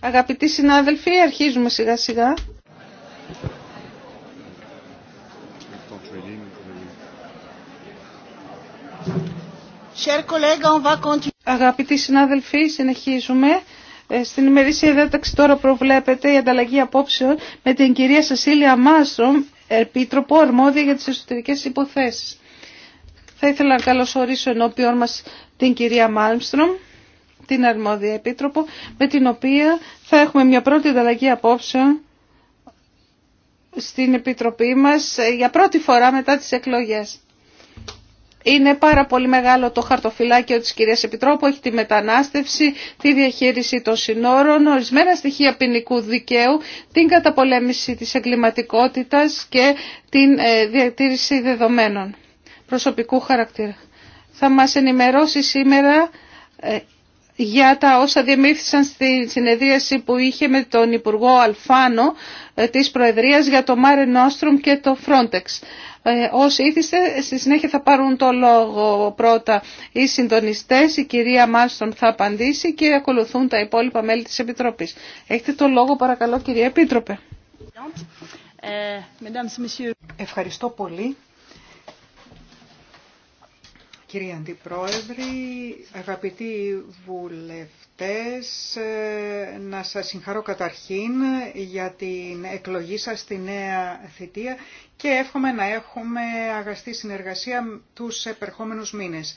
Αγαπητοί συνάδελφοι, αρχίζουμε σιγά σιγά. Αγαπητοί συνάδελφοι, συνεχίζουμε. Ε, στην ημερήσια διάταξη τώρα προβλέπεται η ανταλλαγή απόψεων με την κυρία Σασίλια Μάστρομ, Επίτροπο Αρμόδια για τις Εσωτερικές Υποθέσεις. Θα ήθελα να καλωσορίσω ενώπιον μας την κυρία Μάλμστρομ, την Αρμόδια Επίτροπο, με την οποία θα έχουμε μια πρώτη ανταλλαγή απόψεων στην Επιτροπή μας ε, για πρώτη φορά μετά τις εκλογές. Είναι πάρα πολύ μεγάλο το χαρτοφυλάκιο της κυρίας Επιτρόπου, έχει τη μετανάστευση, τη διαχείριση των συνόρων, ορισμένα στοιχεία ποινικού δικαίου, την καταπολέμηση της εγκληματικότητας και την ε, διατήρηση δεδομένων προσωπικού χαρακτήρα. Θα μας ενημερώσει σήμερα ε, για τα όσα διαμήθησαν στη συνεδρίαση που είχε με τον Υπουργό Αλφάνο ε, της Προεδρίας για το Μάρε Νόστρουμ και το Φρόντεξ. Όσοι ήθιστε, στη συνέχεια θα πάρουν το λόγο πρώτα οι συντονιστές, η κυρία Μάστον θα απαντήσει και ακολουθούν τα υπόλοιπα μέλη της Επιτροπής. Έχετε το λόγο παρακαλώ κυρία Επίτροπε. Ευχαριστώ πολύ Κύριε Αντιπρόεδρε, αγαπητοί βουλευτές, ε, να σας συγχαρώ καταρχήν για την εκλογή σας στη νέα θητεία και εύχομαι να έχουμε αγαστή συνεργασία τους επερχόμενους μήνες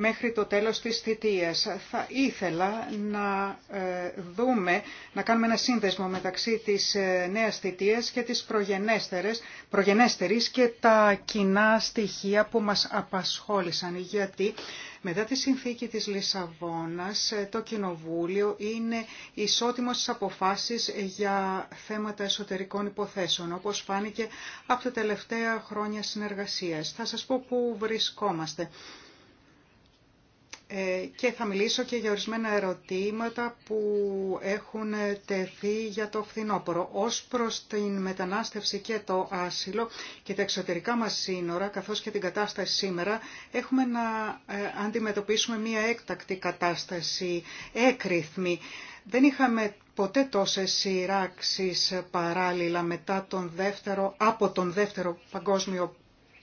μέχρι το τέλος της θητείας. Θα ήθελα να ε, δούμε, να κάνουμε ένα σύνδεσμο μεταξύ της ε, νέας θητείας και της προγενέστερης, προγενέστερης και τα κοινά στοιχεία που μας απασχόλησαν. Γιατί μετά τη συνθήκη της Λισαβόνας ε, το Κοινοβούλιο είναι ισότιμο στις αποφάσεις για θέματα εσωτερικών υποθέσεων, όπως φάνηκε από τα τελευταία χρόνια συνεργασίας. Θα σας πω πού βρισκόμαστε. Ε, και θα μιλήσω και για ορισμένα ερωτήματα που έχουν τεθεί για το φθινόπωρο. Ως προς την μετανάστευση και το άσυλο και τα εξωτερικά μας σύνορα, καθώς και την κατάσταση σήμερα, έχουμε να ε, αντιμετωπίσουμε μια έκτακτη κατάσταση, έκριθμη. Δεν είχαμε ποτέ τόσες σειράξεις παράλληλα μετά τον δεύτερο, από τον Δεύτερο Παγκόσμιο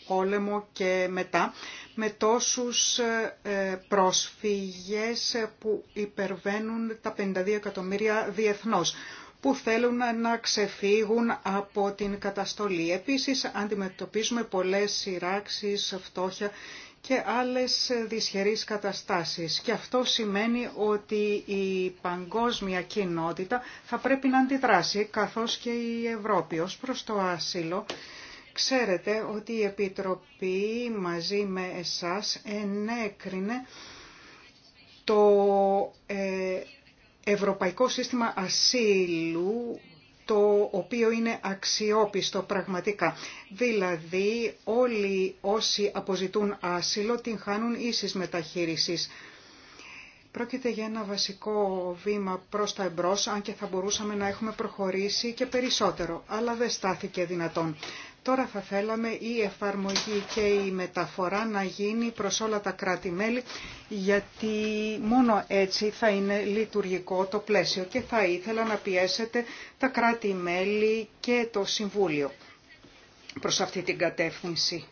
πόλεμο και μετά με τόσους ε, πρόσφυγες που υπερβαίνουν τα 52 εκατομμύρια διεθνώς που θέλουν να ξεφύγουν από την καταστολή. Επίσης αντιμετωπίζουμε πολλές σειράξεις, φτώχεια και άλλες δυσχερείς καταστάσεις. Και αυτό σημαίνει ότι η παγκόσμια κοινότητα θα πρέπει να αντιδράσει, καθώς και η Ευρώπη. Ως προς το άσυλο, Ξέρετε ότι η Επιτροπή μαζί με εσάς ενέκρινε το ε, Ευρωπαϊκό Σύστημα Ασύλου το οποίο είναι αξιόπιστο πραγματικά. Δηλαδή όλοι όσοι αποζητούν άσυλο την χάνουν ίσης μεταχείρισης. Πρόκειται για ένα βασικό βήμα προς τα εμπρός, αν και θα μπορούσαμε να έχουμε προχωρήσει και περισσότερο, αλλά δεν στάθηκε δυνατόν. Τώρα θα θέλαμε η εφαρμογή και η μεταφορά να γίνει προς όλα τα κράτη-μέλη, γιατί μόνο έτσι θα είναι λειτουργικό το πλαίσιο και θα ήθελα να πιέσετε τα κράτη-μέλη και το Συμβούλιο προς αυτή την κατεύθυνση.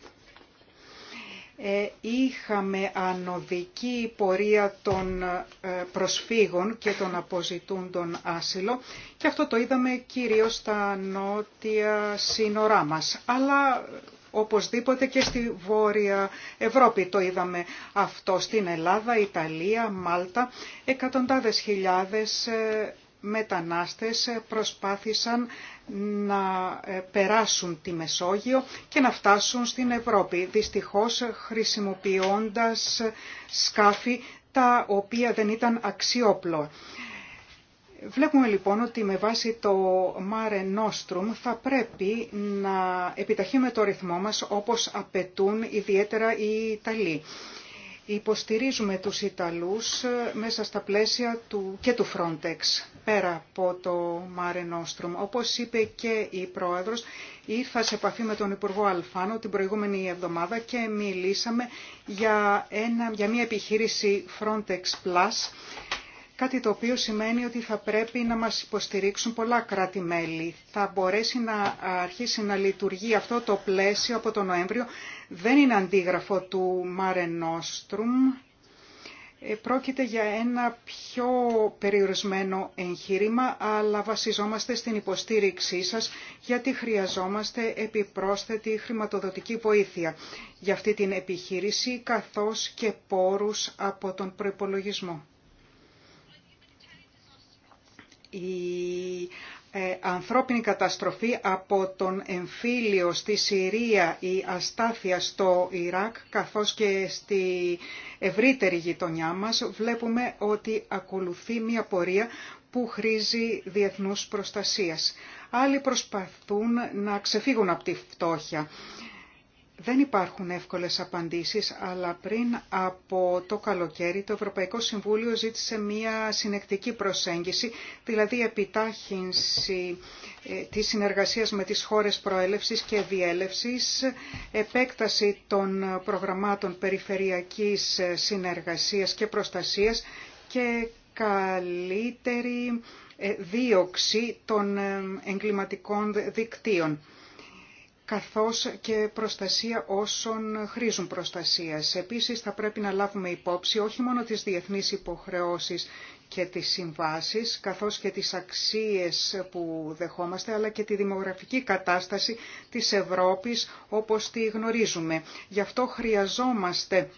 Ε, είχαμε ανωδική πορεία των ε, προσφύγων και των αποζητούντων άσυλο και αυτό το είδαμε κυρίως στα νότια σύνορά μας. Αλλά οπωσδήποτε και στη Βόρεια Ευρώπη το είδαμε αυτό. Στην Ελλάδα, Ιταλία, Μάλτα, εκατοντάδες χιλιάδες ε, μετανάστες προσπάθησαν να ε, περάσουν τη Μεσόγειο και να φτάσουν στην Ευρώπη, δυστυχώς χρησιμοποιώντας σκάφη τα οποία δεν ήταν αξιόπλο. Βλέπουμε λοιπόν ότι με βάση το Mare Nostrum θα πρέπει να επιταχύνουμε το ρυθμό μας όπως απαιτούν ιδιαίτερα οι Ιταλοί. Υποστηρίζουμε τους Ιταλούς ε, μέσα στα πλαίσια του, και του Frontex, πέρα από το Mare Nostrum. Όπως είπε και η Πρόεδρος, ήρθα σε επαφή με τον Υπουργό Αλφάνο την προηγούμενη εβδομάδα και μιλήσαμε για, ένα, για μια επιχείρηση Frontex Plus, κάτι το οποίο σημαίνει ότι θα πρέπει να μας υποστηρίξουν πολλά κράτη-μέλη. Θα μπορέσει να αρχίσει να λειτουργεί αυτό το πλαίσιο από τον Νοέμβριο δεν είναι αντίγραφο του Mare Nostrum. Ε, πρόκειται για ένα πιο περιορισμένο εγχείρημα, αλλά βασιζόμαστε στην υποστήριξή σας, γιατί χρειαζόμαστε επιπρόσθετη χρηματοδοτική βοήθεια για αυτή την επιχείρηση, καθώς και πόρους από τον προϋπολογισμό. Ε, ανθρώπινη καταστροφή από τον εμφύλιο στη Συρία, η αστάθεια στο Ιράκ καθώς και στη ευρύτερη γειτονιά μας βλέπουμε ότι ακολουθεί μια πορεία που χρήζει διεθνούς προστασίας. Άλλοι προσπαθούν να ξεφύγουν από τη φτώχεια δεν υπάρχουν εύκολες απαντήσεις, αλλά πριν από το καλοκαίρι το Ευρωπαϊκό Συμβούλιο ζήτησε μία συνεκτική προσέγγιση, δηλαδή επιτάχυνση ε, της συνεργασίας με τις χώρες προέλευσης και διέλευσης, επέκταση των προγραμμάτων περιφερειακής συνεργασίας και προστασίας και καλύτερη ε, δίωξη των ε, εγκληματικών δικτύων καθώς και προστασία όσων χρήζουν προστασία. Επίσης θα πρέπει να λάβουμε υπόψη όχι μόνο τις διεθνείς υποχρεώσεις και τις συμβάσεις, καθώς και τις αξίες που δεχόμαστε, αλλά και τη δημογραφική κατάσταση της Ευρώπης όπως τη γνωρίζουμε. Γι' αυτό χρειαζόμαστε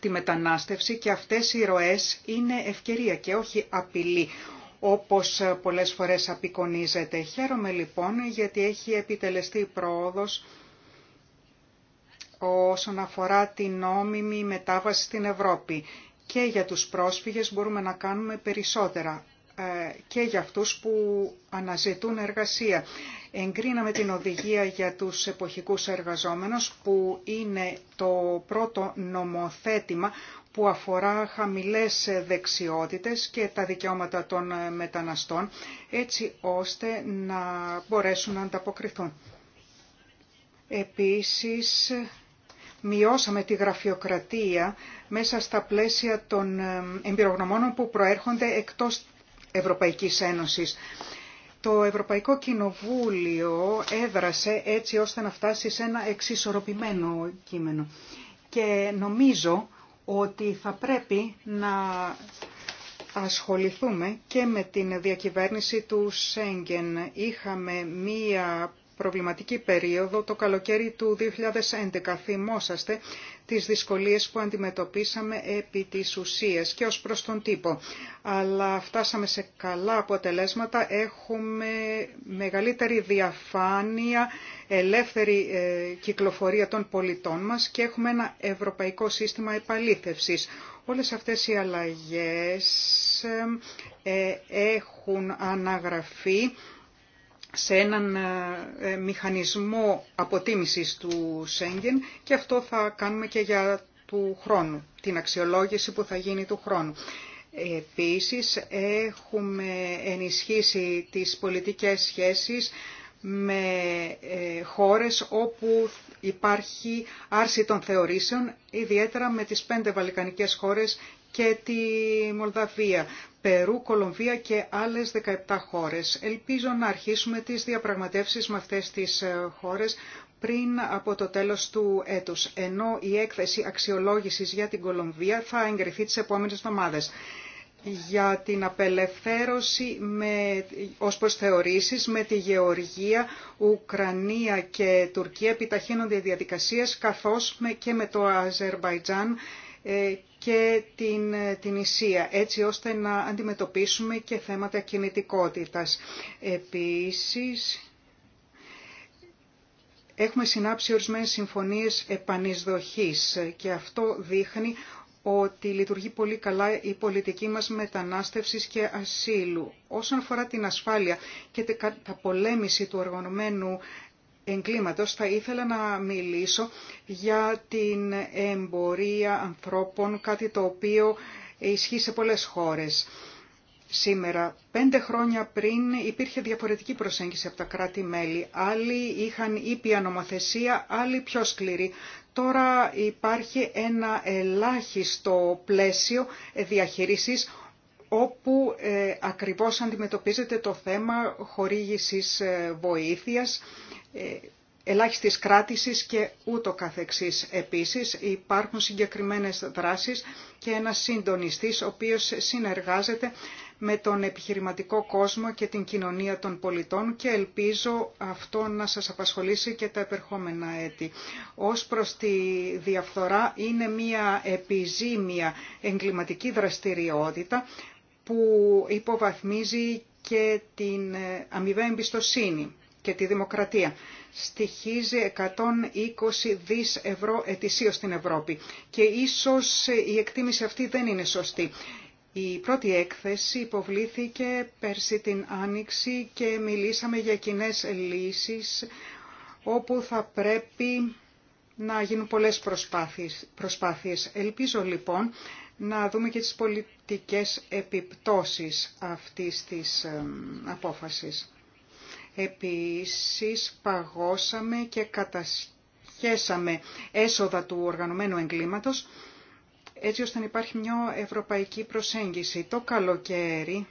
τη μετανάστευση και αυτές οι ροές είναι ευκαιρία και όχι απειλή όπως πολλές φορές απεικονίζεται. Χαίρομαι λοιπόν γιατί έχει επιτελεστεί πρόοδος όσον αφορά την νόμιμη μετάβαση στην Ευρώπη. Και για τους πρόσφυγες μπορούμε να κάνουμε περισσότερα ε, και για αυτούς που αναζητούν εργασία. Εγκρίναμε την οδηγία για τους εποχικούς εργαζόμενους που είναι το πρώτο νομοθέτημα που αφορά χαμηλές δεξιότητες και τα δικαιώματα των μεταναστών, έτσι ώστε να μπορέσουν να ανταποκριθούν. Επίσης, μειώσαμε τη γραφειοκρατία μέσα στα πλαίσια των εμπειρογνωμόνων που προέρχονται εκτός Ευρωπαϊκής Ένωσης. Το Ευρωπαϊκό Κοινοβούλιο έδρασε έτσι ώστε να φτάσει σε ένα εξισορροπημένο κείμενο. Και νομίζω ότι θα πρέπει να ασχοληθούμε και με την διακυβέρνηση του Σέγγεν. Είχαμε μία προβληματική περίοδο το καλοκαίρι του 2011. Θυμόσαστε τις δυσκολίες που αντιμετωπίσαμε επί της ουσίας και ως προς τον τύπο. Αλλά φτάσαμε σε καλά αποτελέσματα. Έχουμε μεγαλύτερη διαφάνεια, ελεύθερη ε, κυκλοφορία των πολιτών μας και έχουμε ένα ευρωπαϊκό σύστημα επαλήθευσης. Όλες αυτές οι αλλαγές ε, έχουν αναγραφεί σε έναν ε, μηχανισμό αποτίμησης του Σέγγεν και αυτό θα κάνουμε και για του χρόνου, την αξιολόγηση που θα γίνει του χρόνου. Επίσης έχουμε ενισχύσει τις πολιτικές σχέσεις με ε, χώρες όπου υπάρχει άρση των θεωρήσεων, ιδιαίτερα με τις πέντε βαλκανικές χώρες και τη Μολδαβία, Περού, Κολομβία και άλλες 17 χώρες. Ελπίζω να αρχίσουμε τις διαπραγματεύσεις με αυτές τις ε, χώρες πριν από το τέλος του έτους, ενώ η έκθεση αξιολόγησης για την Κολομβία θα εγκριθεί τις επόμενες εβδομάδες για την απελευθέρωση με, ως προς θεωρήσεις με τη Γεωργία, Ουκρανία και Τουρκία επιταχύνονται οι διαδικασίες καθώς και με το Αζερβαϊτζάν ε, και την, ε, την Ισία, έτσι ώστε να αντιμετωπίσουμε και θέματα κινητικότητας. Επίσης, έχουμε συνάψει ορισμένες συμφωνίες επανεισδοχής και αυτό δείχνει ότι λειτουργεί πολύ καλά η πολιτική μας μετανάστευσης και ασύλου. Όσον αφορά την ασφάλεια και τα πολέμηση του οργανωμένου εγκλήματος θα ήθελα να μιλήσω για την εμπορία ανθρώπων, κάτι το οποίο ισχύει σε πολλές χώρες. Σήμερα, πέντε χρόνια πριν, υπήρχε διαφορετική προσέγγιση από τα κράτη-μέλη. Άλλοι είχαν ήπια νομοθεσία, άλλοι πιο σκληροί. Τώρα υπάρχει ένα ελάχιστο πλαίσιο διαχείρισης, όπου ε, ακριβώς αντιμετωπίζεται το θέμα χορήγησης ε, βοήθειας ε, ελάχιστης κράτησης και ούτω καθεξής. Επίσης υπάρχουν συγκεκριμένες δράσεις και ένας συντονιστής ο οποίος συνεργάζεται με τον επιχειρηματικό κόσμο και την κοινωνία των πολιτών και ελπίζω αυτό να σας απασχολήσει και τα επερχόμενα έτη. Ως προς τη διαφθορά είναι μια επιζήμια εγκληματική δραστηριότητα που υποβαθμίζει και την ε, αμοιβαία εμπιστοσύνη και τη δημοκρατία. Στοιχίζει 120 δις ευρώ ετησίως στην Ευρώπη και ίσως η εκτίμηση αυτή δεν είναι σωστή. Η πρώτη έκθεση υποβλήθηκε πέρσι την Άνοιξη και μιλήσαμε για κοινέ λύσεις όπου θα πρέπει να γίνουν πολλές προσπάθειες. προσπάθειες. Ελπίζω λοιπόν να δούμε και τις πολιτικές επιπτώσεις αυτής της ε, απόφασης. Επίσης παγώσαμε και κατασχέσαμε έσοδα του οργανωμένου εγκλήματος έτσι ώστε να υπάρχει μια ευρωπαϊκή προσέγγιση. Το καλοκαίρι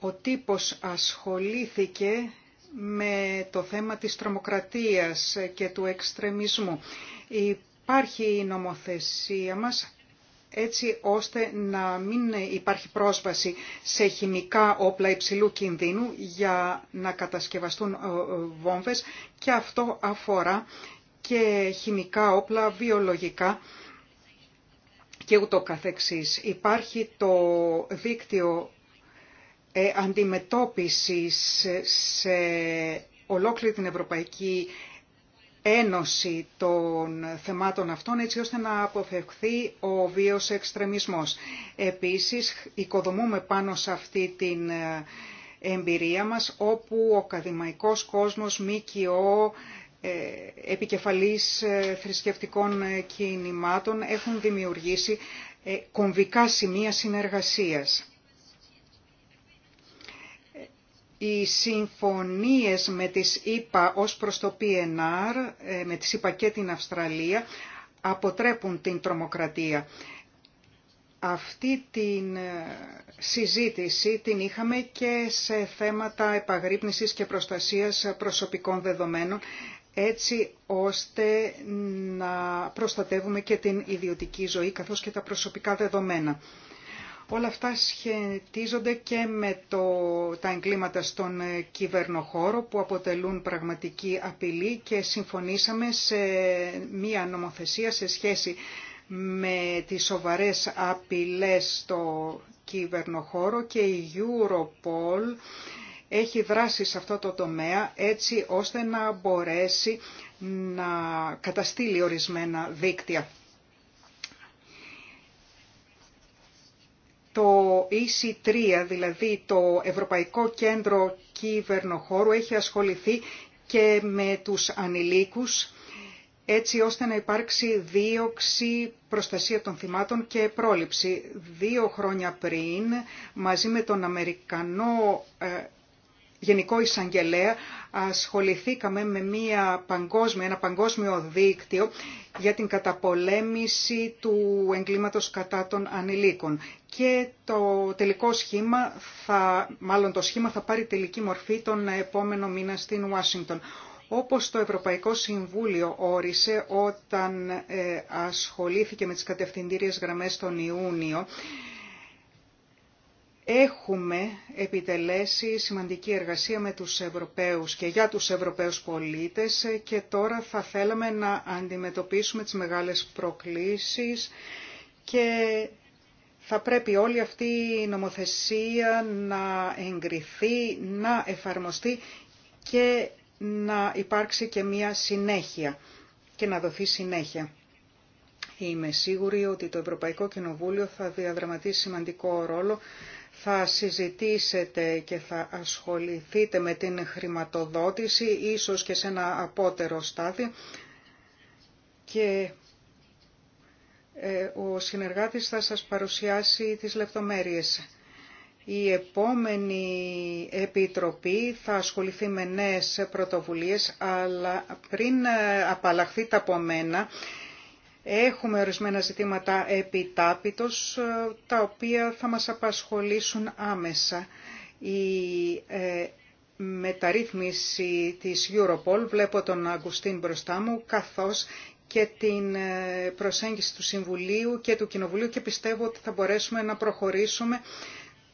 ο τύπος ασχολήθηκε με το θέμα της τρομοκρατίας και του εξτρεμισμού. Υπάρχει η νομοθεσία μας έτσι ώστε να μην υπάρχει πρόσβαση σε χημικά όπλα υψηλού κινδύνου για να κατασκευαστούν ε, ε, βόμβες και αυτό αφορά και χημικά όπλα, βιολογικά και ούτω καθεξής. Υπάρχει το δίκτυο ε, αντιμετώπισης σε ολόκληρη την Ευρωπαϊκή ένωση των θεμάτων αυτών έτσι ώστε να αποφευχθεί ο βίος εξτρεμισμός. Επίσης, οικοδομούμε πάνω σε αυτή την ε, εμπειρία μας όπου ο ακαδημαϊκός κόσμος, κοιό ε, επικεφαλής ε, θρησκευτικών κινημάτων έχουν δημιουργήσει κομβικά σημεία συνεργασίας. οι συμφωνίες με τις ΗΠΑ ως προς το PNR, ε, με τις ΗΠΑ και την Αυστραλία, αποτρέπουν την τρομοκρατία. Αυτή την ε, συζήτηση την είχαμε και σε θέματα επαγρύπνησης και προστασίας προσωπικών δεδομένων, έτσι ώστε να προστατεύουμε και την ιδιωτική ζωή καθώς και τα προσωπικά δεδομένα. Όλα αυτά σχετίζονται και με το, τα εγκλήματα στον κυβερνοχώρο που αποτελούν πραγματική απειλή και συμφωνήσαμε σε μία νομοθεσία σε σχέση με τις σοβαρές απειλές στο κυβερνοχώρο και η Europol έχει δράσει σε αυτό το τομέα έτσι ώστε να μπορέσει να καταστήλει ορισμένα δίκτυα. Το EC3, δηλαδή το Ευρωπαϊκό Κέντρο Κυβερνοχώρου, έχει ασχοληθεί και με τους ανηλίκους έτσι ώστε να υπάρξει δίωξη, προστασία των θυμάτων και πρόληψη. Δύο χρόνια πριν, μαζί με τον Αμερικανό ε, Γενικό Εισαγγελέα ασχοληθήκαμε με μια παγκόσμια, ένα παγκόσμιο δίκτυο για την καταπολέμηση του εγκλήματος κατά των ανηλίκων. Και το τελικό σχήμα, θα, μάλλον το σχήμα θα πάρει τελική μορφή τον επόμενο μήνα στην Ουάσιγκτον. Όπως το Ευρωπαϊκό Συμβούλιο όρισε όταν ε, ασχολήθηκε με τις κατευθυντήριες γραμμές τον Ιούνιο, έχουμε επιτελέσει σημαντική εργασία με τους Ευρωπαίους και για τους Ευρωπαίους πολίτες και τώρα θα θέλαμε να αντιμετωπίσουμε τις μεγάλες προκλήσεις και θα πρέπει όλη αυτή η νομοθεσία να εγκριθεί, να εφαρμοστεί και να υπάρξει και μία συνέχεια και να δοθεί συνέχεια. Είμαι σίγουρη ότι το Ευρωπαϊκό Κοινοβούλιο θα διαδραματίσει σημαντικό ρόλο θα συζητήσετε και θα ασχοληθείτε με την χρηματοδότηση, ίσως και σε ένα απότερο στάδιο. Και ε, ο συνεργάτης θα σας παρουσιάσει τις λεπτομέρειες. Η επόμενη επιτροπή θα ασχοληθεί με νέες πρωτοβουλίες, αλλά πριν ε, απαλλαχθείτε από μένα, Έχουμε ορισμένα ζητήματα επιτάπητος, ε, τα οποία θα μας απασχολήσουν άμεσα. Η ε, μεταρρύθμιση της Europol, βλέπω τον Αγκουστίν μπροστά μου, καθώς και την ε, προσέγγιση του Συμβουλίου και του Κοινοβουλίου και πιστεύω ότι θα μπορέσουμε να προχωρήσουμε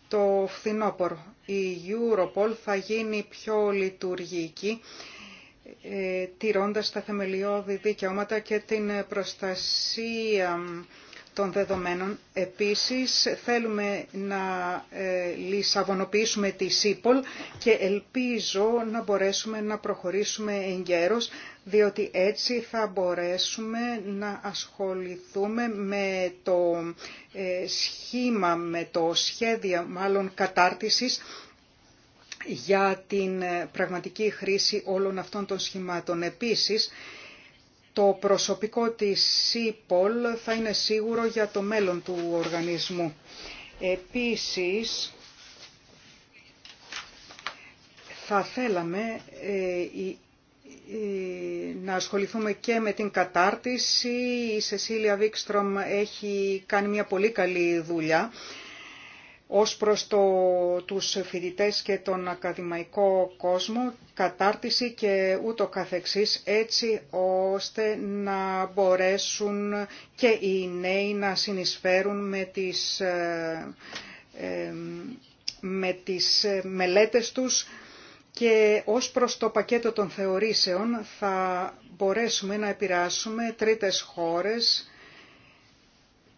το φθινόπωρο. Η Europol θα γίνει πιο λειτουργική ε, τηρώντας τα θεμελιώδη δικαιώματα και την προστασία των δεδομένων. Επίσης, θέλουμε να ε, λισαβονοποιήσουμε τη ΣΥΠΟΛ και ελπίζω να μπορέσουμε να προχωρήσουμε εγκαίρως, διότι έτσι θα μπορέσουμε να ασχοληθούμε με το ε, σχήμα, με το σχέδιο μάλλον κατάρτισης για την ε, πραγματική χρήση όλων αυτών των σχημάτων. Επίσης, το προσωπικό της ΣΥΠΟΛ θα είναι σίγουρο για το μέλλον του οργανισμού. Επίσης, θα θέλαμε ε, ε, να ασχοληθούμε και με την κατάρτιση. Η Σεσίλια Βίκστρομ έχει κάνει μια πολύ καλή δουλειά ως προς το, τους φοιτητές και τον ακαδημαϊκό κόσμο, κατάρτιση και ούτω καθεξής, έτσι ώστε να μπορέσουν και οι νέοι να συνεισφέρουν με τις, ε, ε, με τις μελέτες τους και ως προς το πακέτο των θεωρήσεων θα μπορέσουμε να επηρεάσουμε τρίτες χώρες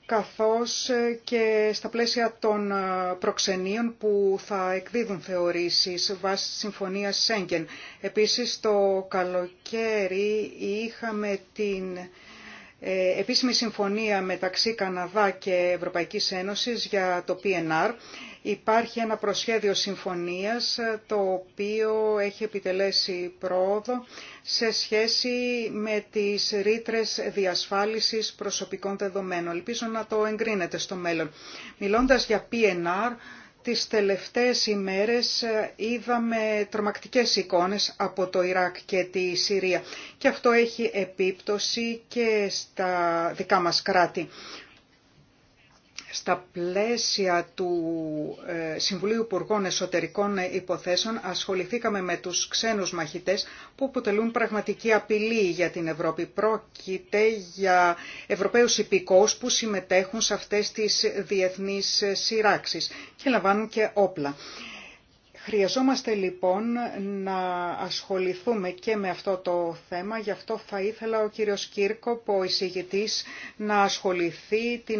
καθώς ε, και στα πλαίσια των ε, προξενείων που θα εκδίδουν θεωρήσεις βάσει συμφωνίας Σέγγεν. Επίσης, το καλοκαίρι είχαμε την ε, επίσημη συμφωνία μεταξύ Καναδά και Ευρωπαϊκής Ένωσης για το PNR. Υπάρχει ένα προσχέδιο συμφωνίας ε, το οποίο έχει επιτελέσει πρόοδο σε σχέση με τις ρήτρε διασφάλισης προσωπικών δεδομένων. Ελπίζω να το εγκρίνετε στο μέλλον. Μιλώντας για PNR, Τις τελευταίες ημέρες ε, είδαμε τρομακτικές εικόνες από το Ιράκ και τη Συρία και αυτό έχει επίπτωση και στα δικά μας κράτη στα πλαίσια του ε, Συμβουλίου Υπουργών Εσωτερικών Υποθέσεων ασχοληθήκαμε με τους ξένους μαχητές που αποτελούν πραγματική απειλή για την Ευρώπη. Πρόκειται για Ευρωπαίους υπηκόους που συμμετέχουν σε αυτές τις διεθνείς σειράξεις και λαμβάνουν και όπλα. Χρειαζόμαστε λοιπόν να ασχοληθούμε και με αυτό το θέμα, γι' αυτό θα ήθελα ο κύριος Κύρκο, ο εισηγητής, να ασχοληθεί την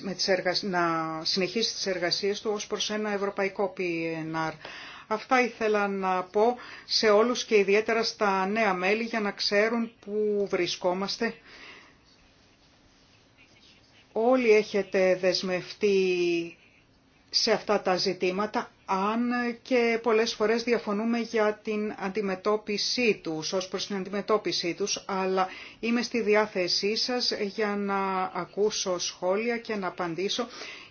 με τις να συνεχίσει τις εργασίες του ως προς ένα ευρωπαϊκό PNR. Αυτά ήθελα να πω σε όλους και ιδιαίτερα στα νέα μέλη για να ξέρουν πού βρισκόμαστε. Όλοι έχετε δεσμευτεί σε αυτά τα ζητήματα, αν και πολλές φορές διαφωνούμε για την αντιμετώπιση τους, ως προς την αντιμετώπιση τους, αλλά είμαι στη διάθεσή σας για να ακούσω σχόλια και να απαντήσω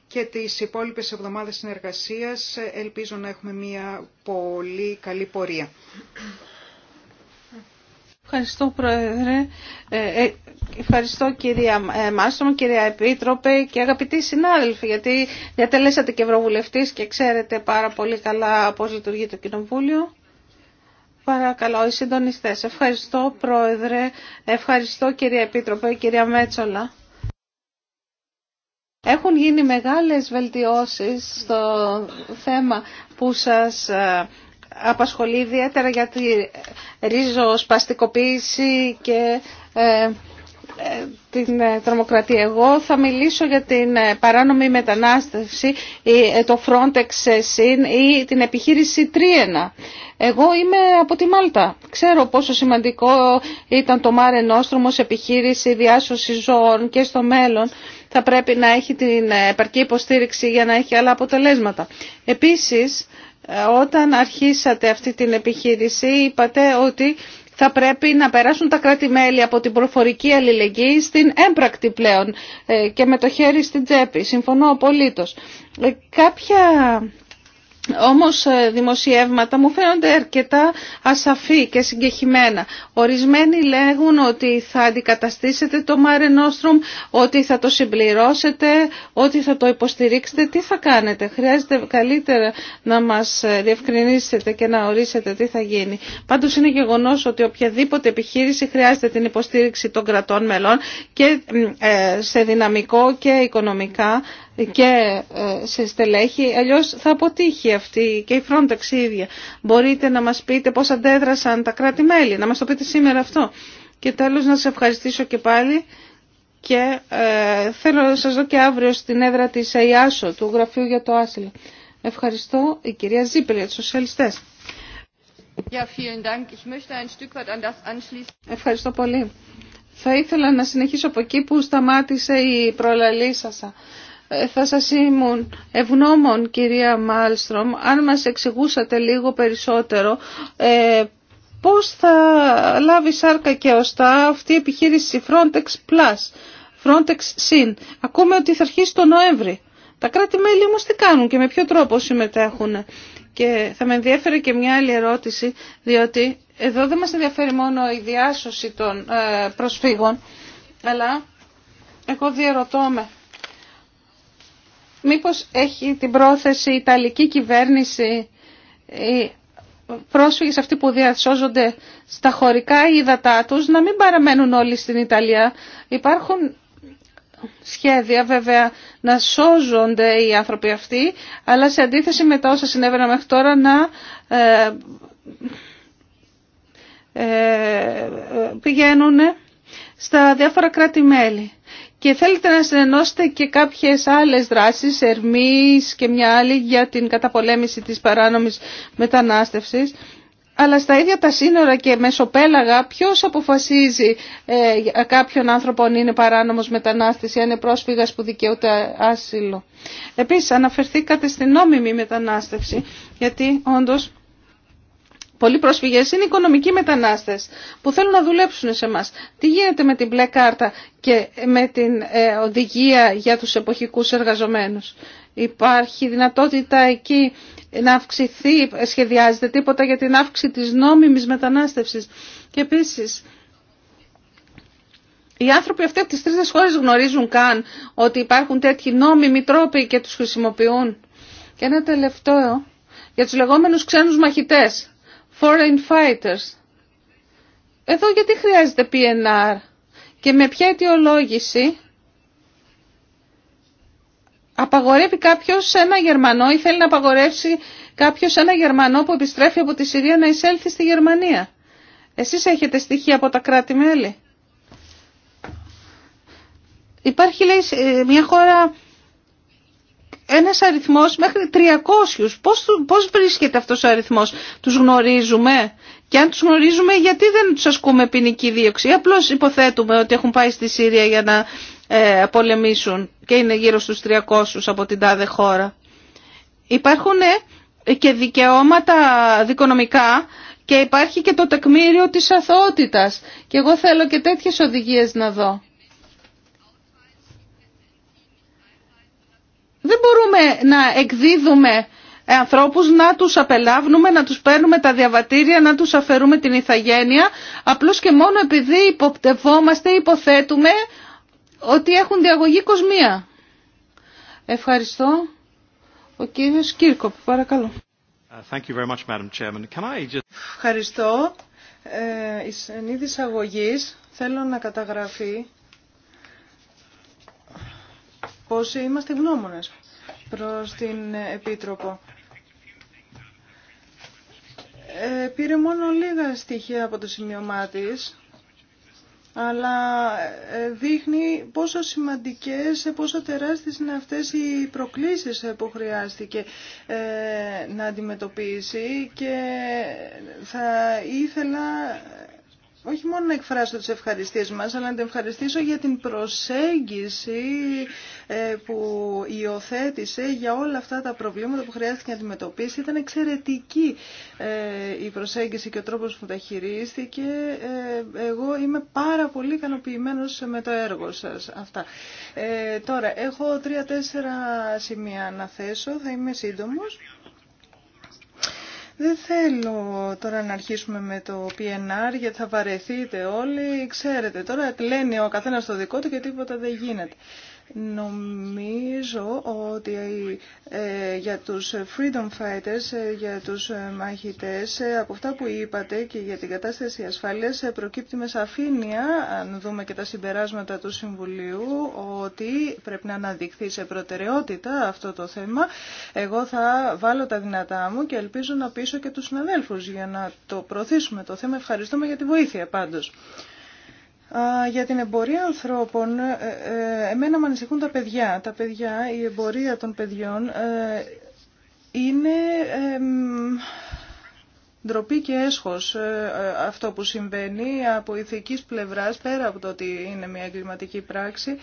και τις υπόλοιπες εβδομάδες συνεργασίας ελπίζω να έχουμε μια πολύ καλή πορεία. Ευχαριστώ, Πρόεδρε. Ε, ε, ευχαριστώ κυρία ε, Μάστρομ, κυρία Επίτροπε και αγαπητοί συνάδελφοι, γιατί διατελέσατε και ευρωβουλευτής και ξέρετε πάρα πολύ καλά πώς λειτουργεί το Κοινοβούλιο. Παρακαλώ, οι συντονιστές. Ευχαριστώ, Πρόεδρε. Ευχαριστώ, κυρία Επίτροπε, κυρία Μέτσολα. Έχουν γίνει μεγάλες βελτιώσεις στο θέμα που σας απασχολεί ιδιαίτερα σπαστικοποίηση και ε, ε, την ε, τρομοκρατία. Εγώ θα μιλήσω για την παράνομη μετανάστευση, το Frontex SIN ή την επιχείρηση Τρίενα. Εγώ είμαι από τη Μάλτα. Ξέρω πόσο σημαντικό ήταν το Μάρε Νόστρομο σε επιχείρηση διάσωση ζώων και στο μέλλον θα πρέπει να έχει την επαρκή υποστήριξη για να έχει άλλα αποτελέσματα. Επίσης, ε, όταν αρχίσατε αυτή την επιχείρηση είπατε ότι θα πρέπει να περάσουν τα κράτη-μέλη από την προφορική αλληλεγγύη στην έμπρακτη πλέον ε, και με το χέρι στην τσέπη. Συμφωνώ απολύτως. Ε, κάποια όμως ε, δημοσιεύματα μου φαίνονται αρκετά ασαφή και συγκεχημένα. Ορισμένοι λέγουν ότι θα αντικαταστήσετε το Μάρε Nostrum, ότι θα το συμπληρώσετε, ότι θα το υποστηρίξετε. Τι θα κάνετε. Χρειάζεται καλύτερα να μας ε, διευκρινίσετε και να ορίσετε τι θα γίνει. Πάντως είναι γεγονός ότι οποιαδήποτε επιχείρηση χρειάζεται την υποστήριξη των κρατών μελών και ε, σε δυναμικό και οικονομικά και ε, σε στελέχη, αλλιώς θα αποτύχει αυτή και η Frontex ίδια. Μπορείτε να μας πείτε πώς αντέδρασαν τα κράτη-μέλη, να μας το πείτε σήμερα αυτό. Και τέλος να σας ευχαριστήσω και πάλι και ε, θέλω να σας δω και αύριο στην έδρα της ΕΙΑΣΟ, του Γραφείου για το Άσυλο. Ευχαριστώ η κυρία Ζήπελ για τους σοσιαλιστές. Ευχαριστώ πολύ. Θα ήθελα να συνεχίσω από εκεί που σταμάτησε η προλαλή σας θα σας ήμουν ευγνώμων κυρία Μάλστρομ αν μας εξηγούσατε λίγο περισσότερο ε, πώς θα λάβει σάρκα και οστά αυτή η επιχείρηση Frontex Plus, Frontex Sin. Ακούμε ότι θα αρχίσει το Νοέμβρη. Τα κράτη-μέλη όμως τι κάνουν και με ποιο τρόπο συμμετέχουν. Και θα με ενδιαφέρει και μια άλλη ερώτηση, διότι εδώ δεν μας ενδιαφέρει μόνο η διάσωση των ε, προσφύγων, αλλά εγώ διαρωτώ με Μήπως έχει την πρόθεση η Ιταλική κυβέρνηση οι πρόσφυγες αυτοί που διασώζονται στα χωρικά ύδατά τους να μην παραμένουν όλοι στην Ιταλία. Υπάρχουν σχέδια βέβαια να σώζονται οι άνθρωποι αυτοί, αλλά σε αντίθεση με τα όσα συνέβαιναν μέχρι τώρα να ε, ε, ε πηγαίνουν στα διάφορα κράτη-μέλη. Και θέλετε να συνενώσετε και κάποιες άλλες δράσεις, ερμής και μια άλλη για την καταπολέμηση της παράνομης μετανάστευσης. Αλλά στα ίδια τα σύνορα και μεσοπέλαγα ποιος αποφασίζει ε, κάποιον άνθρωπο αν είναι παράνομος μετανάστης ή αν είναι πρόσφυγας που δικαιούται άσυλο. Επίσης αναφερθήκατε στην νόμιμη μετανάστευση γιατί όντως πολλοί προσφυγέ είναι οικονομικοί μετανάστες που θέλουν να δουλέψουν σε εμά. Τι γίνεται με την μπλε κάρτα και με την ε, οδηγία για τους εποχικούς εργαζομένους. Υπάρχει δυνατότητα εκεί να αυξηθεί, σχεδιάζεται τίποτα για την αύξηση της νόμιμης μετανάστευσης. Και επίσης, οι άνθρωποι αυτοί από τις τρεις χώρες γνωρίζουν καν ότι υπάρχουν τέτοιοι νόμιμοι τρόποι και τους χρησιμοποιούν. Και ένα τελευταίο για τους λεγόμενους ξένους μαχητές foreign fighters. Εδώ γιατί χρειάζεται PNR και με ποια αιτιολόγηση απαγορεύει κάποιος ένα Γερμανό ή θέλει να απαγορεύσει κάποιος ένα Γερμανό που επιστρέφει από τη Συρία να εισέλθει στη Γερμανία. Εσείς έχετε στοιχεία από τα κράτη-μέλη. Υπάρχει λέει, μια χώρα ένας αριθμός μέχρι 300. Πώς, βρίσκεται αυτός ο αριθμός. Τους γνωρίζουμε και αν τους γνωρίζουμε γιατί δεν τους ασκούμε ποινική δίωξη. Απλώς υποθέτουμε ότι έχουν πάει στη Σύρια για να ε, πολεμήσουν και είναι γύρω στους 300 από την τάδε χώρα. Υπάρχουν ε, και δικαιώματα δικονομικά και υπάρχει και το τεκμήριο της αθωότητας. Και εγώ θέλω και τέτοιες οδηγίες να δω. Δεν μπορούμε να εκδίδουμε ανθρώπους, να τους απελάβνουμε, να τους παίρνουμε τα διαβατήρια, να τους αφαιρούμε την ηθαγένεια, απλώς και μόνο επειδή υποπτευόμαστε, υποθέτουμε ότι έχουν διαγωγή κοσμία. Ευχαριστώ. Ο κύριος Κύρκο, παρακαλώ. Ευχαριστώ. Ε, η συνείδηση αγωγής θέλω να καταγραφεί πως είμαστε γνώμονες προς την Επίτροπο. Ε, πήρε μόνο λίγα στοιχεία από το σημείωμά της, αλλά ε, δείχνει πόσο σημαντικές, ε, πόσο τεράστιες είναι αυτές οι προκλήσεις ε, που χρειάστηκε να αντιμετωπίσει και θα ήθελα όχι μόνο να εκφράσω τις ευχαριστίες μας, αλλά να την ευχαριστήσω για την προσέγγιση ε, που υιοθέτησε για όλα αυτά τα προβλήματα που χρειάστηκε να αντιμετωπίσει. Ήταν εξαιρετική ε, η προσέγγιση και ο τρόπος που τα χειρίστηκε. Ε, εγώ είμαι πάρα πολύ ικανοποιημένο με το έργο σας. Αυτά. τώρα, έχω τρία-τέσσερα σημεία να θέσω. Θα είμαι σύντομος. Δεν θέλω τώρα να αρχίσουμε με το PNR γιατί θα βαρεθείτε όλοι. Ξέρετε, τώρα κλαίνει ο καθένας το δικό του και τίποτα δεν γίνεται. Νομίζω ότι ε, για τους freedom fighters, ε, για τους ε, μαχητές, από αυτά που είπατε και για την κατάσταση ασφάλειας προκύπτει με σαφήνεια, αν δούμε και τα συμπεράσματα του Συμβουλίου, ότι πρέπει να αναδειχθεί σε προτεραιότητα αυτό το θέμα. Εγώ θα βάλω τα δυνατά μου και ελπίζω να πείσω και τους συναδέλφους για να το προωθήσουμε το θέμα. Ευχαριστούμε για τη βοήθεια πάντως για την εμπορία ανθρώπων, ε, ε, εμένα με ανησυχούν τα παιδιά. Τα παιδιά, η εμπορία των παιδιών ε, είναι ντροπή και έσχος αυτό που συμβαίνει από ηθικής πλευράς, πέρα από το ότι είναι μια εγκληματική πράξη.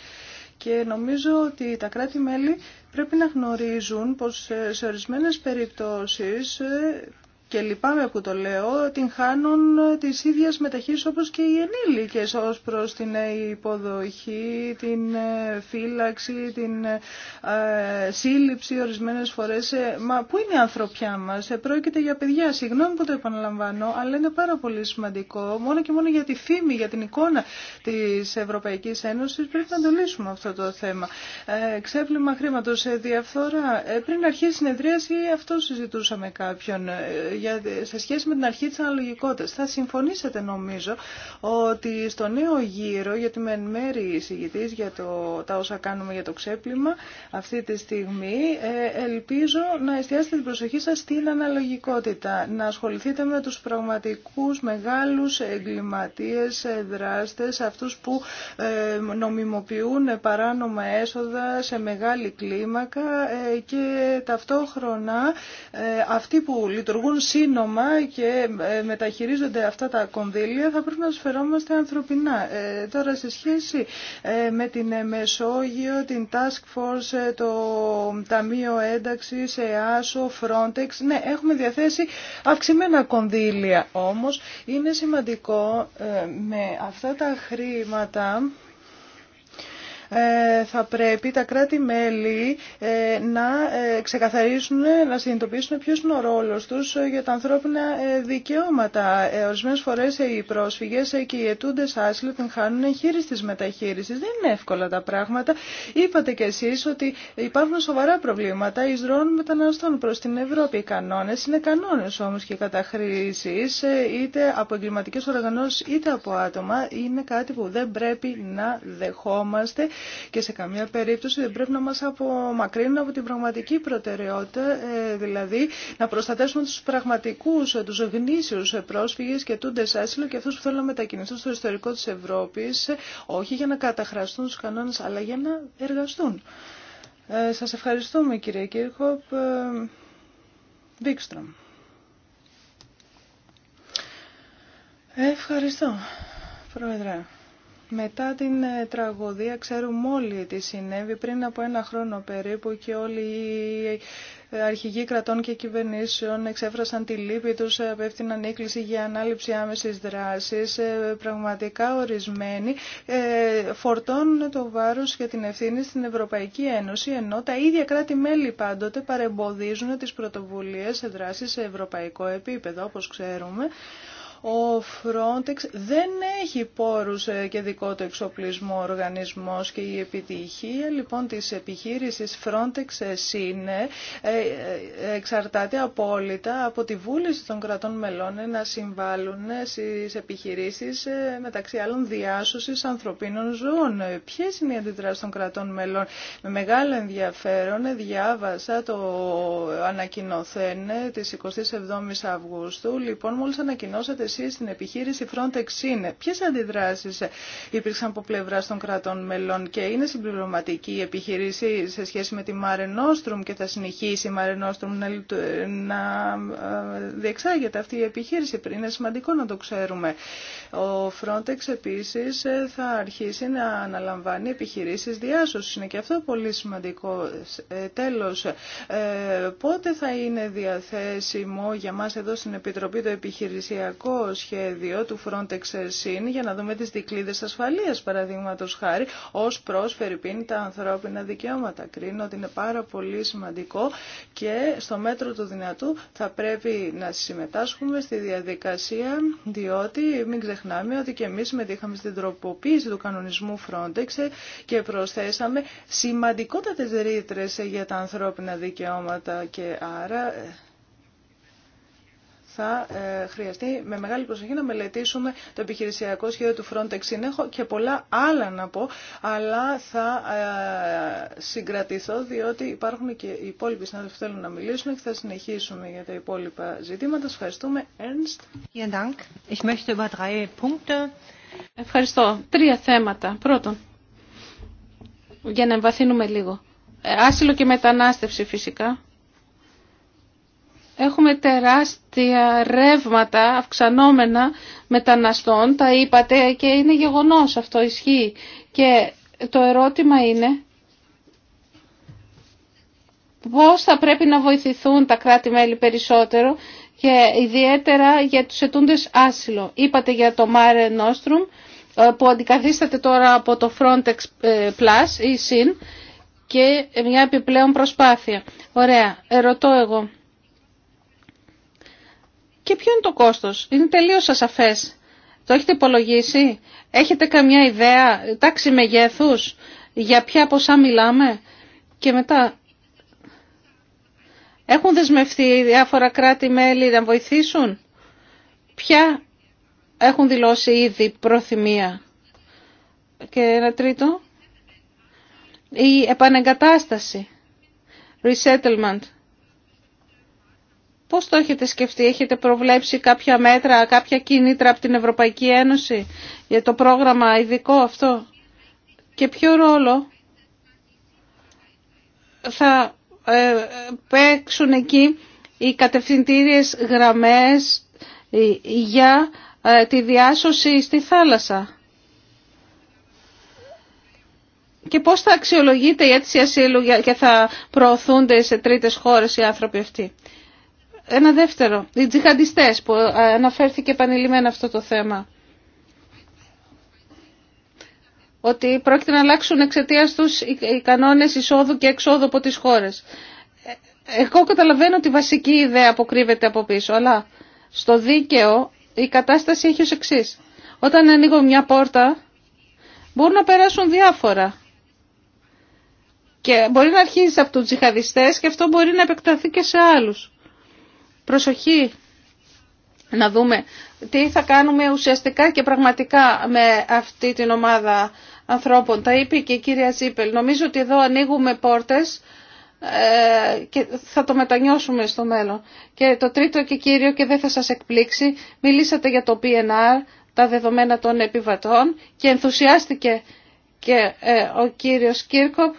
Και νομίζω ότι τα κράτη-μέλη πρέπει να γνωρίζουν πως σε ορισμένες περιπτώσεις και λυπάμαι που το λέω, την χάνουν τις ίδιες μεταχείρισης όπως και οι ενήλικες ως προς την υποδοχή, την ε, φύλαξη, την ε, ε, σύλληψη ορισμένες φορές. Μα πού είναι η ανθρωπιά μας, πρόκειται για παιδιά, συγγνώμη που το επαναλαμβάνω, αλλά είναι πάρα πολύ σημαντικό, μόνο και μόνο για τη φήμη, για την εικόνα της Ευρωπαϊκής Ένωσης, πρέπει να το λύσουμε αυτό το θέμα. Ξέπλυμα χρήματος, διαφθορά. Πριν αρχίσει η συνεδρίαση αυτό συζητούσαμε κάποιον για, σε σχέση με την αρχή της αναλογικότητας. Θα συμφωνήσετε νομίζω ότι στο νέο γύρο, γιατί με μέρη εισηγητής για το, τα όσα κάνουμε για το ξέπλυμα αυτή τη στιγμή, ε, ελπίζω να εστιάσετε την προσοχή σας στην αναλογικότητα, να ασχοληθείτε με τους πραγματικούς μεγάλους εγκληματίες, ε, δράστες, αυτούς που ε, νομιμοποιούν παράνομα έσοδα σε μεγάλη κλίμακα ε, και ταυτόχρονα αυτοί που λειτουργούν σύνομα και ε, μεταχειρίζονται αυτά τα κονδύλια θα πρέπει να σφερόμαστε ανθρωπινά. Ε, τώρα σε σχέση ε, με την Μεσόγειο, την Task Force, το Ταμείο Ένταξης, ΕΑΣΟ, Frontex, ναι έχουμε διαθέσει αυξημένα κονδύλια όμως είναι σημαντικό με αυτά τα χρήματα ε, θα πρέπει τα κράτη-μέλη ε, να ε, ξεκαθαρίσουν, να συνειδητοποιήσουν ποιο είναι ο ρόλο του για τα ανθρώπινα δικαιώματα. Ορισμένε φορέ οι πρόσφυγε και οι ετούντε άσυλο την χάνουν χείρι τη μεταχείριση. Δεν είναι εύκολα τα πράγματα. Είπατε κι εσεί ότι υπάρχουν σοβαρά προβλήματα ει δρόμου μεταναστών προ την Ευρώπη. Οι κανόνε είναι κανόνε όμω και οι καταχρήσει είτε από εγκληματικέ οργανώσει είτε από άτομα είναι κάτι που δεν πρέπει να δεχόμαστε και σε καμία περίπτωση δεν πρέπει να μας απομακρύνουν από την πραγματική προτεραιότητα, ε, δηλαδή να προστατεύσουμε τους πραγματικούς, ε, τους γνήσιους ε, πρόσφυγες και του άσυλο και αυτούς που θέλουν να μετακινηθούν στο ιστορικό της Ευρώπης, όχι για να καταχραστούν τους κανόνες, αλλά για να εργαστούν. Ε, σας ευχαριστούμε κύριε Κίρχοπ Βίκστρομ. Ευχαριστώ, Πρόεδρε. Μετά την ε, τραγωδία ξέρουμε όλοι τι συνέβη πριν από ένα χρόνο περίπου και όλοι οι ε, αρχηγοί κρατών και κυβερνήσεων εξέφρασαν τη λύπη τους, ε, απέφτυναν έκκληση για ανάληψη άμεσης δράσης, πραγματικά ορισμένοι φορτώνουν το βάρος και την ευθύνη στην Ευρωπαϊκή Ένωση, ενώ τα ίδια κράτη-μέλη πάντοτε παρεμποδίζουν τις πρωτοβουλίες σε δράση σε ευρωπαϊκό επίπεδο, όπως ξέρουμε. Ο Frontex δεν έχει πόρους ε, και δικό του εξοπλισμό οργανισμός και η επιτυχία λοιπόν της επιχείρησης Frontex είναι ε, ε, εξαρτάται απόλυτα από τη βούληση των κρατών μελών να συμβάλλουν στις επιχειρήσεις μεταξύ άλλων διάσωσης ανθρωπίνων ζώων. Ποιες είναι οι αντιδράσεις των κρατών μελών. Με μεγάλο ενδιαφέρον διάβασα το ανακοινωθέν της 27 Αυγούστου. Λοιπόν, μόλις ανακοινώσατε στην επιχείρηση Frontex είναι. Ποιε αντιδράσει υπήρξαν από πλευρά των κρατών μελών και είναι συμπληρωματική η επιχείρηση σε σχέση με τη Mare Nostrum και θα συνεχίσει η Mare Nostrum να, να ε, διεξάγεται αυτή η επιχείρηση. Είναι σημαντικό να το ξέρουμε. Ο Frontex επίση ε, θα αρχίσει να αναλαμβάνει επιχειρήσει διάσωση. Είναι και αυτό πολύ σημαντικό. Ε, Τέλο, πότε θα είναι διαθέσιμο για μα εδώ στην Επιτροπή το επιχειρησιακό σχέδιο του Frontex Sin για να δούμε τις δικλείδες ασφαλείας, παραδείγματος χάρη, ως πρόσφερη πίνη τα ανθρώπινα δικαιώματα. Κρίνω ότι είναι πάρα πολύ σημαντικό και στο μέτρο του δυνατού θα πρέπει να συμμετάσχουμε στη διαδικασία, διότι μην ξεχνάμε ότι και εμείς συμμετείχαμε στην τροποποίηση του κανονισμού Frontex και προσθέσαμε σημαντικότατες ρήτρες για τα ανθρώπινα δικαιώματα και άρα ε, θα ε, χρειαστεί με μεγάλη προσοχή να μελετήσουμε το επιχειρησιακό σχέδιο του Frontex. Έχω και πολλά άλλα να πω, αλλά θα ε, συγκρατηθώ διότι υπάρχουν και οι υπόλοιποι συνάδελφοι που θέλουν να μιλήσουν και θα συνεχίσουμε για τα υπόλοιπα ζητήματα. Σας ευχαριστούμε. Ernst. Ευχαριστώ. Τρία θέματα. Πρώτον, για να εμβαθύνουμε λίγο. Ε, άσυλο και μετανάστευση φυσικά. Έχουμε τεράστια ρεύματα αυξανόμενα μεταναστών, τα είπατε και είναι γεγονός αυτό ισχύει. Και το ερώτημα είναι πώς θα πρέπει να βοηθηθούν τα κράτη-μέλη περισσότερο και ιδιαίτερα για τους ετούντες άσυλο. Είπατε για το Mare Nostrum ε, που αντικαθίσταται τώρα από το Frontex ε, Plus ή SIN και μια επιπλέον προσπάθεια. Ωραία, ερωτώ εγώ. Και ποιο είναι το κόστος. Είναι τελείως ασαφές. Το έχετε υπολογίσει. Έχετε καμιά ιδέα, τάξη μεγέθους, για ποια ποσά μιλάμε. Και μετά έχουν δεσμευτεί διάφορα κράτη-μέλη να βοηθήσουν. Ποια έχουν δηλώσει ήδη προθυμία. Και ένα τρίτο. Η επανεγκατάσταση. Resettlement. Πώς το έχετε σκεφτεί, έχετε προβλέψει κάποια μέτρα, κάποια κίνητρα από την Ευρωπαϊκή Ένωση για το πρόγραμμα ειδικό αυτό και ποιο ρόλο θα ε, παίξουν εκεί οι κατευθυντήριες γραμμές για ε, τη διάσωση στη θάλασσα. Και πώς θα αξιολογείται η αίτηση ασύλου και θα προωθούνται σε τρίτες χώρες οι άνθρωποι αυτοί. Ένα δεύτερο, οι τζιχαντιστές που ε, αναφέρθηκε επανειλημμένα αυτό το θέμα. Ότι πρόκειται να αλλάξουν εξαιτία του οι κανόνες εισόδου και εξόδου από τις χώρες. Ε, εγώ καταλαβαίνω τη βασική ιδέα που κρύβεται από πίσω, αλλά στο δίκαιο η κατάσταση έχει ω. εξή. Όταν ανοίγω μια πόρτα μπορούν να περάσουν διάφορα. Και μπορεί να αρχίζει από του τζιχαδιστέ και αυτό μπορεί να επεκταθεί και σε άλλου προσοχή να δούμε τι θα κάνουμε ουσιαστικά και πραγματικά με αυτή την ομάδα ανθρώπων. Τα είπε και η κυρία Ζίπελ. Νομίζω ότι εδώ ανοίγουμε πόρτες ε, και θα το μετανιώσουμε στο μέλλον. Και το τρίτο και κύριο και δεν θα σας εκπλήξει, μιλήσατε για το PNR, τα δεδομένα των επιβατών και ενθουσιάστηκε και ε, ο κύριος Κίρκοπ.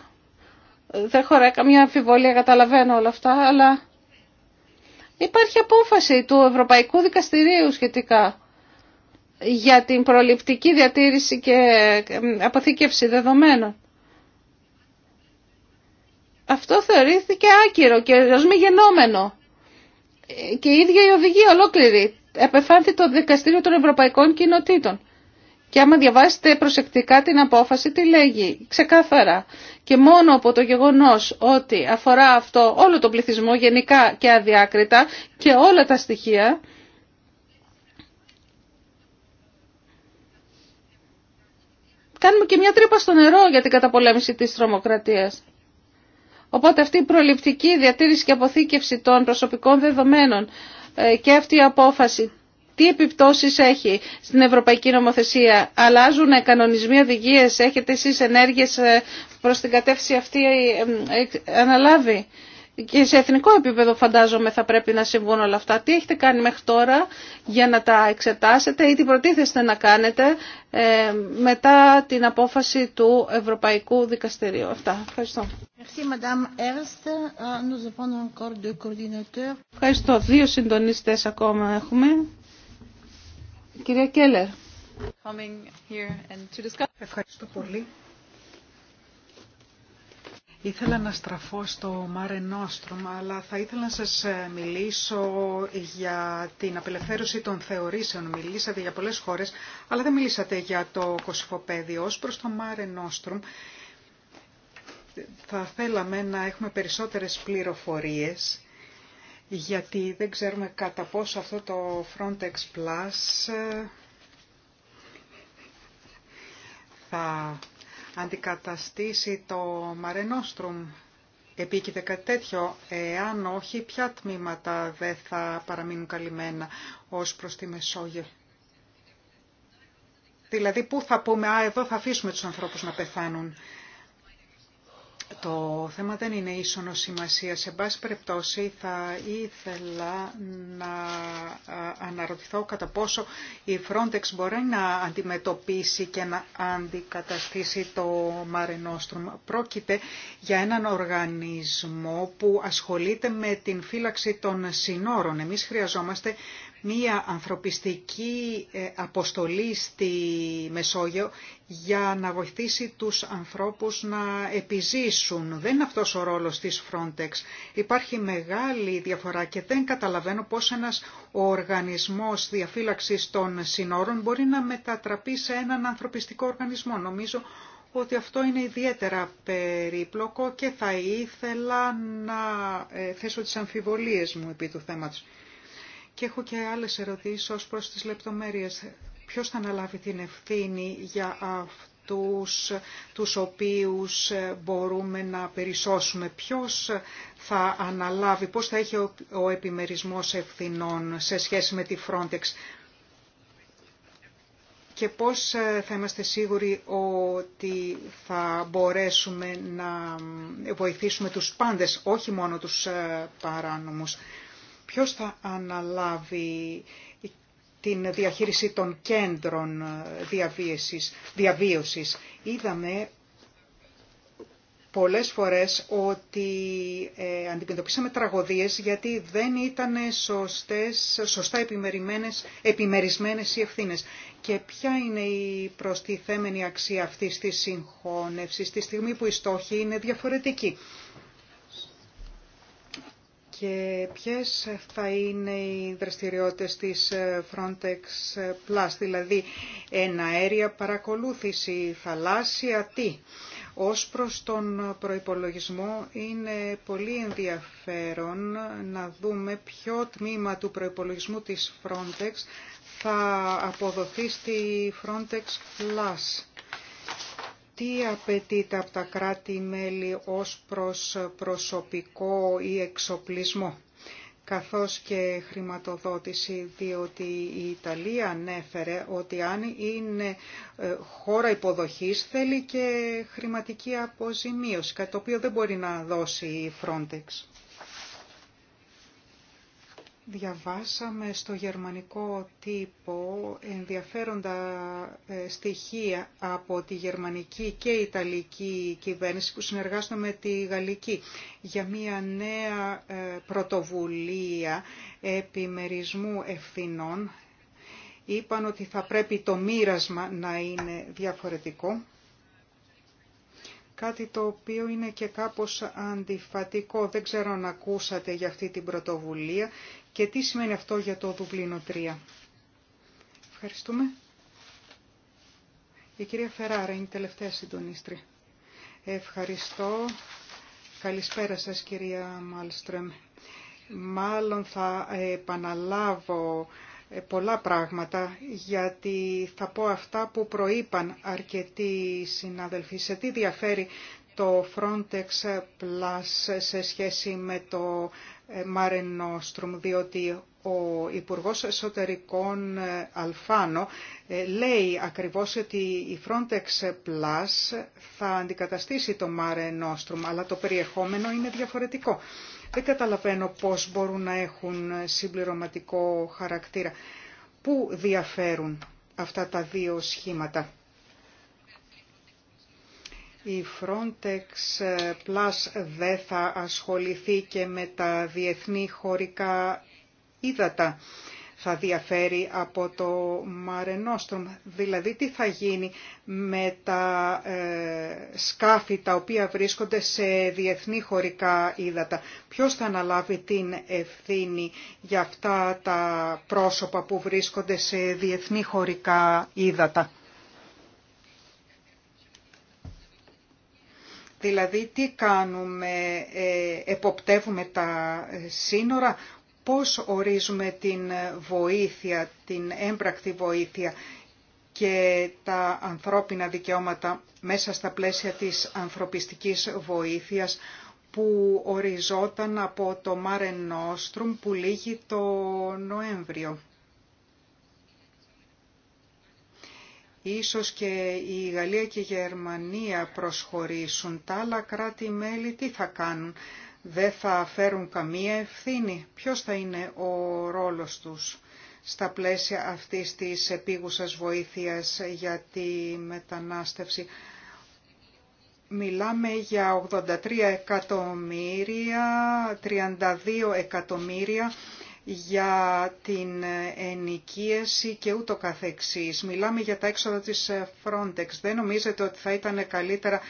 Δεν χωράει καμία αμφιβολία, καταλαβαίνω όλα αυτά, αλλά Υπάρχει απόφαση του Ευρωπαϊκού Δικαστηρίου σχετικά για την προληπτική διατήρηση και ε, αποθήκευση δεδομένων. Αυτό θεωρήθηκε άκυρο και ως μη γενόμενο. Και η ίδια η οδηγία ολόκληρη επεφάνθη το Δικαστήριο των Ευρωπαϊκών Κοινοτήτων. Και άμα διαβάσετε προσεκτικά την απόφαση, τι λέγει. Ξεκάθαρα και μόνο από το γεγονός ότι αφορά αυτό όλο τον πληθυσμό γενικά και αδιάκριτα και όλα τα στοιχεία, κάνουμε και μια τρύπα στο νερό για την καταπολέμηση της τρομοκρατίας. Οπότε αυτή η προληπτική διατήρηση και αποθήκευση των προσωπικών δεδομένων ε, και αυτή η απόφαση τι επιπτώσεις έχει στην Ευρωπαϊκή Νομοθεσία. Αλλάζουν κανονισμοί, οδηγίες, έχετε εσείς ενέργειες ε, προς την κατεύθυνση αυτή ε, ε, αναλάβει. Και σε εθνικό επίπεδο φαντάζομαι θα πρέπει να συμβούν όλα αυτά. Τι έχετε κάνει μέχρι τώρα για να τα εξετάσετε ή τι προτίθεστε να κάνετε μετά την απόφαση του Ευρωπαϊκού Δικαστηρίου. Αυτά. Ευχαριστώ. Euh, Ευχαριστώ. Δύο συντονιστές ακόμα έχουμε. Κυρία Κέλλερ. Ευχαριστώ πολύ. Ήθελα να στραφώ στο Μάρε Νόστρομ, αλλά θα ήθελα να σας ε, μιλήσω για την απελευθέρωση των θεωρήσεων. Μιλήσατε για πολλές χώρες, αλλά δεν μιλήσατε για το κοσυφοπέδιο. Ως προς το Μάρε Νόστρομ, θα θέλαμε να έχουμε περισσότερες πληροφορίες γιατί δεν ξέρουμε κατά πόσο αυτό το Frontex Plus ε, θα αντικαταστήσει το Mare Nostrum. Επίκειται κάτι τέτοιο. Εάν όχι, ποια τμήματα δεν θα παραμείνουν καλυμμένα ως προς τη Μεσόγειο. Δηλαδή, πού θα πούμε, α, εδώ θα αφήσουμε τους ανθρώπους να πεθάνουν. Το θέμα δεν είναι ίσονο σημασία. Σε πάση περιπτώσει θα ήθελα να αναρωτηθώ κατά πόσο η Frontex μπορεί να αντιμετωπίσει και να αντικαταστήσει το Mare Πρόκειται για έναν οργανισμό που ασχολείται με την φύλαξη των συνόρων. Εμείς χρειαζόμαστε μία ανθρωπιστική ε, αποστολή στη Μεσόγειο για να βοηθήσει τους ανθρώπους να επιζήσουν. Δεν είναι αυτός ο ρόλος της Frontex. Υπάρχει μεγάλη διαφορά και δεν καταλαβαίνω πώς ένας οργανισμός διαφύλαξης των συνόρων μπορεί να μετατραπεί σε έναν ανθρωπιστικό οργανισμό. Νομίζω ότι αυτό είναι ιδιαίτερα περίπλοκο και θα ήθελα να ε, θέσω τις αμφιβολίες μου επί του θέματος. Και έχω και άλλες ερωτήσεις ως προς τις λεπτομέρειες. Ποιος θα αναλάβει την ευθύνη για αυτούς τους οποίους ε, μπορούμε να περισσώσουμε. Ποιος θα αναλάβει, πώς θα έχει ο επιμερισμός ευθυνών σε σχέση με τη Frontex και πώς ε, θα είμαστε σίγουροι ότι θα μπορέσουμε να ε, βοηθήσουμε τους πάντες, όχι μόνο τους παράνομους. Ποιος θα αναλάβει την διαχείριση των κέντρων διαβίωσης. Είδαμε πολλές φορές ότι ε, αντιμετωπίσαμε τραγωδίες γιατί δεν ήταν σωστές, σωστά επιμερισμένες, επιμερισμένες οι ευθύνες. Και ποια είναι η προστιθέμενη αξία αυτής της συγχώνευσης, τη στιγμή που οι στόχοι είναι διαφορετικοί και ποιες θα είναι οι δραστηριότητες της ε, Frontex ε, Plus, δηλαδή ένα αέρια παρακολούθηση, θαλάσσια, τι. Ως προς τον προϋπολογισμό είναι πολύ ενδιαφέρον να δούμε ποιο τμήμα του προϋπολογισμού της Frontex θα αποδοθεί στη Frontex Plus τι απαιτείται από τα κράτη-μέλη ως προς προσωπικό ή εξοπλισμό καθώς και χρηματοδότηση, διότι η Ιταλία ανέφερε ότι αν είναι ε, χώρα υποδοχής θέλει και χρηματική αποζημίωση, κάτι το οποίο δεν μπορεί να δώσει η Frontex διαβάσαμε στο γερμανικό τύπο ενδιαφέροντα ε, στοιχεία από τη γερμανική και ιταλική κυβέρνηση που συνεργάζονται με τη γαλλική για μια νέα ε, πρωτοβουλία επιμερισμού ευθυνών. Είπαν ότι θα πρέπει το μοίρασμα να είναι διαφορετικό κάτι το οποίο είναι και κάπως αντιφατικό. Δεν ξέρω αν ακούσατε για αυτή την πρωτοβουλία και τι σημαίνει αυτό για το Δουβλίνο 3. Ευχαριστούμε. Η κυρία Φεράρα είναι η τελευταία συντονίστρια. Ευχαριστώ. Καλησπέρα σας κυρία Μάλστρεμ. Μάλλον θα επαναλάβω ε, πολλά πράγματα γιατί θα πω αυτά που προείπαν αρκετοί συνάδελφοι. Σε τι διαφέρει το Frontex Plus σε σχέση με το Μάρε Νόστρουμ, διότι ο Υπουργός Εσωτερικών ε, Αλφάνο ε, λέει ακριβώς ότι η Frontex Plus θα αντικαταστήσει το Mare Nostrum, αλλά το περιεχόμενο είναι διαφορετικό. Δεν καταλαβαίνω πώς μπορούν να έχουν συμπληρωματικό χαρακτήρα. Πού διαφέρουν αυτά τα δύο σχήματα. Η Frontex ε, Plus δεν θα ασχοληθεί και με τα διεθνή χωρικά ύδατα. Θα διαφέρει από το Mare Δηλαδή τι θα γίνει με τα ε, σκάφη τα οποία βρίσκονται σε διεθνή χωρικά ύδατα. Ποιος θα αναλάβει την ευθύνη για αυτά τα πρόσωπα που βρίσκονται σε διεθνή χωρικά ύδατα. Δηλαδή τι κάνουμε, ε, εποπτεύουμε τα σύνορα, πώς ορίζουμε την βοήθεια, την έμπρακτη βοήθεια και τα ανθρώπινα δικαιώματα μέσα στα πλαίσια της ανθρωπιστικής βοήθειας που οριζόταν από το Mare Nostrum που λύγει το Νοέμβριο. Ίσως και η Γαλλία και η Γερμανία προσχωρήσουν. Τα άλλα κράτη-μέλη τι θα κάνουν. Δεν θα φέρουν καμία ευθύνη. Ποιος θα είναι ο ρόλος τους στα πλαίσια αυτής της επίγουσας βοήθειας για τη μετανάστευση. Μιλάμε για 83 εκατομμύρια, 32 εκατομμύρια για την ενοικίαση και ούτω καθεξής. Μιλάμε για τα έξοδα της Frontex. Δεν νομίζετε ότι θα ήταν καλύτερα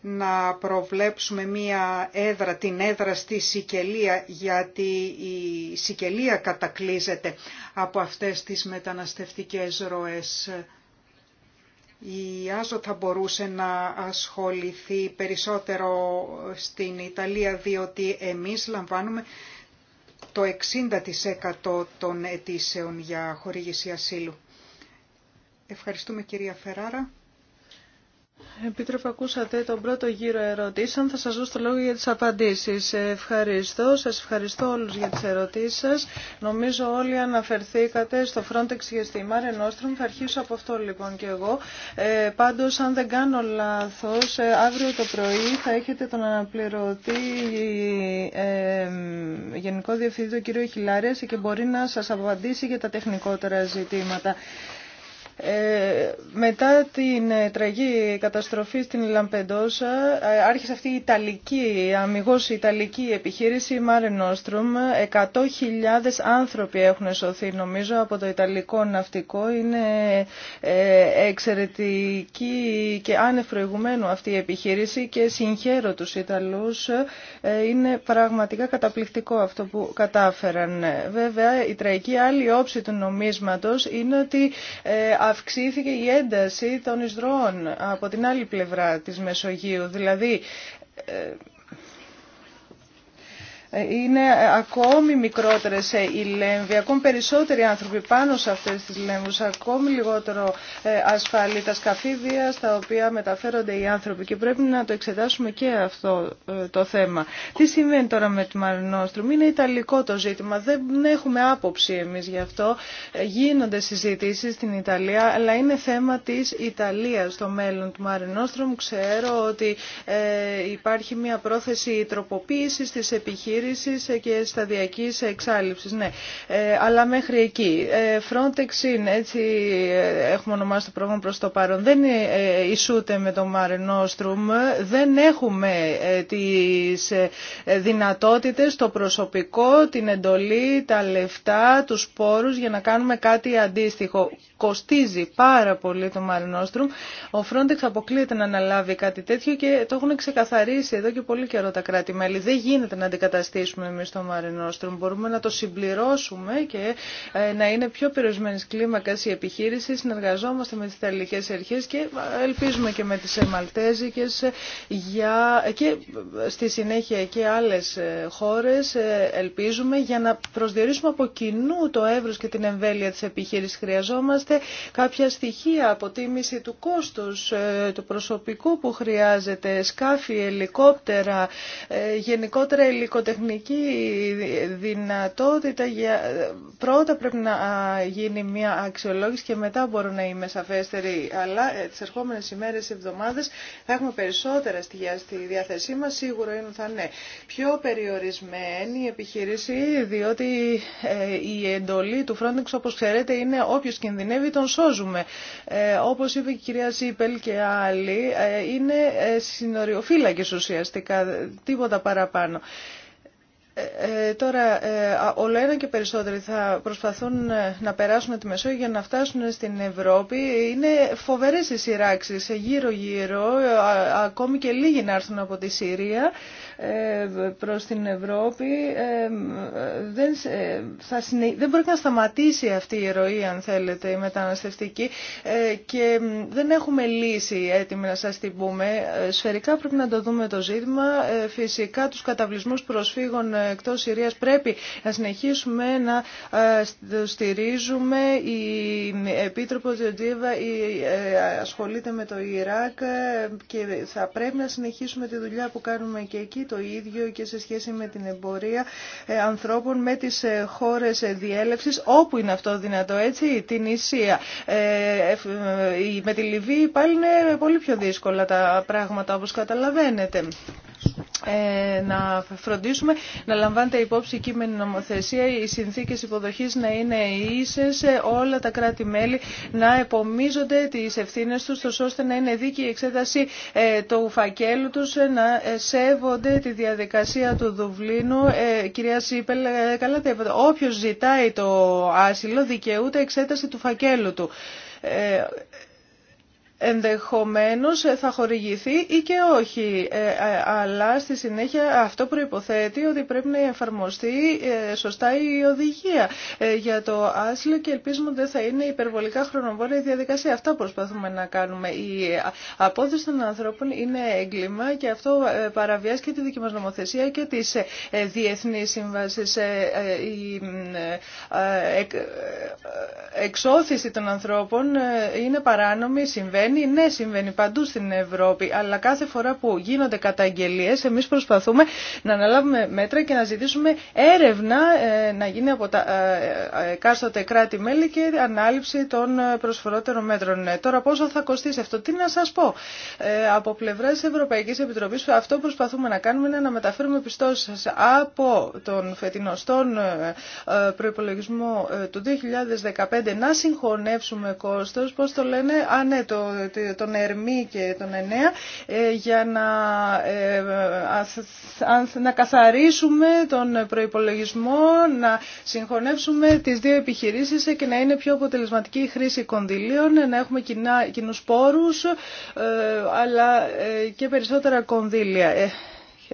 να προβλέψουμε μία έδρα, την έδρα στη Σικελία, γιατί η Σικελία κατακλείζεται από αυτές τις μεταναστευτικές ροές. Η Άζο θα μπορούσε να ασχοληθεί περισσότερο στην Ιταλία, διότι εμείς λαμβάνουμε το 60% των αιτήσεων για χορήγηση ασύλου. Ευχαριστούμε κυρία Φεράρα. Επίτροπε, ακούσατε τον πρώτο γύρο ερωτήσεων. Θα σας δώσω το λόγο για τις απαντήσεις. Ευχαριστώ. Σας ευχαριστώ όλους για τις ερωτήσεις σας. Νομίζω όλοι αναφερθήκατε στο Frontex και στη Mare Nostrum. Θα αρχίσω από αυτό λοιπόν και εγώ. Ε, πάντως, αν δεν κάνω λάθος, ε, αύριο το πρωί θα έχετε τον αναπληρωτή ε, Γενικό Διευθυντή, τον κύριο Χιλάρια, και μπορεί να σας απαντήσει για τα τεχνικότερα ζητήματα. Ε, μετά την ε, τραγική καταστροφή στην Λαμπεντόσα ε, άρχισε αυτή η Ιταλική, αμυγός Ιταλική επιχείρηση Mare Nostrum. 100.000 άνθρωποι έχουν σωθεί νομίζω από το Ιταλικό ναυτικό. Είναι εξαιρετική και άνευ προηγουμένου αυτή η επιχείρηση και συγχαίρω τους Ιταλούς. Είναι πραγματικά καταπληκτικό αυτό που κατάφεραν. Βέβαια η τραγική άλλη όψη του νομίσματος είναι ότι αυξήθηκε η ένταση των εισδροών από την άλλη πλευρά της Μεσογείου. Δηλαδή ε, είναι ακόμη μικρότερες ε, οι λέμβοι, ακόμη περισσότεροι άνθρωποι πάνω σε αυτές τις λέμβους, ακόμη λιγότερο ε, ασφαλή τα σκαφίδια στα οποία μεταφέρονται οι άνθρωποι και πρέπει να το εξετάσουμε και αυτό ε, το θέμα. Τι συμβαίνει τώρα με τη Μαρινόστρουμ, είναι ιταλικό το ζήτημα, δεν έχουμε άποψη εμείς γι' αυτό, γίνονται συζητήσεις στην Ιταλία, αλλά είναι θέμα της Ιταλίας στο μέλλον του Μαρινόστρουμ. Ξέρω ότι υπάρχει μια πρόθεση τροποποίησης της επιχείρησης και σταδιακής εξάλληψη. Ναι, ε, αλλά μέχρι εκεί. Ε, Frontex είναι, έτσι ε, έχουμε ονομάσει το πρόγραμμα προ το παρόν. Δεν ε, ισούται με το Mare Nostrum. Δεν έχουμε ε, τις δυνατότητες, το προσωπικό, την εντολή, τα λεφτά, τους πόρους για να κάνουμε κάτι αντίστοιχο κοστίζει πάρα πολύ το Μαρινόστρουμ. Ο Frontex αποκλείεται να αναλάβει κάτι τέτοιο και το έχουν ξεκαθαρίσει εδώ και πολύ καιρό τα κράτη-μέλη. Δεν γίνεται να αντικαταστήσουμε εμεί το Μαρινόστρουμ. Μπορούμε να το συμπληρώσουμε και ε, να είναι πιο περιορισμένη κλίμακα η επιχείρηση. Συνεργαζόμαστε με τι Ιταλικέ αρχέ και ε, ελπίζουμε και με τι ε, Μαλτέζικε για... και στη συνέχεια και άλλε χώρε ελπίζουμε για να προσδιορίσουμε από κοινού το εύρο και την εμβέλεια τη επιχείρηση χρειαζόμαστε κάποια στοιχεία, αποτίμηση του κόστους, ε, του προσωπικού που χρειάζεται, σκάφη, ελικόπτερα, ε, γενικότερα υλικοτεχνική δυνατότητα. Πρώτα πρέπει να γίνει μια αξιολόγηση και μετά μπορώ να είμαι σαφέστερη, αλλά ε, τις ερχόμενες ημέρες, εβδομάδες θα έχουμε περισσότερα στοιχεία στη διάθεσή μας, σίγουρο είναι θα είναι πιο περιορισμένη η επιχείρηση, διότι η εντολή του Frontex, όπως ξέρετε, είναι όποιος κινδυνεύει συνέβη τον σώζουμε. Ε, όπως είπε η κυρία Σίπελ και άλλοι, ε, είναι ε, συνοριοφύλακες ουσιαστικά, τίποτα παραπάνω. Ε, ε τώρα, ε, όλο ένα και περισσότεροι θα προσπαθούν ε, να περάσουν τη Μεσόγειο για να φτάσουν στην Ευρώπη. Είναι φοβερές οι σειράξεις γύρω-γύρω, ακόμη και λίγοι να έρθουν από τη Συρία. Ε, προς την Ευρώπη ε, δεν, ε, θα δεν μπορεί να σταματήσει αυτή η ροή αν θέλετε η μεταναστευτική και δεν έχουμε λύση έτοιμη να σας την πούμε. Σφαιρικά πρέπει να το δούμε το ζήτημα. Φυσικά τους καταβλισμούς προσφύγων εκτός Συρίας πρέπει να συνεχίσουμε να στηρίζουμε. Η Επίτροπο Διοντζίβα ασχολείται με το Ιράκ και θα πρέπει να συνεχίσουμε τη δουλειά που κάνουμε και εκεί το ίδιο και σε σχέση με την εμπορία ε, ανθρώπων με τις ε, χώρες ε, διέλευσης, όπου είναι αυτό δυνατό, έτσι, την Ισία. με τη Λιβύη πάλι είναι πολύ πιο δύσκολα τα πράγματα, όπως καταλαβαίνετε. Ε, να φροντίσουμε να λαμβάνεται υπόψη η κείμενη νομοθεσία, οι συνθήκες υποδοχής να είναι ίσες, ε, όλα τα κράτη-μέλη να επομίζονται τις ευθύνες τους, ώστε να είναι δίκαιη η εξέταση ε, του φακέλου τους, να σέβονται τη διαδικασία του Δουβλίνου. Κυρία Σίπελ, καλά τα είπατε. Όποιος ζητάει το άσυλο δικαιούται εξέταση του φακέλου του ενδεχομένως θα χορηγηθεί ή και όχι. Ε, αλλά στη συνέχεια αυτό προϋποθέτει ότι πρέπει να εφαρμοστεί ε, σωστά η οδηγία ε, για το άσυλο και ελπίζουμε ότι δεν θα είναι υπερβολικά χρονοβόρα η διαδικασία. Αυτά προσπαθούμε να κάνουμε. Η απόδοση των ανθρώπων είναι έγκλημα και αυτό παραβιάζει και τη δική μας νομοθεσία και τις διεθνείς συμβάσεις. Η εξώθηση των ανθρώπων είναι παράνομη, συμβαίνει συμβαίνει. Ναι, συμβαίνει παντού στην Ευρώπη, αλλά κάθε φορά που γίνονται καταγγελίες εμείς προσπαθούμε να αναλάβουμε μέτρα και να ζητήσουμε έρευνα ε, να γίνει από τα ε, ε, καστοτε κρατη κράτη-μέλη και ανάληψη των προσφορότερων μέτρων. Τώρα πόσο θα κοστίσει αυτό, τι να σας πω. Από πλευράς Ευρωπαϊκής Επιτροπής αυτό που προσπαθούμε να κάνουμε είναι να μεταφέρουμε πιστώσεις από τον φετινό στον προϋπολογισμό του 2015 να συγχωνεύσουμε κόστος, πώς το λένε, α ναι, το τον Ερμή και τον Ενέα ε, για να, ε, να καθαρίσουμε τον προϋπολογισμό, να συγχωνεύσουμε τις δύο επιχειρήσεις και να είναι πιο αποτελεσματική η χρήση κονδυλίων, να έχουμε κοινά, κοινούς πόρους ε, αλλά και περισσότερα κονδύλια.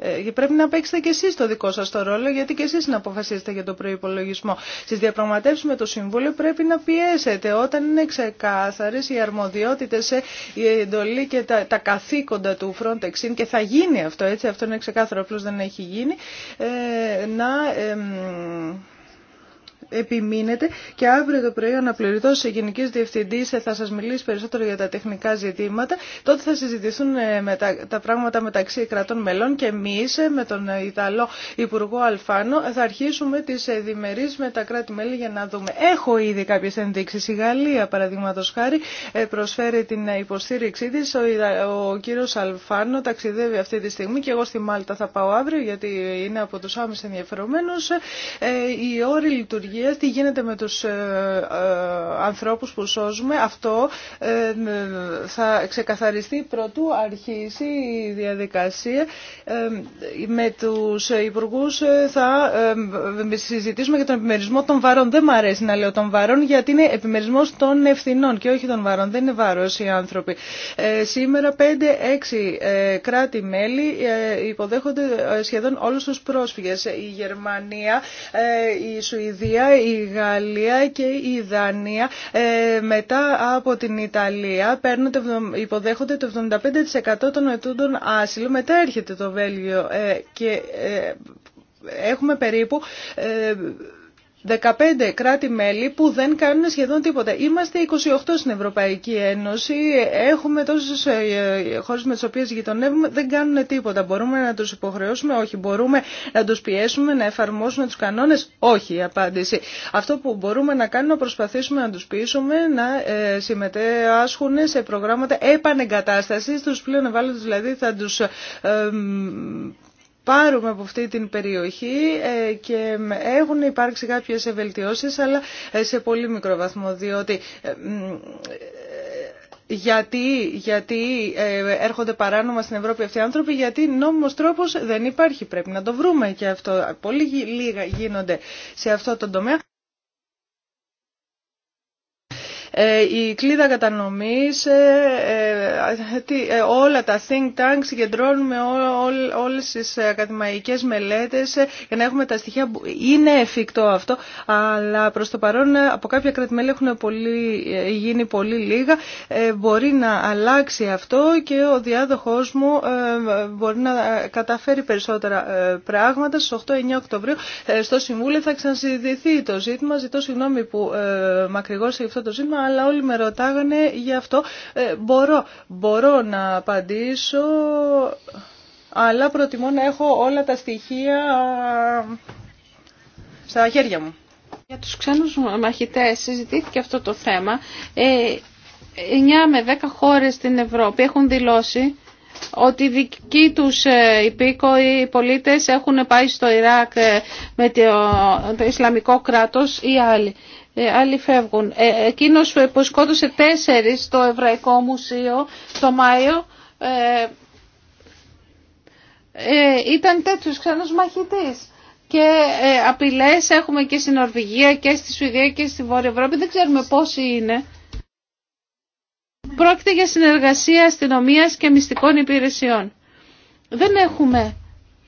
Ε, και πρέπει να παίξετε και εσείς το δικό σας το ρόλο, γιατί και εσείς να αποφασίσετε για τον προπολογισμό. Στις διαπραγματεύσεις με το Συμβούλιο πρέπει να πιέσετε όταν είναι ξεκάθαρε, οι αρμοδιότητε, ε, η εντολή και τα, τα καθήκοντα του Frontex και θα γίνει αυτό, έτσι, αυτό είναι ξεκάθαρο, απλώ δεν έχει γίνει, ε, να επιμείνετε και αύριο το πρωί ο σε Γενική Διευθυντή ε, θα σα μιλήσει περισσότερο για τα τεχνικά ζητήματα. Τότε θα συζητηθούν ε, τα πράγματα μεταξύ κρατών μελών και εμείς ε, με τον Ιταλό Υπουργό Αλφάνο θα αρχίσουμε τις διμερείς με τα κράτη-μέλη για να δούμε. Έχω ήδη κάποιε ενδείξει. Η Γαλλία παραδείγματο χάρη προσφέρει την υποστήριξή τη. Ο κύριο Αλφάνο ταξιδεύει αυτή τη στιγμή και εγώ στη Μάλτα θα πάω αύριο γιατί είναι από του άμεσα η λειτουργία τι γίνεται με τους ε, ε, ανθρώπους που σώζουμε. Αυτό ε, θα ξεκαθαριστεί πρωτού αρχίσει η διαδικασία. Με τους υπουργού. θα συζητήσουμε για τον επιμερισμό των βαρών. Δεν μου αρέσει να λέω των βαρών γιατί είναι επιμερισμό των ευθυνών και όχι των βαρών. Δεν είναι βάρος οι άνθρωποι. Σήμερα 5-6 κράτη-μέλη υποδέχονται σχεδόν όλους τους πρόσφυγες. Η Γερμανία, η Σουηδία, η Γαλλία και η Δανία ε, μετά από την Ιταλία υποδέχονται το 75% των ετούντων άσυλου Μετά έρχεται το Βέλγιο ε, και ε, έχουμε περίπου 15 κράτη-μέλη που δεν κάνουν σχεδόν τίποτα. Είμαστε 28 στην Ευρωπαϊκή Ένωση, έχουμε τόσες ε, χώρες με τις οποίες γειτονεύουμε, δεν κάνουν τίποτα. Μπορούμε να τους υποχρεώσουμε, όχι. Μπορούμε να τους πιέσουμε, να εφαρμόσουμε τους κανόνες, όχι η απάντηση. Αυτό που μπορούμε να κάνουμε, να προσπαθήσουμε να τους πείσουμε, να ε, συμμετέχουν σε προγράμματα επανεγκατάστασης, τους πλέον ευάλωτους δηλαδή θα τους ε, πάρουμε από αυτή την περιοχή ε, και έχουν υπάρξει κάποιες ευελτιώσεις αλλά ε, σε πολύ μικρό βαθμό διότι ε, γιατί, γιατί έρχονται παράνομα στην Ευρώπη αυτοί οι άνθρωποι, γιατί νόμιμος τρόπος δεν υπάρχει. Πρέπει να το βρούμε και αυτό. Πολύ λίγα γίνονται σε αυτό το τομέα. Ε, η κλίδα κατανομής, ε, ε, όλα τα think tanks συγκεντρώνουμε όλες τις ακαδημαϊκές μελέτες για να έχουμε τα στοιχεία είναι εφικτό αυτό, αλλά προς το παρόν από κάποια κρατημέλη έχουν πολύ, γίνει πολύ λίγα. Μπορεί να αλλάξει αυτό και ο διάδοχός μου μπορεί να καταφέρει περισσότερα πράγματα. Στις 8-9 Οκτωβρίου στο Συμβούλιο θα ξανασυζητηθεί το ζήτημα. Ζητώ συγγνώμη που μακρηγόρησα αυτό το ζήτημα, αλλά όλοι με ρωτάγανε γι' αυτό. Ε, μπορώ, μπορώ να απαντήσω, αλλά προτιμώ να έχω όλα τα στοιχεία στα χέρια μου. Για τους ξένους μαχητές συζητήθηκε αυτό το θέμα. Ε, 9 με 10 χώρες στην Ευρώπη έχουν δηλώσει ότι οι δικοί τους ε, υπήκοοι οι πολίτες έχουν πάει στο Ιράκ ε, με το Ισλαμικό κράτος ή άλλοι. Ε, άλλοι φεύγουν. Ε, εκείνος ε, που σκότωσε τέσσερις στο Εβραϊκό Μουσείο το Μάιο ε, ε ήταν τέτοιος ξένος μαχητής. Και ε, έχουμε και στην Νορβηγία και στη Σουηδία και στη Βόρεια Ευρώπη. Δεν ξέρουμε πόσοι είναι. Πρόκειται για συνεργασία αστυνομία και μυστικών υπηρεσιών. Δεν έχουμε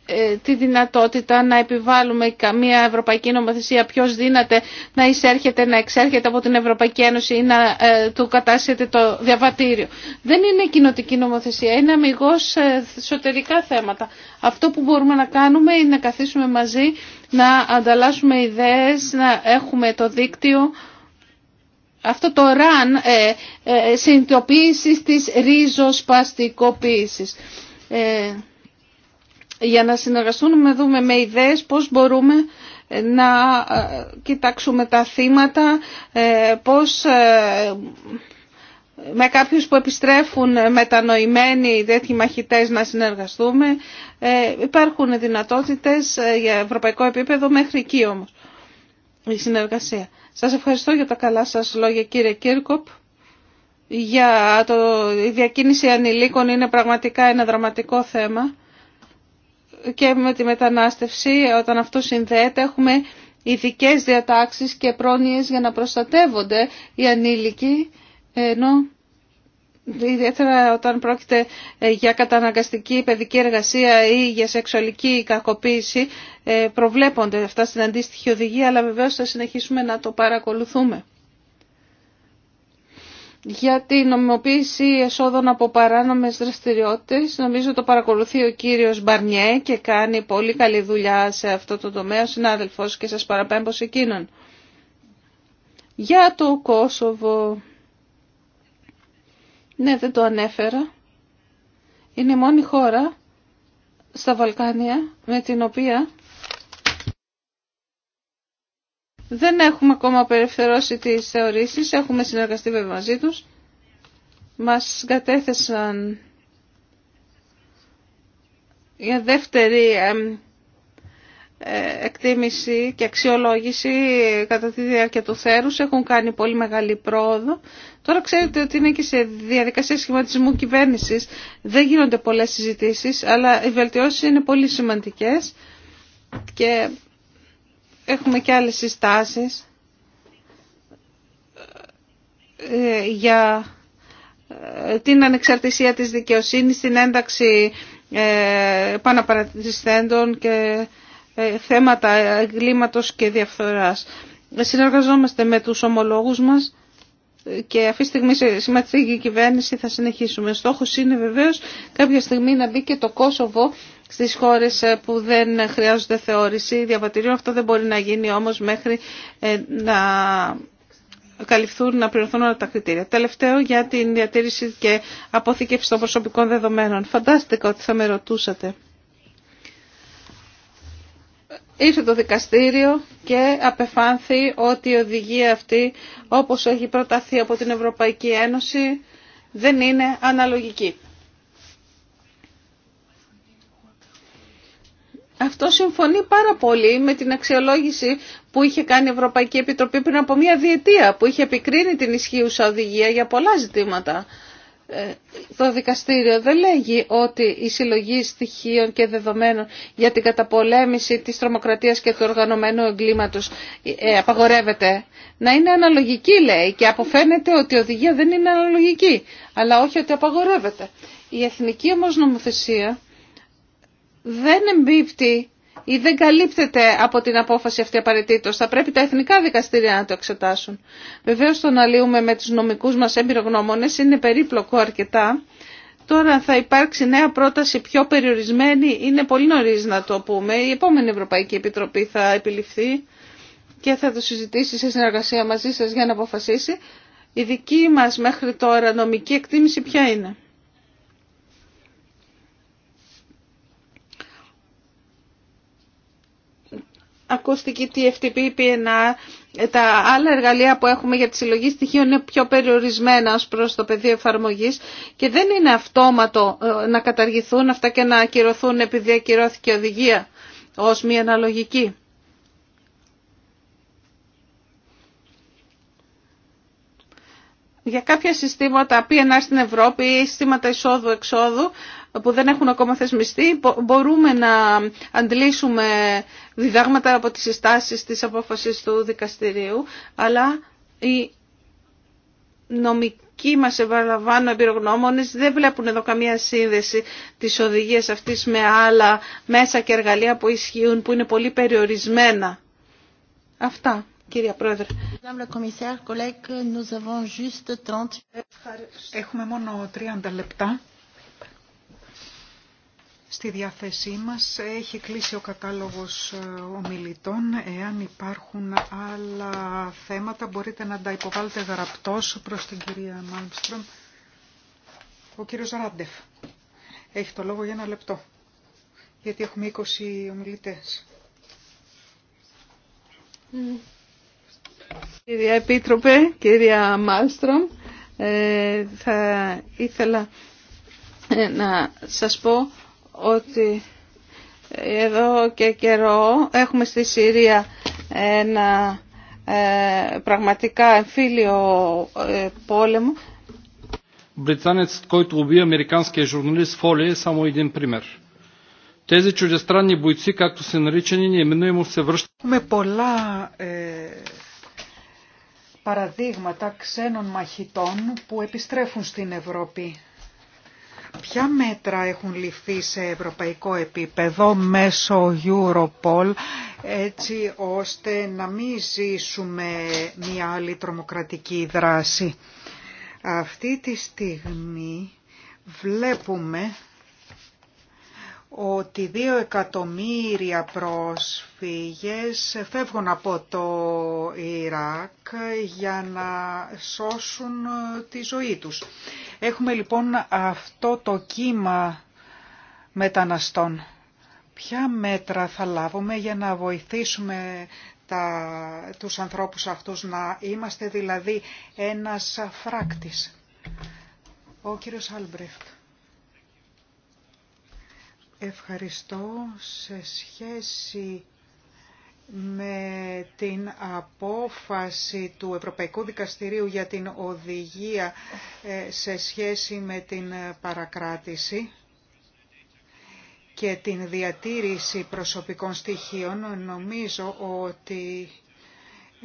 ε, τη δυνατότητα να επιβάλλουμε καμία ευρωπαϊκή νομοθεσία ποιος δύναται να εισέρχεται, να εξέρχεται από την Ευρωπαϊκή Ένωση ή να ε, του κατάσχεται το διαβατήριο. Δεν είναι κοινοτική νομοθεσία, είναι αμυγός ε, εσωτερικά θέματα. Αυτό που μπορούμε να κάνουμε είναι να καθίσουμε μαζί, να ανταλλάσσουμε ιδέες, να έχουμε το δίκτυο αυτό το ραν ε, ε, συνειδητοποίησης της για να συνεργαστούμε να δούμε με ιδέες πώς μπορούμε να ε, κοιτάξουμε τα θύματα, ε, πώς ε, με κάποιους που επιστρέφουν μετανοημένοι τέτοιοι μαχητές να συνεργαστούμε. Υπάρχουν δυνατότητες για ευρωπαϊκό επίπεδο μέχρι εκεί όμως η συνεργασία. Σας ευχαριστώ για τα καλά σας λόγια κύριε Κίρκοπ. Για το, η διακίνηση ανηλίκων είναι πραγματικά ένα δραματικό θέμα και με τη μετανάστευση, όταν αυτό συνδέεται, έχουμε ειδικέ διατάξεις και πρόνοιες για να προστατεύονται οι ανήλικοι, ενώ ιδιαίτερα όταν πρόκειται ε, για καταναγκαστική παιδική εργασία ή για σεξουαλική κακοποίηση, ε, προβλέπονται αυτά στην αντίστοιχη οδηγία, αλλά βεβαίως θα συνεχίσουμε να το παρακολουθούμε για την νομιμοποίηση εσόδων από παράνομες δραστηριότητες. Νομίζω το παρακολουθεί ο κύριος Μπαρνιέ και κάνει πολύ καλή δουλειά σε αυτό το τομέα ο συνάδελφος και σας παραπέμπω σε εκείνον. Για το Κόσοβο, ναι δεν το ανέφερα, είναι η μόνη χώρα στα Βαλκάνια με την οποία Δεν έχουμε ακόμα απελευθερώσει τις θεωρήσεις, έχουμε συνεργαστεί βέβαια μαζί τους. Μας κατέθεσαν για δεύτερη ε, εκτίμηση και αξιολόγηση κατά τη διάρκεια του θέρους. Έχουν κάνει πολύ μεγάλη πρόοδο. Τώρα ξέρετε ότι είναι και σε διαδικασία σχηματισμού κυβέρνησης. Δεν γίνονται πολλές συζητήσεις, αλλά οι βελτιώσεις είναι πολύ σημαντικές και Έχουμε και άλλες συστάσεις ε, για ε, την ανεξαρτησία της δικαιοσύνης, την ένταξη ε, επαναπαρατηθέντων και θέματα εγκλήματος και διαφθοράς. Συνεργαζόμαστε με τους ομολόγους μας και αυτή τη στιγμή συμμετείχε η κυβέρνηση θα συνεχίσουμε. Ο στόχος είναι βεβαίως κάποια στιγμή να μπει και το Κόσοβο στις χώρες ε, που δεν χρειάζονται θεώρηση διαβατηρίων. Αυτό δεν μπορεί να γίνει όμως μέχρι ε, να καλυφθούν, να πληρωθούν όλα τα κριτήρια. Τελευταίο για την διατήρηση και αποθήκευση των προσωπικών δεδομένων. Φαντάστηκα ότι θα με ρωτούσατε. Ήρθε το δικαστήριο και απεφάνθη ότι η οδηγία αυτή, όπως έχει προταθεί από την Ευρωπαϊκή Ένωση, δεν είναι αναλογική. Αυτό συμφωνεί πάρα πολύ με την αξιολόγηση που είχε κάνει η Ευρωπαϊκή Επιτροπή πριν από μια διετία, που είχε επικρίνει την ισχύουσα οδηγία για πολλά ζητήματα το δικαστήριο δεν λέγει ότι η συλλογή στοιχείων και δεδομένων για την καταπολέμηση της τρομοκρατίας και του οργανωμένου εγκλήματος ε, απαγορεύεται. Να είναι αναλογική λέει και αποφαίνεται ότι η οδηγία δεν είναι αναλογική, αλλά όχι ότι απαγορεύεται. Η εθνική όμως νομοθεσία δεν εμπίπτει ή δεν καλύπτεται από την απόφαση αυτή απαραίτητο. Θα πρέπει τα εθνικά δικαστήρια να το εξετάσουν. Βεβαίω το να λύουμε με τους νομικούς μας έμπειρογνώμονε είναι περίπλοκο αρκετά. Τώρα θα υπάρξει νέα πρόταση πιο περιορισμένη, είναι πολύ νωρί να το πούμε. Η επόμενη Ευρωπαϊκή Επιτροπή θα επιληφθεί και θα το συζητήσει σε συνεργασία μαζί σα για να αποφασίσει. Η δική μα μέχρι τώρα νομική εκτίμηση ποια είναι. ακούστηκε TFTP, PNA, τα άλλα εργαλεία που έχουμε για τη συλλογή στοιχείων είναι πιο περιορισμένα ως προς το πεδίο εφαρμογής και δεν είναι αυτόματο ε, να καταργηθούν αυτά και να ακυρωθούν επειδή ακυρώθηκε η οδηγία ως μια αναλογική. Για κάποια συστήματα PNA στην Ευρώπη ή συστήματα εισόδου-εξόδου που δεν έχουν ακόμα θεσμιστεί, μπορούμε να αντλήσουμε διδάγματα από τις συστάσεις της απόφασης του δικαστηρίου, αλλά οι νομικοί μας επαναλαμβάνω εμπειρογνώμονες δεν βλέπουν εδώ καμία σύνδεση της οδηγίας αυτής με άλλα μέσα και εργαλεία που ισχύουν, που είναι πολύ περιορισμένα. Αυτά. Κυρία Πρόεδρε. Έχουμε μόνο 30 λεπτά στη διάθεσή μας. Έχει κλείσει ο κατάλογος ε, ομιλητών. Εάν υπάρχουν άλλα θέματα μπορείτε να τα υποβάλλετε γραπτός προς την κυρία Μάλμστρομ. Ο κύριος Ράντεφ έχει το λόγο για ένα λεπτό, γιατί έχουμε 20 ομιλητές. Κυρία Επίτροπε, κυρία Μάλστρομ, ε, θα ήθελα ε, να σας πω ότι εδώ και καιρό έχουμε στη Συρία ένα πραγματικά εμφύλιο πόλεμο. Британец, който уби американския журналист Фоли, е само един пример. Тези чуждестранни бойци, както се наричани, неименуемо се връщат. Ме пола ε, παραδείγματα ξένων μαχητών που επιστρέφουν στην Ευρώπη. Ποια μέτρα έχουν ληφθεί σε ευρωπαϊκό επίπεδο μέσω Europol έτσι ώστε να μην ζήσουμε μια άλλη τρομοκρατική δράση. Αυτή τη στιγμή βλέπουμε ότι δύο εκατομμύρια πρόσφυγες φεύγουν από το Ιράκ για να σώσουν ε, τη ζωή τους. Έχουμε λοιπόν αυτό το κύμα μεταναστών. Ποια μέτρα θα λάβουμε για να βοηθήσουμε τα, τους ανθρώπους αυτούς να είμαστε δηλαδή ένας φράκτης. Ο κύριος Άλμπρεχτ. Ευχαριστώ σε σχέση με την απόφαση του Ευρωπαϊκού Δικαστηρίου για την οδηγία ε, σε σχέση με την παρακράτηση και την διατήρηση προσωπικών στοιχείων, νομίζω ότι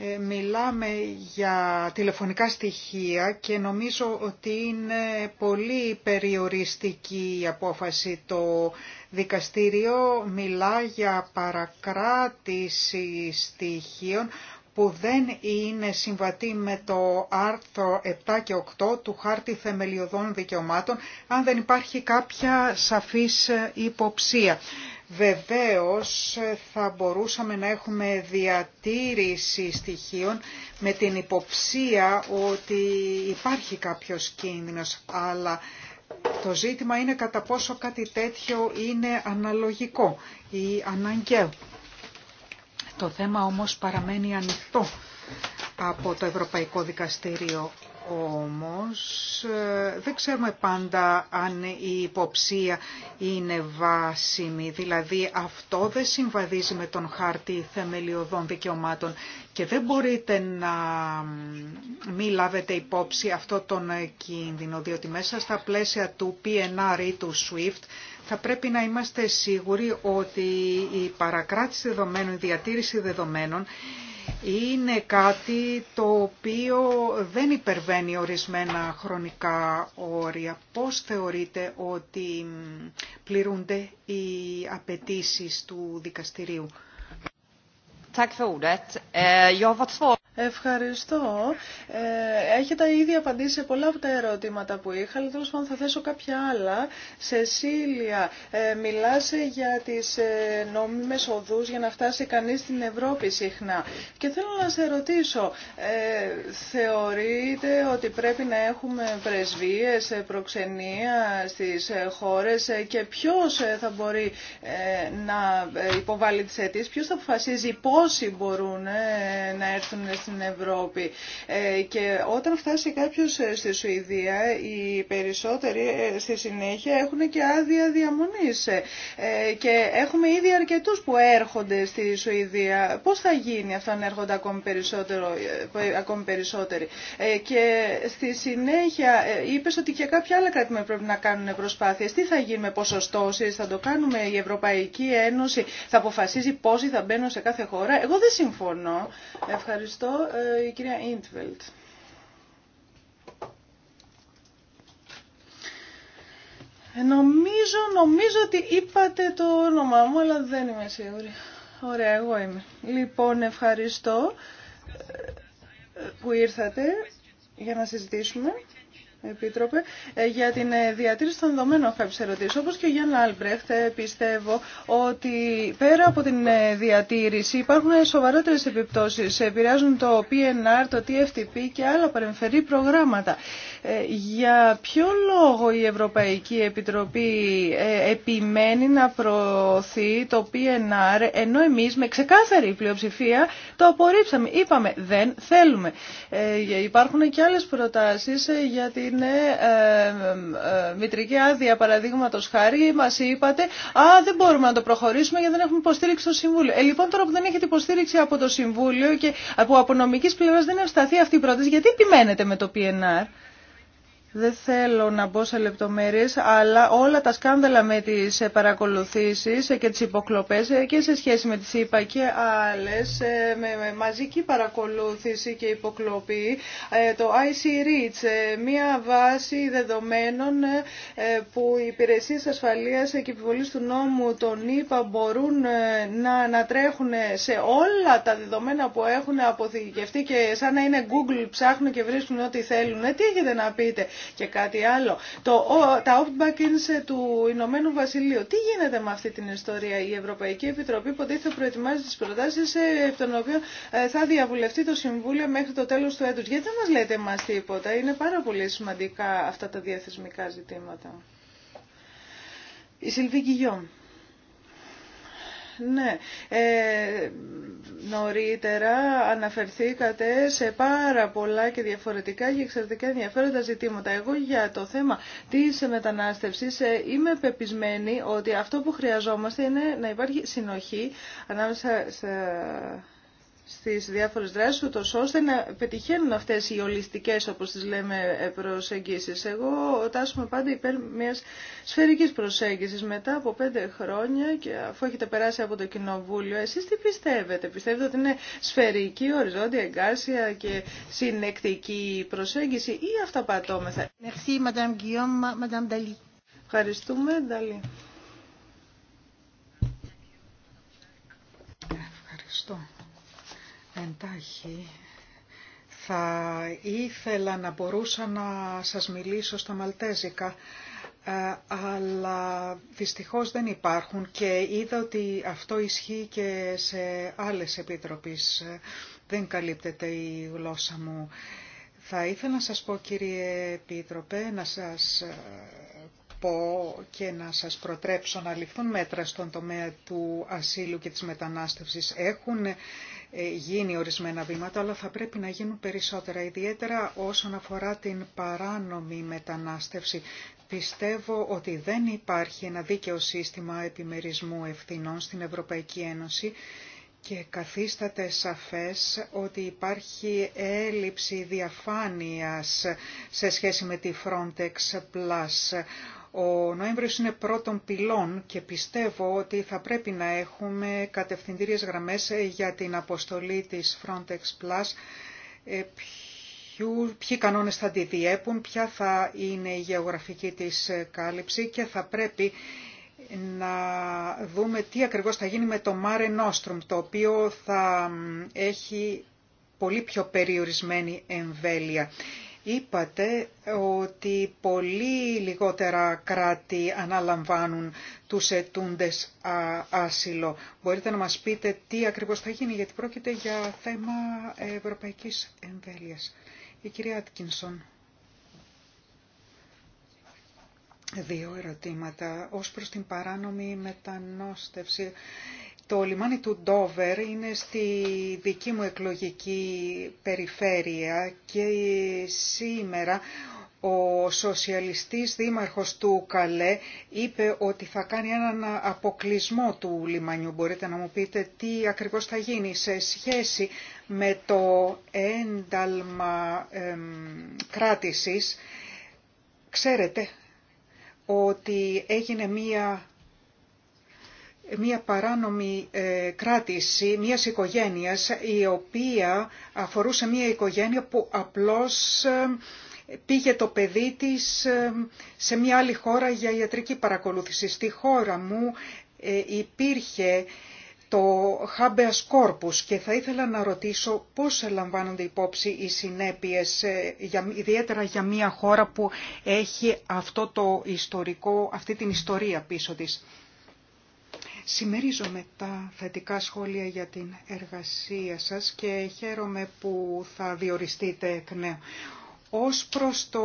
ε, μιλάμε για τηλεφωνικά στοιχεία και νομίζω ότι είναι πολύ περιοριστική η απόφαση. Το δικαστήριο μιλά για παρακράτηση στοιχείων που δεν είναι συμβατή με το άρθρο 7 και 8 του Χάρτη Θεμελιωδών Δικαιωμάτων αν δεν υπάρχει κάποια σαφής υποψία. Βεβαίως θα μπορούσαμε να έχουμε διατήρηση στοιχείων με την υποψία ότι υπάρχει κάποιος κίνδυνος, αλλά το ζήτημα είναι κατά πόσο κάτι τέτοιο είναι αναλογικό ή αναγκαίο. Το θέμα όμως παραμένει ανοιχτό από το Ευρωπαϊκό Δικαστήριο. Όμως ε, δεν ξέρουμε πάντα αν η υποψία είναι βάσιμη, δηλαδή αυτό δεν συμβαδίζει με τον χάρτη θεμελιωδών δικαιωμάτων και δεν μπορείτε να μην λάβετε υπόψη αυτό τον κίνδυνο, διότι μέσα στα πλαίσια του PNR ή του SWIFT θα πρέπει να είμαστε σίγουροι ότι η παρακράτηση δεδομένων, η διατήρηση δεδομένων είναι κάτι το οποίο δεν υπερβαίνει ορισμένα χρονικά όρια. Πώς θεωρείτε ότι πληρούνται οι απαιτήσεις του δικαστηρίου. Eh, Ευχαριστώ. Ε, έχετε ήδη απαντήσει σε πολλά από τα ερωτήματα που είχα, αλλά τέλος πάντων θα θέσω κάποια άλλα. Σεσίλια, ε, για τις ε, νόμιμες οδούς για να φτάσει κανείς στην Ευρώπη συχνά. Και θέλω να σε ρωτήσω, ε, θεωρείτε ότι πρέπει να έχουμε πρεσβείες, ε, προξενία στις ε, χώρες και ποιος θα μπορεί να υποβάλει τις αιτήσεις, ποιος θα αποφασίζει πώς πόσοι μπορούν ε, να έρθουν στην Ευρώπη. Ε, και όταν φτάσει κάποιος ε, στη Σουηδία, οι περισσότεροι στη συνέχεια έχουν και άδεια διαμονής. Και έχουμε ήδη αρκετούς που έρχονται στη Σουηδία. Πώς θα γίνει αυτό αν έρχονται ακόμη, περισσότερο, ακόμη περισσότεροι. Και στη συνέχεια είπες ότι και κάποια άλλα κράτη πρέπει να κάνουν προσπάθειες. Τι θα γίνει με ποσοστώσεις, θα το κάνουμε η Ευρωπαϊκή Ένωση, θα αποφασίζει πόσοι θα μπαίνουν σε κάθε χώρα εγώ δεν συμφωνώ. Ευχαριστώ ε, η κυρία Ιντβελτ. Ε, νομίζω, νομίζω ότι είπατε το όνομά μου, αλλά δεν είμαι σίγουρη. Ωραία, εγώ είμαι. Λοιπόν, ευχαριστώ ε, που ήρθατε για να συζητήσουμε. Επίτροπε, ε, για την ε, διατήρηση των δεδομένων έχω κάποιε ερωτήσει. Όπω και ο Γιάννα Αλμπρέχτ, ε, πιστεύω ότι πέρα από την διατήρηση υπάρχουν σοβαρότερες επιπτώσεις. Επηρεάζουν το PNR, το TFTP και άλλα παρεμφερή προγράμματα. Για ποιο λόγο η Ευρωπαϊκή Επιτροπή επιμένει να προωθεί το PNR, ενώ εμείς με ξεκάθαρη πλειοψηφία το απορρίψαμε. Είπαμε δεν θέλουμε. Ε, υπάρχουν και άλλες προτάσεις ε, για την ε, μητρική άδεια παραδείγματος χάρη. Μας είπατε α δεν μπορούμε να το προχωρήσουμε γιατί δεν έχουμε υποστήριξη στο Συμβούλιο. Ε, λοιπόν τώρα που δεν έχετε υποστήριξη από το Συμβούλιο και από, από νομικής πλευράς δεν ευσταθεί αυτή η πρόταση γιατί επιμένετε με το PNR. Δεν θέλω να μπω σε λεπτομέρειες, αλλά όλα τα σκάνδαλα με τις παρακολουθήσεις και τις υποκλοπές και σε σχέση με τις ΕΠΑ και άλλες, ε, με μαζική παρακολούθηση και υποκλοπή, ε, το IC Reach, ε, μια βάση δεδομένων που οι υπηρεσίες ασφαλείας και επιβολής του νόμου των ήπα μπορούν να ανατρέχουν σε όλα τα δεδομένα που έχουν αποθηκευτεί και σαν να είναι Google ψάχνουν και βρίσκουν ό,τι θέλουν. Τι έχετε να πείτε. Και κάτι άλλο, το, τα opt-backins του Ηνωμένου Βασιλείου. Τι γίνεται με αυτή την ιστορία. Η Ευρωπαϊκή Επιτροπή θα προετοιμάζει τις προτάσεις τον ε, τον οποίο ε, θα διαβουλευτεί το Συμβούλιο μέχρι το τέλος του έτους. Γιατί δεν μας λέτε μας τίποτα. Είναι πάρα πολύ σημαντικά αυτά τα διαθεσμικά ζητήματα. Η Σιλβίκη Γιώμ ναι, ε, νωρίτερα αναφερθήκατε σε πάρα πολλά και διαφορετικά και εξαιρετικά ενδιαφέροντα ζητήματα. Εγώ για το θέμα της μετανάστευσης ε, είμαι πεπισμένη ότι αυτό που χρειαζόμαστε είναι να υπάρχει συνοχή ανάμεσα στα στις διάφορες δράσεις, ούτως ώστε να πετυχαίνουν αυτές οι ολιστικές, όπως τις λέμε, προσεγγίσεις. Εγώ τάσουμε πάντα υπέρ μιας σφαιρικής προσέγγισης. Μετά από πέντε χρόνια, και αφού έχετε περάσει από το Κοινοβούλιο, εσείς τι πιστεύετε. Πιστεύετε ότι είναι σφαιρική, οριζόντια, εγκάρσια και συνεκτική προσέγγιση ή αυταπατώμεθα. Ευχαριστούμε, Dali. Ευχαριστώ εντάχει θα ήθελα να μπορούσα να σας μιλήσω στα Μαλτέζικα, ε, αλλά δυστυχώς δεν υπάρχουν και είδα ότι αυτό ισχύει και σε άλλες επιτροπές. Δεν καλύπτεται η γλώσσα μου. Θα ήθελα να σας πω κύριε Επίτροπε, να σας ε, πω και να σας προτρέψω να ληφθούν μέτρα στον τομέα του ασύλου και της μετανάστευσης. Έχουν ε, γίνει ορισμένα βήματα, αλλά θα πρέπει να γίνουν περισσότερα, ιδιαίτερα όσον αφορά την παράνομη μετανάστευση. Πιστεύω ότι δεν υπάρχει ένα δίκαιο σύστημα επιμερισμού ευθυνών στην Ευρωπαϊκή Ένωση και καθίσταται σαφές ότι υπάρχει έλλειψη διαφάνειας σε σχέση με τη Frontex Plus ο Νοέμβριος είναι πρώτον πυλών και πιστεύω ότι θα πρέπει να έχουμε κατευθυντήριες γραμμές ε, για την αποστολή της Frontex Plus. Ε, ποιοι κανόνες θα τη διέπουν, ποια θα είναι η γεωγραφική της ε, κάλυψη και θα πρέπει να δούμε τι ακριβώς θα γίνει με το Mare Nostrum, το οποίο θα έχει πολύ πιο περιορισμένη εμβέλεια Είπατε ότι πολύ λιγότερα κράτη αναλαμβάνουν τους ετούντες άσυλο. Μπορείτε να μας πείτε τι ακριβώς θα γίνει, γιατί πρόκειται για θέμα ευρωπαϊκής εμβέλειας. Η κυρία Άτκινσον. Δύο ερωτήματα ως προς την παράνομη μετανόστευση. Το λιμάνι του Ντόβερ είναι στη δική μου εκλογική περιφέρεια και σήμερα ο σοσιαλιστής δήμαρχος του Καλέ είπε ότι θα κάνει έναν αποκλεισμό του λιμανιού. Μπορείτε να μου πείτε τι ακριβώς θα γίνει σε σχέση με το ένταλμα κράτησης. Ξέρετε ότι έγινε μία μια παράνομη ε, κράτηση μιας οικογένειας η οποία αφορούσε μια οικογένεια που απλώς ε, πήγε το παιδί της ε, σε μια άλλη χώρα για ιατρική παρακολούθηση. Στη χώρα μου υπήρχε το habeas corpus και θα ήθελα να ρωτήσω πώς λαμβάνονται υπόψη οι συνέπειες, ιδιαίτερα για μια χώρα που έχει αυτό το ιστορικό, αυτή την ιστορία πίσω της. Συμμερίζομαι τα θετικά σχόλια για την εργασία σας και χαίρομαι που θα διοριστείτε εκ νέου. Ως προς το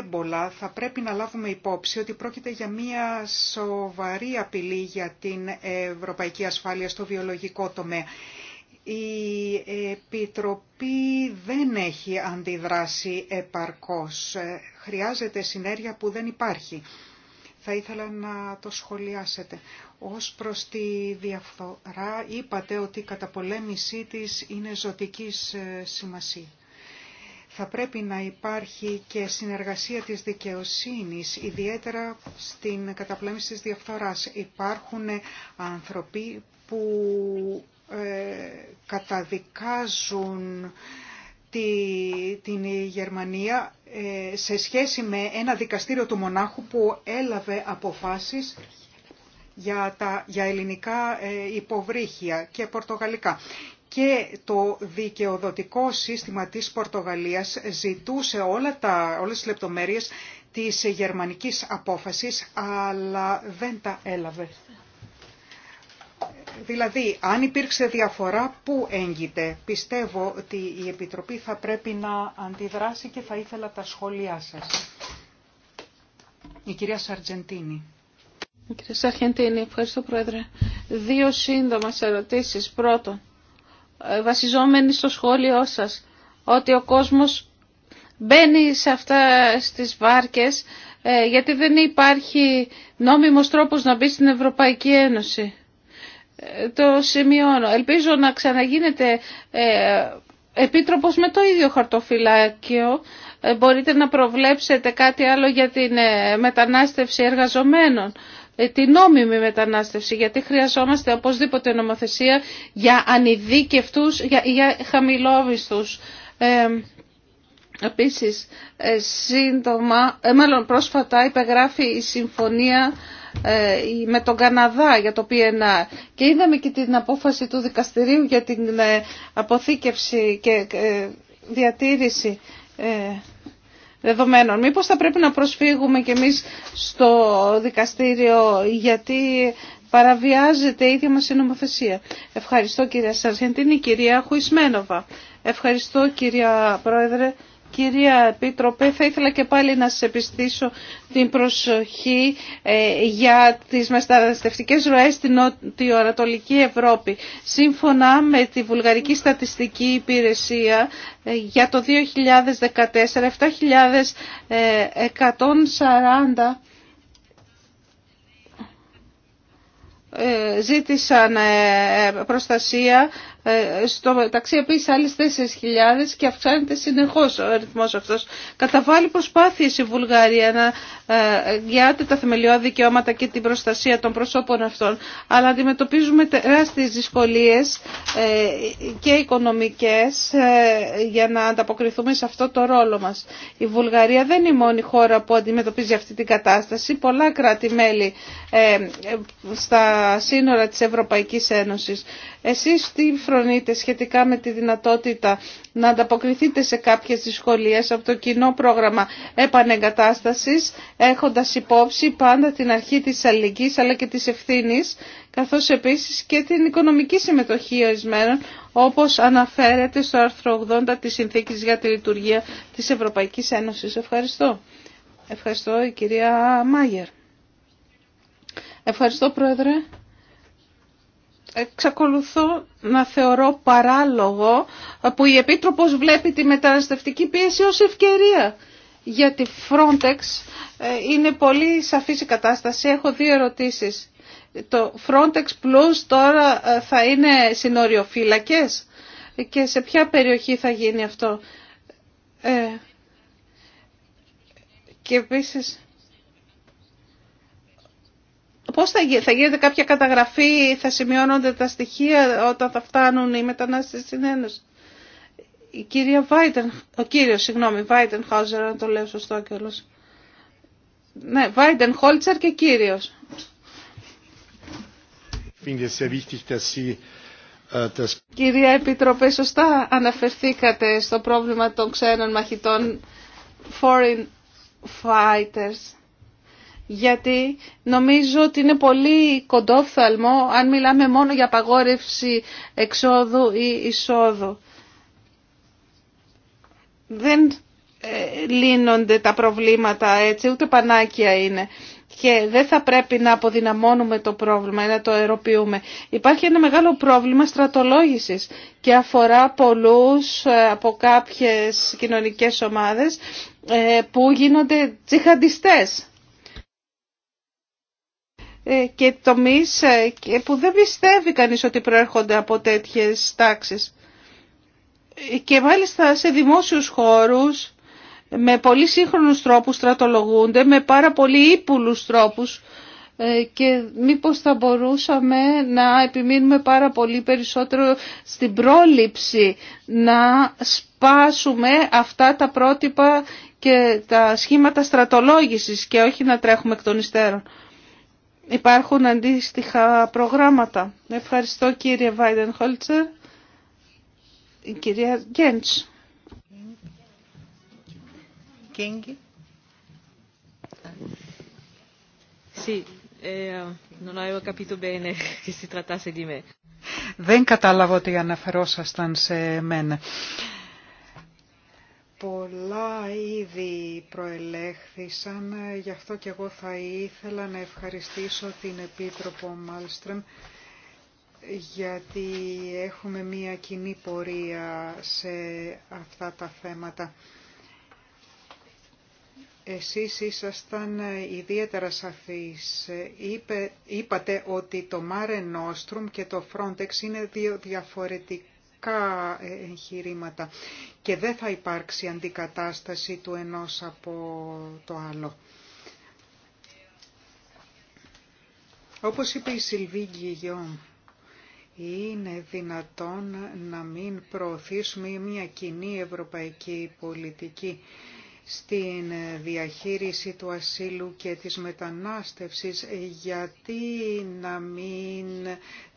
έμπολα θα πρέπει να λάβουμε υπόψη ότι πρόκειται για μια σοβαρή απειλή για την ευρωπαϊκή ασφάλεια στο βιολογικό τομέα. Η Επιτροπή δεν έχει αντιδράσει επαρκώς. Χρειάζεται συνέργεια που δεν υπάρχει. Θα ήθελα να το σχολιάσετε. Ως προς τη διαφθορά είπατε ότι η καταπολέμησή της είναι ζωτικής ε, σημασίας. Θα πρέπει να υπάρχει και συνεργασία της δικαιοσύνης, ιδιαίτερα στην καταπολέμηση της διαφθοράς. Υπάρχουν άνθρωποι που ε, καταδικάζουν τη, την Γερμανία ε, σε σχέση με ένα δικαστήριο του Μονάχου που έλαβε αποφάσεις για, τα, για ελληνικά ε, υποβρύχια και πορτογαλικά. Και το δικαιοδοτικό σύστημα της Πορτογαλίας ζητούσε όλα τα, όλες τις λεπτομέρειες της γερμανικής απόφασης, αλλά δεν τα έλαβε. Δηλαδή, αν υπήρξε διαφορά, πού έγινε. Πιστεύω ότι η Επιτροπή θα πρέπει να αντιδράσει και θα ήθελα τα σχόλιά σας. Η κυρία Σαρτζεντίνη. Η κυρία Σαρχεντίνη, ευχαριστώ Πρόεδρε. Δύο σύντομα ερωτήσεις. Πρώτον, ε, βασιζόμενοι στο σχόλιο σας, ότι ο κόσμος μπαίνει σε αυτά στις βάρκες ε, γιατί δεν υπάρχει νόμιμος τρόπος να μπει στην Ευρωπαϊκή Ένωση το σημειώνω. Ελπίζω να ξαναγίνετε επίτροπος με το ίδιο χαρτοφυλάκιο. Ε, μπορείτε να προβλέψετε κάτι άλλο για την ε, μετανάστευση εργαζομένων ε, την νόμιμη μετανάστευση, γιατί χρειαζόμαστε οπωσδήποτε νομοθεσία για ανειδίκευτούς, για, για χαμηλόβιστους. Ε, επίσης, σύντομα, μάλλον πρόσφατα υπεγράφει η συμφωνία ε, με τον Καναδά για το PNR και είδαμε και την απόφαση του δικαστηρίου για την ε, αποθήκευση και ε, διατήρηση δεδομένων. Μήπως θα πρέπει να προσφύγουμε και εμείς στο δικαστήριο γιατί παραβιάζεται η ίδια μας η νομοθεσία. Ευχαριστώ κυρία Σαρσεντίνη, κυρία Χουισμένοβα. Ευχαριστώ κυρία Πρόεδρε. Κυρία Επίτροπε, θα ήθελα και πάλι να σας επιστήσω την προσοχή ε, για τις μεταναστευτικές ροές στην Νοτιοανατολική Ευρώπη. Σύμφωνα με τη Βουλγαρική Στατιστική Υπηρεσία, ε, για το 2014, 7.140 ε, ζήτησαν προστασία ε, στο μεταξύ επίσης άλλες 4.000 και αυξάνεται συνεχώς ο αριθμός αυτός. Καταβάλει προσπάθειες η Βουλγαρία να ε, γιάται τα θεμελιώδη δικαιώματα και την προστασία των προσώπων αυτών, αλλά αντιμετωπίζουμε τεράστιες δυσκολίες ε, και οικονομικές για να ανταποκριθούμε σε αυτό το ρόλο μας. Η Βουλγαρία δεν είναι η μόνη χώρα που αντιμετωπίζει αυτή την κατάσταση. Πολλά κράτη-μέλη στα σύνορα της Ευρωπαϊκής Ένωσης σχετικά με τη δυνατότητα να ανταποκριθείτε σε κάποιες δυσκολίες από το κοινό πρόγραμμα επανεγκατάστασης, έχοντας υπόψη πάντα την αρχή της αλληλεγγύης αλλά και της ευθύνης, καθώς επίσης και την οικονομική συμμετοχή ορισμένων, όπως αναφέρεται στο άρθρο 80 της Συνθήκης για τη Λειτουργία της Ευρωπαϊκής Ένωσης. Ευχαριστώ. Ευχαριστώ η κυρία Μάγερ. Ευχαριστώ Πρόεδρε εξακολουθώ να θεωρώ παράλογο που η Επίτροπος βλέπει τη μεταναστευτική πίεση ως ευκαιρία για τη Frontex. Ε, είναι πολύ σαφής η κατάσταση. Έχω δύο ερωτήσεις. Το Frontex Plus τώρα ε, θα είναι συνοριοφύλακες και σε ποια περιοχή θα γίνει αυτό. Ε, και επίσης Πώς θα, γίνεται κάποια καταγραφή, θα σημειώνονται τα στοιχεία όταν θα φτάνουν οι μετανάστες στην Ένωση. Η Βάιτεν, ο κύριος, συγγνώμη, Βάιτεν Χάουζερ, αν το λέω σωστό κιόλας. Ναι, Βάιντεν Χόλτσαρ και κύριος. Äh, κυρία Επιτροπέ, σωστά αναφερθήκατε στο πρόβλημα των ξένων μαχητών foreign fighters γιατί νομίζω ότι είναι πολύ κοντόφθαλμο αν μιλάμε μόνο για απαγόρευση εξόδου ή εισόδου. Δεν ε, λύνονται τα προβλήματα έτσι, ούτε πανάκια είναι. Και δεν θα πρέπει να αποδυναμώνουμε το πρόβλημα ή να το αεροποιούμε. Υπάρχει ένα μεγάλο πρόβλημα στρατολόγησης και αφορά πολλούς ε, από κάποιες κοινωνικές ομάδες ε, που γίνονται τσιχαντιστές. Ε, και τομείς ε, που δεν πιστεύει κανείς ότι προέρχονται από τέτοιες τάξεις. Ε, και μάλιστα σε δημόσιους χώρους με πολύ σύγχρονους τρόπους στρατολογούνται, με πάρα πολύ ύπουλους τρόπους και μήπως θα μπορούσαμε να επιμείνουμε πάρα πολύ περισσότερο στην πρόληψη να σπάσουμε αυτά τα πρότυπα και τα σχήματα στρατολόγησης και όχι να τρέχουμε εκ των υστέρων υπάρχουν αντίστοιχα προγράμματα. Ευχαριστώ κύριε Βάιντεν Χόλτσερ. Η κυρία Γκέντς. Δεν κατάλαβα ότι αναφερόσασταν σε μένα. Πολλά ήδη προελέχθησαν, γι' αυτό και εγώ θα ήθελα να ευχαριστήσω την Επίτροπο Μάλστρεμ γιατί έχουμε μία κοινή πορεία σε αυτά τα θέματα. Εσείς ήσασταν ιδιαίτερα σαφείς. Είπε, είπατε ότι το Mare Nostrum και το Frontex είναι δύο διαφορετικά κα ε, εγχειρήματα και δεν θα υπάρξει αντικατάσταση του ενός από το άλλο. Όπως είπε η Σιλβή είναι δυνατόν να μην προωθήσουμε μια κοινή ευρωπαϊκή πολιτική στην διαχείριση του ασύλου και της μετανάστευσης, γιατί να μην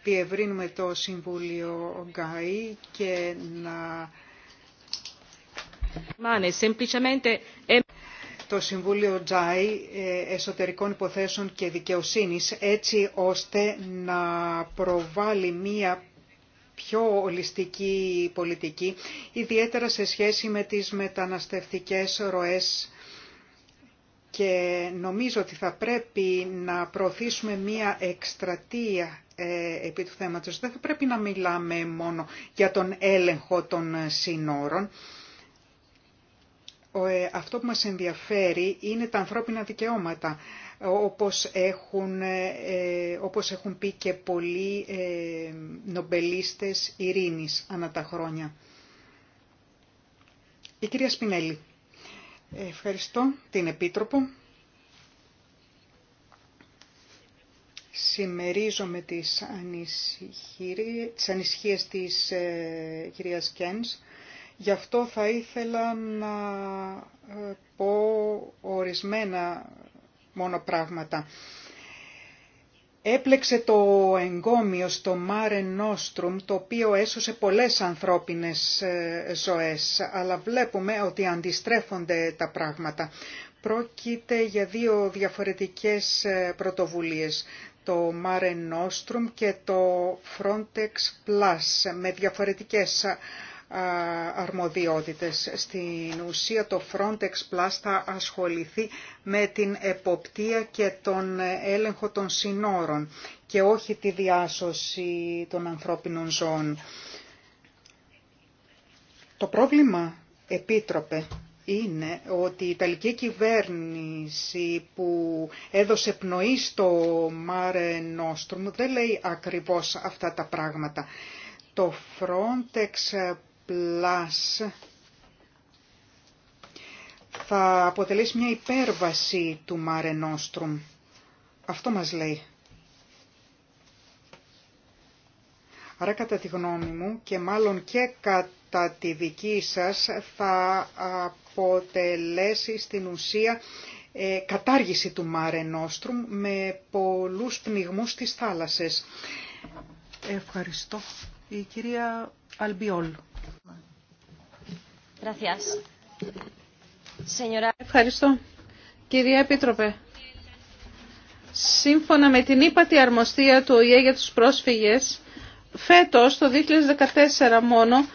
διευρύνουμε το Συμβούλιο Γκάι και να... Το Συμβούλιο Τζάι ε, Εσωτερικών Υποθέσεων και Δικαιοσύνης έτσι ώστε να προβάλλει μία πιο ολιστική πολιτική, ιδιαίτερα σε σχέση με τις μεταναστευτικές ροές και νομίζω ότι θα πρέπει να προωθήσουμε μία εκστρατεία ε, επί του θέματος. Δεν θα πρέπει να μιλάμε μόνο για τον έλεγχο των σύνορων, ε, αυτό που μας ενδιαφέρει είναι τα ανθρώπινα δικαιώματα, ε, όπως έχουν, ε, όπως έχουν πει και πολλοί νομπελίστες ειρήνης ανά τα χρόνια. Η κυρία Σπινέλη. Ευχαριστώ την Επίτροπο. Συμμερίζομαι τις ανησυχίες της κυρίας Κένς Γι' αυτό θα ήθελα να ε, πω ορισμένα μόνο πράγματα. Έπλεξε το εγκόμιο στο Μάρε Nostrum, το οποίο έσωσε πολλές ανθρώπινες ε, ζωές, αλλά βλέπουμε ότι αντιστρέφονται τα πράγματα. Πρόκειται για δύο διαφορετικές ε, πρωτοβουλίες, το Mare Nostrum και το Frontex Plus, με διαφορετικές αρμοδιότητες. Στην ουσία το Frontex Plus θα ασχοληθεί με την εποπτεία και τον έλεγχο των συνόρων και όχι τη διάσωση των ανθρώπινων ζώων. Το πρόβλημα, Επίτροπε, είναι ότι η Ιταλική κυβέρνηση που έδωσε πνοή στο Mare Nostrum δεν λέει ακριβώς αυτά τα πράγματα. Το Frontex Plus θα αποτελέσει μια υπέρβαση του Mare Αυτό μας λέει. Άρα κατά τη γνώμη μου και μάλλον και κατά τη δική σας θα αποτελέσει στην ουσία ε, κατάργηση του Mare με πολλούς πνιγμούς της θάλασσες. Ευχαριστώ. Η κυρία Αλμπιόλ. Ευχαριστώ. Κυρία Επίτροπε, σύμφωνα με την ύπατη αρμοστία του ΟΗΕ για τους πρόσφυγες, φέτος, το 2014 μόνο,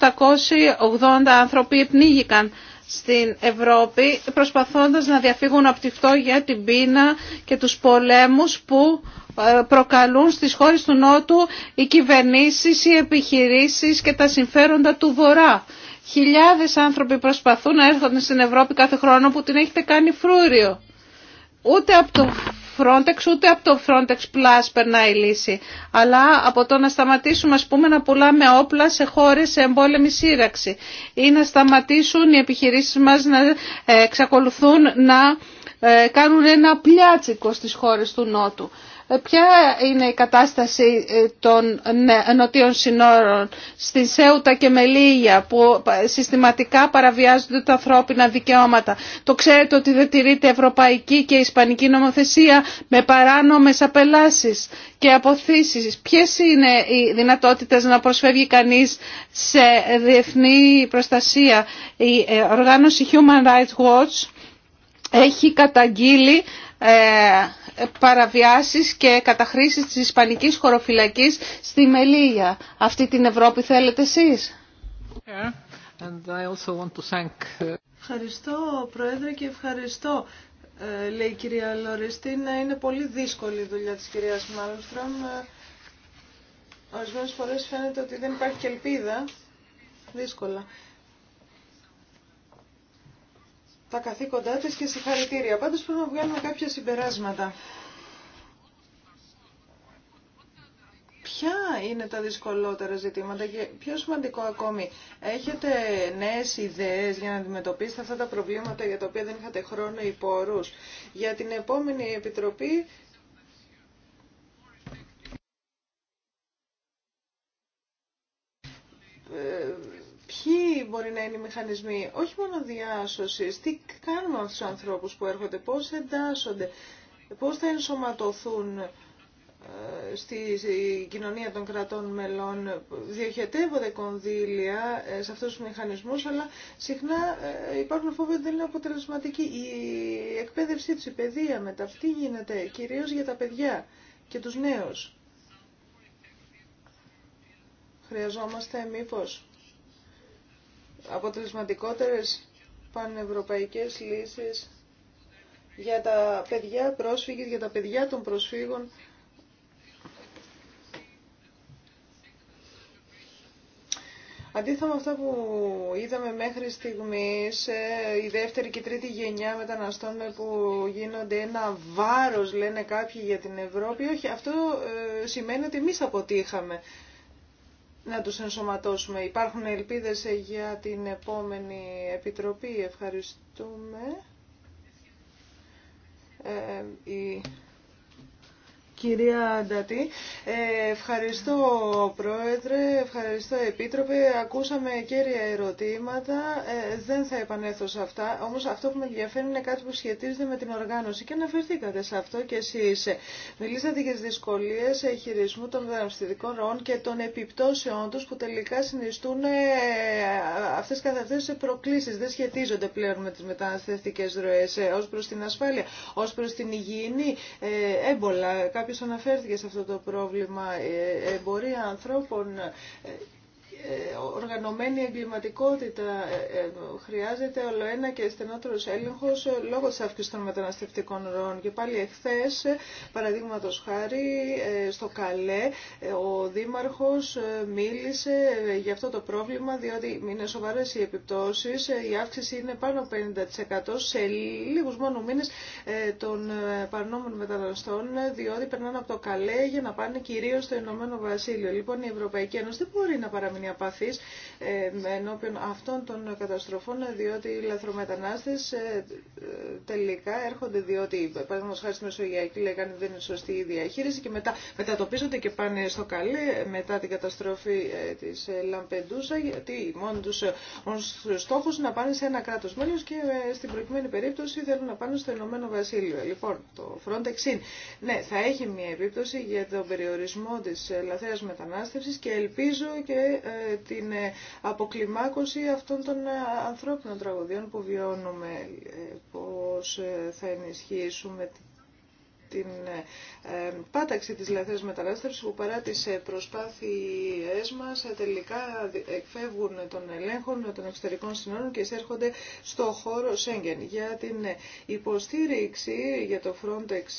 1.880 άνθρωποι πνίγηκαν στην Ευρώπη προσπαθώντας να διαφύγουν από τη φτώχεια, την πείνα και τους πολέμους που ε, προκαλούν στις χώρες του Νότου οι κυβερνήσεις, οι επιχειρήσεις και τα συμφέροντα του Βορρά. Χιλιάδες άνθρωποι προσπαθούν να έρθουν στην Ευρώπη κάθε χρόνο που την έχετε κάνει φρούριο. Ούτε από το Frontex, ούτε από το Frontex Plus περνάει η λύση. Αλλά από το να σταματήσουμε, πούμε, να πουλάμε όπλα σε χώρες σε εμπόλεμη σύραξη ή να σταματήσουν οι επιχειρήσεις μας να ε, εξακολουθούν να ε, κάνουν ένα πλιάτσικο στις χώρες του Νότου. Ποια είναι η κατάσταση ε, των ε, νοτίων συνόρων στην Σέουτα και Μελίγια που ε, συστηματικά παραβιάζονται τα ανθρώπινα δικαιώματα. Το ξέρετε ότι δεν τηρείται ευρωπαϊκή και ισπανική νομοθεσία με παράνομες απελάσεις και αποθήσεις. Ποιες είναι οι δυνατότητες να προσφεύγει κανείς σε διεθνή προστασία. Η οργάνωση Human Rights Watch έχει καταγγείλει ε, παραβιάσεις και καταχρήσεις της Ισπανικής χωροφυλακής στη Μελίγια. Αυτή την Ευρώπη θέλετε εσείς. Ε, ευχαριστώ Πρόεδρε και ευχαριστώ ε, λέει η κυρία Λοριστίνα. Είναι πολύ δύσκολη η δουλειά της κυρίας Ε, Ορισμένες φορές φαίνεται ότι δεν υπάρχει και ελπίδα. Δύσκολα τα καθήκοντά της και συγχαρητήρια. Πάντως πρέπει να βγάλουμε κάποια συμπεράσματα. Ποια είναι τα δυσκολότερα ζητήματα και πιο σημαντικό ακόμη, έχετε νέες ιδέες για να αντιμετωπίσετε αυτά τα προβλήματα για τα οποία δεν είχατε χρόνο ή πόρους. Για την επόμενη επιτροπή ε, ποιοι μπορεί να είναι οι μηχανισμοί, όχι μόνο διάσωση, τι κάνουμε με του ανθρώπου που έρχονται, πώ εντάσσονται, πώ θα ενσωματωθούν ε, στη κοινωνία των κρατών μελών διοχετεύονται κονδύλια ε, σε αυτούς τους μηχανισμούς αλλά συχνά ε, υπάρχουν φόβοι ότι δεν είναι αποτελεσματικοί. Η εκπαίδευσή τους, η παιδεία μετά αυτή γίνεται κυρίως για τα παιδιά και τους νέους. Χρειαζόμαστε μήπως αποτελεσματικότερες πανευρωπαϊκές λύσεις για τα παιδιά πρόσφυγες, για τα παιδιά των προσφύγων. Αντίθετα με αυτά που είδαμε μέχρι στιγμής, ε, η δεύτερη και τρίτη γενιά μεταναστών που γίνονται ένα βάρος, λένε κάποιοι, για την Ευρώπη, όχι, αυτό ε, σημαίνει ότι εμείς αποτύχαμε να τους ενσωματώσουμε. Υπάρχουν ελπίδες για την επόμενη επιτροπή. Ευχαριστούμε. Ε, ε, κυρία Αντατή. Ε, ευχαριστώ Πρόεδρε, ευχαριστώ Επίτροπε. Ακούσαμε κέρια ερωτήματα, ε, δεν θα επανέλθω σε αυτά, όμως αυτό που με ενδιαφέρει είναι κάτι που σχετίζεται με την οργάνωση και αναφερθήκατε σε αυτό και εσείς. Μιλήσατε για τις δυσκολίες χειρισμού των δραστηρικών ροών και των επιπτώσεών τους που τελικά συνιστούν ε, αυτές καθ' αυτές σε προκλήσεις. Δεν σχετίζονται πλέον με τις μεταναστευτικές ροές ως προς την ασφάλεια, ως προς την υγιεινή έμπολα, κάποιο αναφέρθηκε σε αυτό το πρόβλημα. Εμπορία ε, ανθρώπων ε, ε, οργανωμένη εγκληματικότητα. Ε, ε, χρειάζεται ολοένα και στενότερος έλεγχος λόγω της αύξησης των μεταναστευτικών ροών. Και πάλι εχθές, παραδείγματος χάρη, στο Καλέ, ο Δήμαρχος μίλησε για αυτό το πρόβλημα, διότι είναι σοβαρές οι επιπτώσεις. Η αύξηση είναι πάνω 50% σε λίγους μόνο μήνες των παρνόμενων μεταναστών, διότι περνάνε από το Καλέ για να πάνε κυρίως στο Ηνωμένο Βασίλειο. Λοιπόν, η Ευρωπαϊκή Ένωση δεν μπορεί να παραμείνει ε, ενώπιον αυτών των καταστροφών, διότι οι λαθρομετανάστες ε, τελικά έρχονται διότι, παραδείγματος χάρη στη Μεσογειακή, λέγανε δεν είναι σωστή η διαχείριση και μετά μετατοπίζονται και πάνε στο καλέ μετά την καταστροφή ε, της ε, Λαμπεντούσα, γιατί μόνο τους, στόχου είναι να πάνε σε ένα κράτος μέλο και στην προκειμένη περίπτωση θέλουν να πάνε στο Ηνωμένο Βασίλειο. Λοιπόν, το Frontex Ναι, θα έχει μια επίπτωση για τον περιορισμό της λαθρέα μετανάστευση και ελπίζω και την ε, αποκλιμάκωση αυτών των ε, ανθρώπινων τραγωδιών που βιώνουμε, ε, πώς θα ενισχύσουμε την ε, ε, πάταξη της λαθρές μετανάστευσης που παρά τις ε, προσπάθειές μας τελικά εκφεύγουν των ελέγχων των εξωτερικών συνόρων και εισέρχονται στο χώρο Σέγγεν. Για την υποστήριξη για το Frontex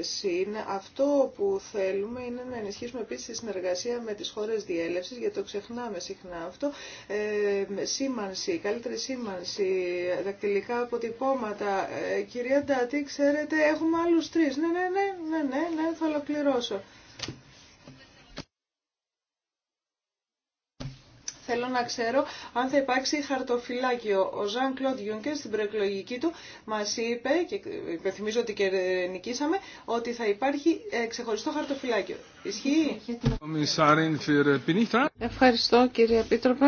ΣΥΝ αυτό που θέλουμε είναι να ενισχύσουμε επίσης τη συνεργασία με τις χώρες διέλευσης γιατί το ξεχνάμε συχνά αυτό ε, σήμανση, καλύτερη σήμανση δακτυλικά αποτυπώματα. κυρία Ντάτη, ξέρετε, έχουμε άλλους τρεις. Ναι, ναι, ναι, ναι, ναι, θα ολοκληρώσω. Θέλω να ξέρω αν θα υπάρξει χαρτοφυλάκιο. Ο Ζαν Κλοντ Γιούνκερ στην προεκλογική του μας είπε, και υπενθυμίζω ότι και νικήσαμε, ότι θα υπάρχει ξεχωριστό χαρτοφυλάκιο. Ισχύει. Ευχαριστώ κύριε Επίτροπε.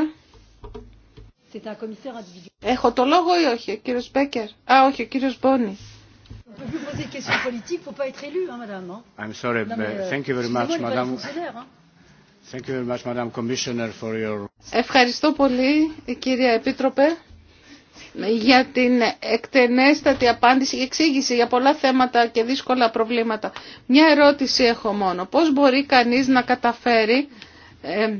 Έχω το λόγο ή όχι, ο κύριος Μπέκερ. Α, όχι, ο κύριος Μπόνι. Ευχαριστώ πολύ, κυρία Επίτροπε, για την εκτενέστατη απάντηση και εξήγηση για πολλά θέματα και δύσκολα προβλήματα. Μια ερώτηση έχω μόνο. Πώς μπορεί κανείς να καταφέρει... Ε,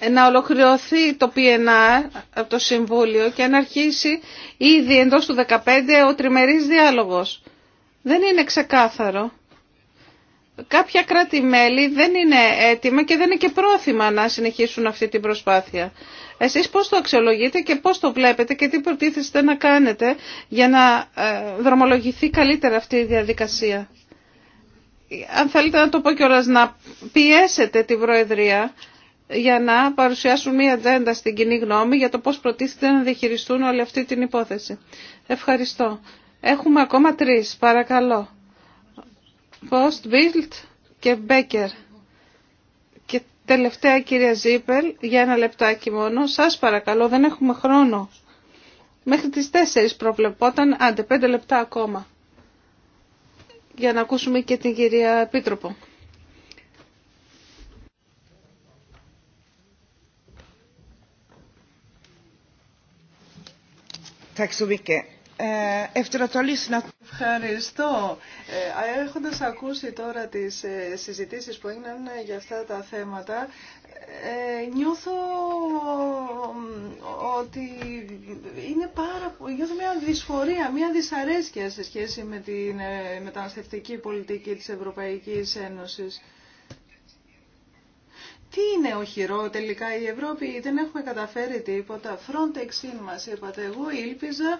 ε, να ολοκληρωθεί το PNR από το Συμβούλιο και να αρχίσει ήδη εντός του 2015 ο τριμερής διάλογος. Δεν είναι ξεκάθαρο. Κάποια κράτη-μέλη δεν είναι έτοιμα και δεν είναι και πρόθυμα να συνεχίσουν αυτή την προσπάθεια. Εσείς πώς το αξιολογείτε και πώς το βλέπετε και τι προτίθεστε να κάνετε για να ε, δρομολογηθεί καλύτερα αυτή η διαδικασία. Αν θέλετε να το πω κιόλας, να πιέσετε την Προεδρία για να παρουσιάσουν μία ατζέντα στην κοινή γνώμη για το πώς προτίθεται να διαχειριστούν όλη αυτή την υπόθεση. Ευχαριστώ. Έχουμε ακόμα τρεις, παρακαλώ. Post, Bild και Μπέκερ. Και τελευταία κυρία Ζίπελ, για ένα λεπτάκι μόνο. Σας παρακαλώ, δεν έχουμε χρόνο. Μέχρι τις 4 προβλεπόταν, άντε πέντε λεπτά ακόμα. Για να ακούσουμε και την κυρία Επίτροπο. Eh, Ευχαριστώ. Ε, έχοντας ακούσει τώρα τις ε, συζητήσει που έγιναν ε, για αυτά τα θέματα, νιώθω ότι είναι πάρα νιώθω μια δυσφορία, μια δυσαρέσκεια σε σχέση με την μεταναστευτική πολιτική της Ευρωπαϊκής Ένωσης τι είναι ο χειρό τελικά η Ευρώπη, δεν έχουμε καταφέρει τίποτα. Frontex είναι μας είπατε, εγώ ήλπιζα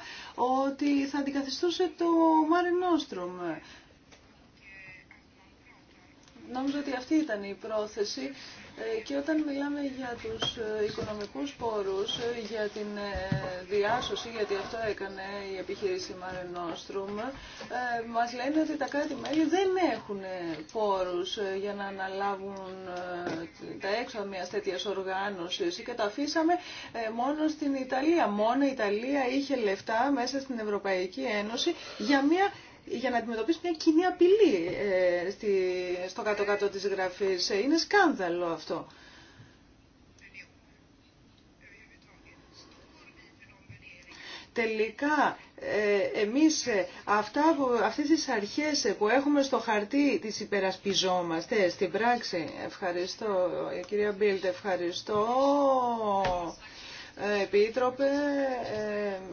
ότι θα αντικαθιστούσε το Mare Νόμιζα ότι αυτή ήταν η πρόθεση ε, και όταν μιλάμε για τους ε, οικονομικούς πόρους, ε, για την διάσωση, γιατί αυτό έκανε η επιχείρηση Μαρενόστρουμ, μας λένε ότι τα κράτη-μέλη δεν έχουν πόρους για να αναλάβουν τα έξω μια τέτοια οργάνωση και τα αφήσαμε μόνο στην Ιταλία. Μόνο η Ιταλία είχε λεφτά μέσα στην Ευρωπαϊκή Ένωση για μια για να αντιμετωπίσει μια κοινή απειλή ε, στο κάτω-κάτω της γραφής. Ε, είναι σκάνδαλο αυτό. Τελικά, ε, εμείς αυτά που, αυτές τις αρχές που έχουμε στο χαρτί τις υπερασπιζόμαστε στην πράξη. Ευχαριστώ, κυρία Μπίλτ, ευχαριστώ. Ε, Επίτροπε,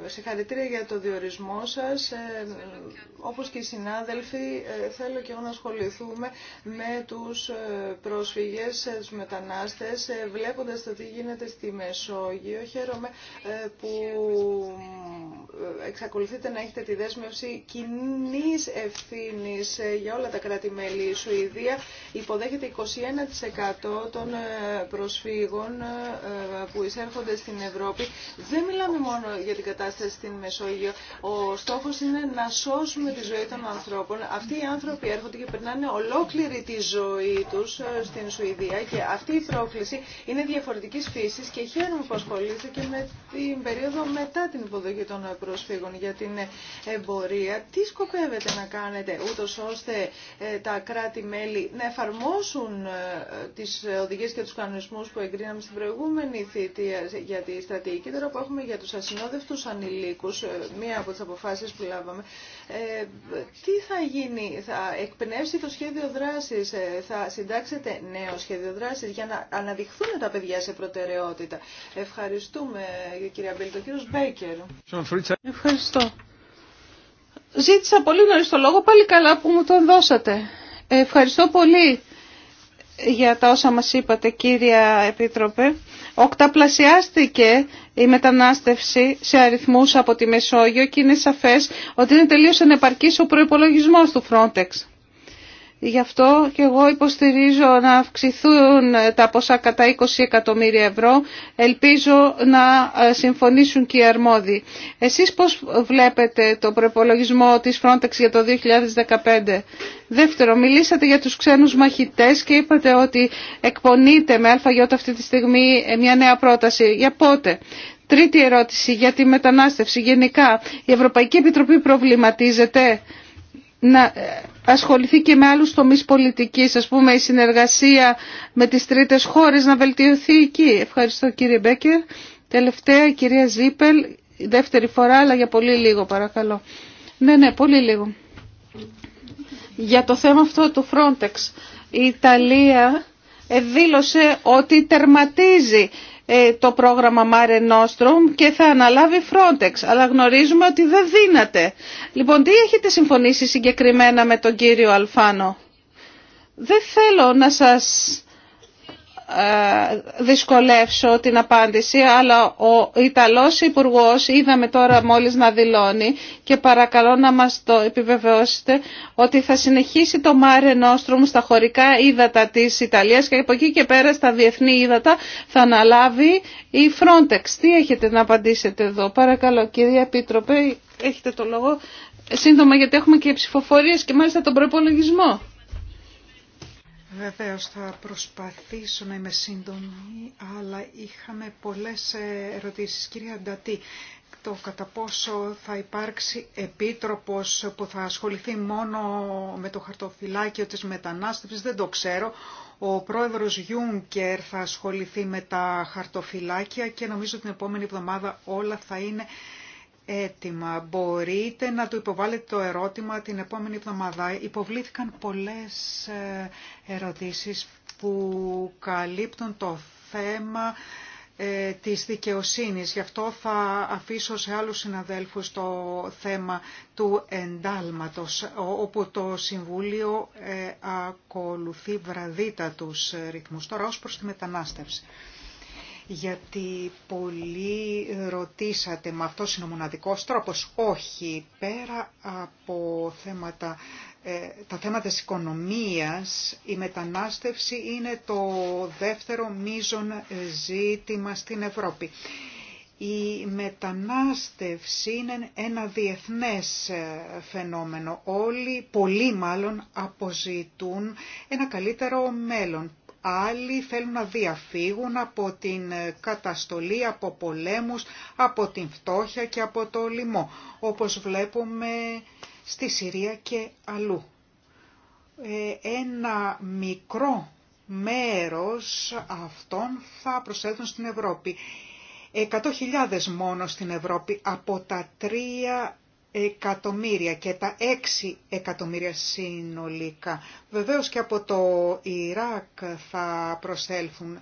ε, συγχαρητήρια για το διορισμό σας. Ε, όπως και οι συνάδελφοι, θέλω και εγώ να ασχοληθούμε με τους πρόσφυγες, τους μετανάστες, βλέποντας το τι γίνεται στη Μεσόγειο. Χαίρομαι που εξακολουθείτε να έχετε τη δέσμευση κοινή ευθύνη ε, για όλα τα κράτη-μέλη. Η Σουηδία υποδέχεται 21% των ε, προσφύγων ε, που εισέρχονται στην Ευρώπη. Δεν μιλάμε μόνο για την κατάσταση στην Μεσόγειο. Ο στόχο είναι να σώσουμε τη ζωή των ανθρώπων. Αυτοί οι άνθρωποι έρχονται και περνάνε ολόκληρη τη ζωή του στην Σουηδία και αυτή η πρόκληση είναι διαφορετική φύση και χαίρομαι που ασχολείστε και με την περίοδο μετά την υποδοχή των για την εμπορία. Τι σκοπεύετε να κάνετε ούτως ώστε ε, τα κράτη-μέλη να εφαρμόσουν ε, τις οδηγίες και τους κανονισμούς που εγκρίναμε στην προηγούμενη θητεία για τη στρατηγική τώρα που έχουμε για τους ασυνόδευτους ανηλίκους, ε, μία από τις αποφάσεις που λάβαμε, ε, τι θα γίνει, θα εκπνεύσει το σχέδιο δράσης, ε, θα συντάξετε νέο σχέδιο δράσης για να αναδειχθούν τα παιδιά σε προτεραιότητα. Ευχαριστούμε κυρία Μπέλη, τον κύριο Μπέκερ. Ευχαριστώ. Ζήτησα πολύ νωρίς το λόγο, πάλι καλά που μου τον δώσατε. Ευχαριστώ πολύ για τα όσα μας είπατε κύρια Επίτροπε. Οκταπλασιάστηκε η μετανάστευση σε αριθμούς από τη Μεσόγειο και είναι σαφές ότι είναι τελείως ανεπαρκής ο προϋπολογισμός του Frontex. Γι' αυτό και εγώ υποστηρίζω να αυξηθούν τα ποσά κατά 20 εκατομμύρια ευρώ. Ελπίζω να ε, συμφωνήσουν και οι αρμόδιοι. Εσείς πώς βλέπετε το προπολογισμό της Frontex για το 2015. Δεύτερο, μιλήσατε για τους ξένους μαχητές και είπατε ότι εκπονείται με ΑΙ αυτή τη στιγμή ε, μια νέα πρόταση. Για πότε. Τρίτη ερώτηση για τη μετανάστευση γενικά. Η Ευρωπαϊκή Επιτροπή προβληματίζεται να ε, ασχοληθεί και με άλλους τομείς πολιτικής, ας πούμε η συνεργασία με τις τρίτες χώρες να βελτιωθεί εκεί. Ευχαριστώ κύριε Μπέκερ. Τελευταία η κυρία Ζίπελ, δεύτερη φορά αλλά για πολύ λίγο παρακαλώ. Ναι, ναι, πολύ λίγο. Για το θέμα αυτό του Frontex, η Ιταλία ε, δήλωσε ότι τερματίζει ε, το πρόγραμμα Mare Nostrum και θα αναλάβει Frontex, αλλά γνωρίζουμε ότι δεν δύναται. Λοιπόν, τι έχετε συμφωνήσει συγκεκριμένα με τον κύριο Αλφάνο. Δεν θέλω να σας δυσκολεύσω την απάντηση, αλλά ο Ιταλός Υπουργός είδαμε τώρα μόλις να δηλώνει και παρακαλώ να μας το επιβεβαιώσετε ότι θα συνεχίσει το Μάρε Νόστρομ στα χωρικά ύδατα της Ιταλίας και από εκεί και πέρα στα διεθνή ύδατα θα αναλάβει η Frontex. Τι έχετε να απαντήσετε εδώ. Παρακαλώ κυρία Επίτροπε, έχετε το λόγο σύντομα γιατί έχουμε και ψηφοφορίες και μάλιστα τον προπολογισμό. Βεβαίως θα προσπαθήσω να είμαι σύντομη, αλλά είχαμε πολλές ε, ερωτήσεις. Κυρία Ντατή, το κατά πόσο θα υπάρξει επίτροπος που θα ασχοληθεί μόνο με το χαρτοφυλάκιο της μετανάστευσης, δεν το ξέρω. Ο πρόεδρος Γιούνκερ θα ασχοληθεί με τα χαρτοφυλάκια και νομίζω την επόμενη εβδομάδα όλα θα είναι έτοιμα Μπορείτε να του υποβάλλετε το ερώτημα την επόμενη εβδομάδα. Υποβλήθηκαν πολλές ε, ερωτήσεις που καλύπτουν το θέμα ε, της δικαιοσύνης. Γι' αυτό θα αφήσω σε άλλους συναδέλφους το θέμα του εντάλματος, όπου το Συμβούλιο ε, ακολουθεί βραδύτα τους ρυθμούς. Τώρα ως προς τη μετανάστευση γιατί πολλοί ρωτήσατε, με αυτό είναι ο μοναδικός τρόπος. Όχι, πέρα από θέματα, ε, τα θέματα της οικονομίας, η μετανάστευση είναι το δεύτερο μείζον ζήτημα στην Ευρώπη. Η μετανάστευση είναι ένα διεθνές ε, φαινόμενο. Όλοι, πολλοί μάλλον, αποζητούν ένα καλύτερο μέλλον. Άλλοι θέλουν να διαφύγουν από την καταστολή, από πολέμους, από την φτώχεια και από το λοιμό, όπως βλέπουμε στη Συρία και αλλού. Ε, ένα μικρό μέρος αυτών θα προσέλθουν στην Ευρώπη. 100.000 μόνο στην Ευρώπη από τα τρία εκατομμύρια και τα 6 εκατομμύρια συνολικά. Βεβαίως και από το Ιράκ θα προσέλθουν.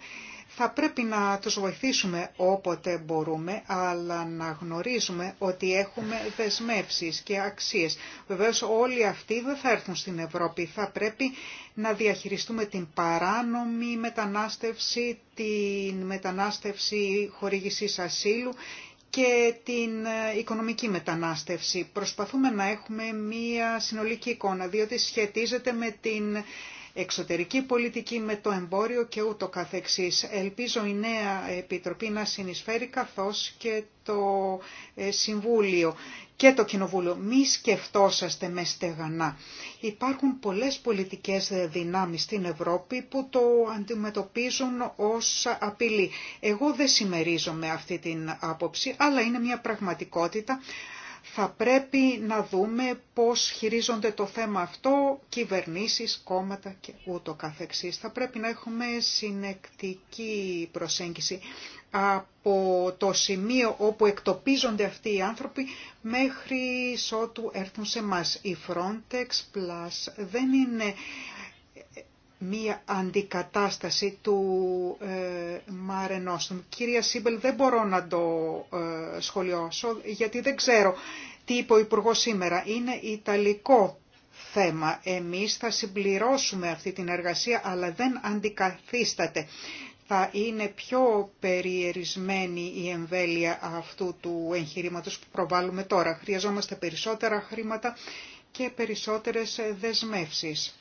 Θα πρέπει να τους βοηθήσουμε όποτε μπορούμε, αλλά να γνωρίζουμε ότι έχουμε δεσμεύσεις και αξίες. Βεβαίως όλοι αυτοί δεν θα έρθουν στην Ευρώπη. Θα πρέπει να διαχειριστούμε την παράνομη μετανάστευση, την μετανάστευση χορήγησης ασύλου και την ε, οικονομική μετανάστευση. Προσπαθούμε να έχουμε μία συνολική εικόνα, διότι σχετίζεται με την εξωτερική πολιτική, με το εμπόριο και ούτω καθεξής. Ελπίζω η νέα Επιτροπή να συνεισφέρει καθώς και το ε, Συμβούλιο και το Κοινοβούλιο. Μη σκεφτόσαστε με στεγανά. Υπάρχουν πολλές πολιτικές δυνάμεις στην Ευρώπη που το αντιμετωπίζουν ως απειλή. Εγώ δεν συμμερίζομαι αυτή την άποψη, αλλά είναι μια πραγματικότητα θα πρέπει να δούμε πώς χειρίζονται το θέμα αυτό κυβερνήσεις, κόμματα και ούτω καθεξής. Θα πρέπει να έχουμε συνεκτική προσέγγιση από το σημείο όπου εκτοπίζονται αυτοί οι άνθρωποι μέχρι ότου έρθουν σε μας. Η Frontex Plus δεν είναι μία αντικατάσταση του ε, Κυρία Σίμπελ, δεν μπορώ να το ε, σχολιώσω, γιατί δεν ξέρω τι είπε ο Υπουργός σήμερα. Είναι Ιταλικό θέμα. Εμείς θα συμπληρώσουμε αυτή την εργασία, αλλά δεν αντικαθίσταται θα είναι πιο περιερισμένη η εμβέλεια αυτού του εγχειρήματος που προβάλλουμε τώρα. Χρειαζόμαστε περισσότερα χρήματα και περισσότερες δεσμεύσεις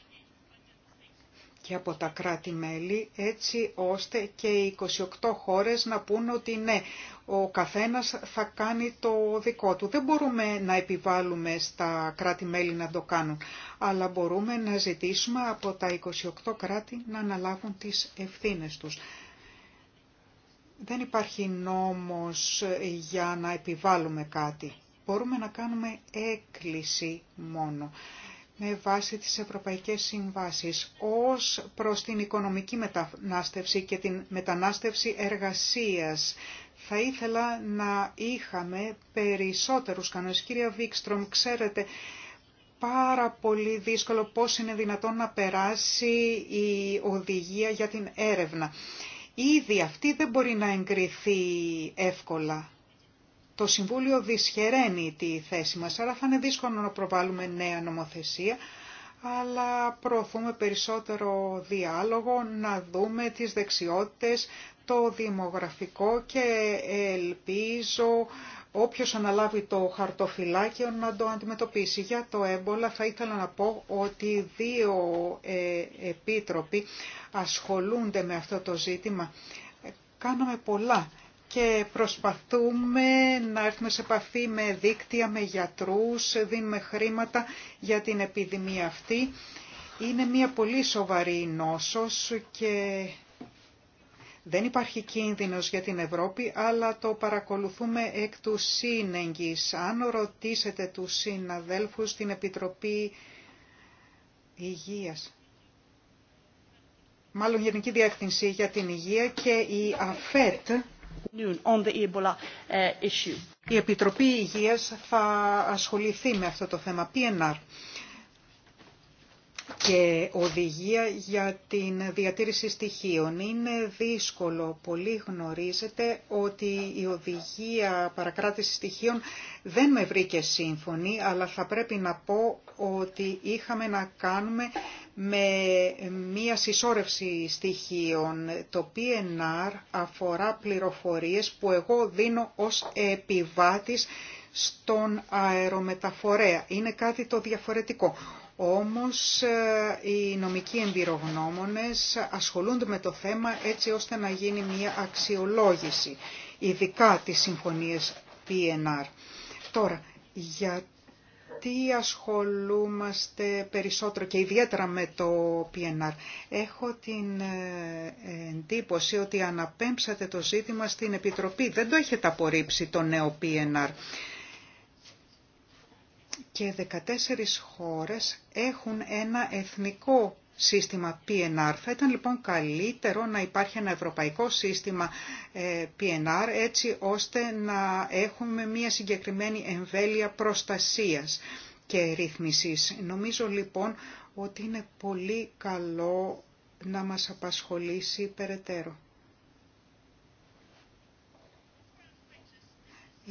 και από τα κράτη-μέλη έτσι ώστε και οι 28 χώρες να πούν ότι ναι, ο καθένας θα κάνει το δικό του. Δεν μπορούμε να επιβάλλουμε στα κράτη-μέλη να το κάνουν, αλλά μπορούμε να ζητήσουμε από τα 28 κράτη να αναλάβουν τις ευθύνες τους. Δεν υπάρχει νόμος ε, για να επιβάλλουμε κάτι. Μπορούμε να κάνουμε έκκληση μόνο με βάση τις ευρωπαϊκές συμβάσεις ως προς την οικονομική μετανάστευση και την μετανάστευση εργασίας. Θα ήθελα να είχαμε περισσότερους κανόνες. Κυρία Βίκστρομ, ξέρετε πάρα πολύ δύσκολο πώς είναι δυνατόν να περάσει η οδηγία για την έρευνα. Ήδη αυτή δεν μπορεί να εγκριθεί εύκολα. Το Συμβούλιο δυσχεραίνει τη θέση μας, άρα θα είναι δύσκολο να προβάλλουμε νέα νομοθεσία, αλλά προωθούμε περισσότερο διάλογο, να δούμε τις δεξιότητες, το δημογραφικό και ελπίζω όποιος αναλάβει το χαρτοφυλάκιο να το αντιμετωπίσει. Για το έμπολα θα ήθελα να πω ότι δύο ε, επίτροποι ασχολούνται με αυτό το ζήτημα. Κάναμε πολλά και προσπαθούμε να έρθουμε σε επαφή με δίκτυα, με γιατρούς, δίνουμε χρήματα για την επιδημία αυτή. Είναι μια πολύ σοβαρή νόσος και δεν υπάρχει κίνδυνος για την Ευρώπη, αλλά το παρακολουθούμε εκ του σύνεγγυς. Αν ρωτήσετε τους συναδέλφους στην Επιτροπή Υγείας, μάλλον Γενική Διεύθυνση για την Υγεία και η ΑΦΕΤ, On the Ebola uh, issue. Η Επιτροπή Υγείας θα ασχοληθεί με αυτό το θέμα, PNR και οδηγία για την διατήρηση στοιχείων. Είναι δύσκολο. Πολύ γνωρίζετε ότι η οδηγία παρακράτησης στοιχείων δεν με βρήκε σύμφωνη, αλλά θα πρέπει να πω ότι είχαμε να κάνουμε με μία συσσόρευση στοιχείων. Το PNR αφορά πληροφορίες που εγώ δίνω ως επιβάτης στον αερομεταφορέα. Είναι κάτι το διαφορετικό. Όμως ε, οι νομικοί εμπειρογνώμονες ασχολούνται με το θέμα έτσι ώστε να γίνει μια αξιολόγηση, ειδικά τις συμφωνίες PNR. Τώρα, γιατί ασχολούμαστε περισσότερο και ιδιαίτερα με το PNR. Έχω την ε, εντύπωση ότι αναπέμψατε το ζήτημα στην Επιτροπή. Δεν το έχετε απορρίψει το νέο PNR και 14 χώρες έχουν ένα εθνικό σύστημα PNR. Θα ήταν λοιπόν καλύτερο να υπάρχει ένα ευρωπαϊκό σύστημα ε, PNR έτσι ώστε να έχουμε μια συγκεκριμένη εμβέλεια προστασίας και ρύθμισης. Νομίζω λοιπόν ότι είναι πολύ καλό να μας απασχολήσει περαιτέρω.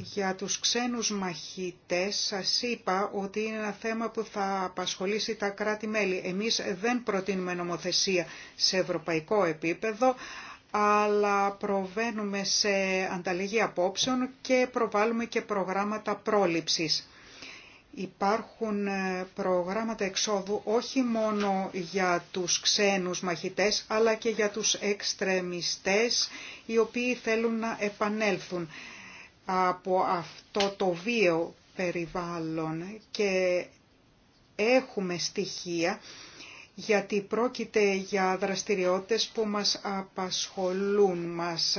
Για τους ξένους μαχητές σας είπα ότι είναι ένα θέμα που θα απασχολήσει τα κράτη-μέλη. Εμείς δεν προτείνουμε νομοθεσία σε ευρωπαϊκό επίπεδο, αλλά προβαίνουμε σε ανταλλαγή απόψεων και προβάλλουμε και προγράμματα πρόληψης. Υπάρχουν ε, προγράμματα εξόδου όχι μόνο για τους ξένους μαχητές, αλλά και για τους εξτρεμιστές οι οποίοι θέλουν να επανέλθουν από αυτό το βίο περιβάλλον και έχουμε στοιχεία γιατί πρόκειται για δραστηριότητες που μας απασχολούν. Μας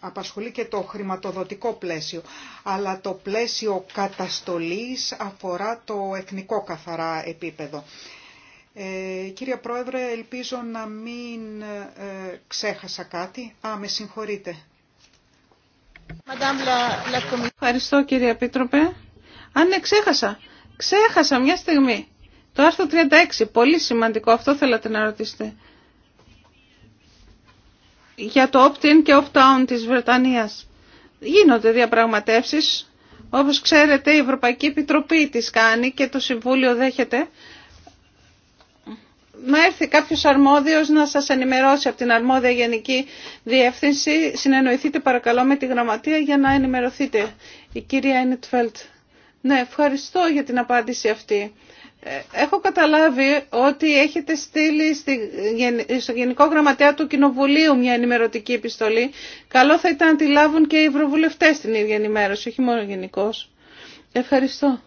απασχολεί και το χρηματοδοτικό πλαίσιο, αλλά το πλαίσιο καταστολής αφορά το εθνικό καθαρά επίπεδο. Ε, κύριε Πρόεδρε, ελπίζω να μην ε, ξέχασα κάτι. Α, με συγχωρείτε. Ευχαριστώ κύριε πίτροπε. Αν ναι, ξέχασα. Ξέχασα μια στιγμή. Το άρθρο 36, πολύ σημαντικό, αυτό θέλατε να ρωτήσετε. Για το opt-in και opt-out της Βρετανίας. Γίνονται διαπραγματεύσεις. Όπως ξέρετε η Ευρωπαϊκή Επιτροπή τις κάνει και το Συμβούλιο δέχεται να έρθει κάποιος αρμόδιος να σας ενημερώσει από την αρμόδια γενική διεύθυνση. Συνεννοηθείτε παρακαλώ με τη γραμματεία για να ενημερωθείτε. Η κυρία Ενιτφέλτ. Ναι, ευχαριστώ για την απάντηση αυτή. Ε, έχω καταλάβει ότι έχετε στείλει στο Γενικό Γραμματέα του Κοινοβουλίου μια ενημερωτική επιστολή. Καλό θα ήταν να τη λάβουν και οι ευρωβουλευτές την ίδια ενημέρωση, όχι μόνο γενικώ. Ευχαριστώ.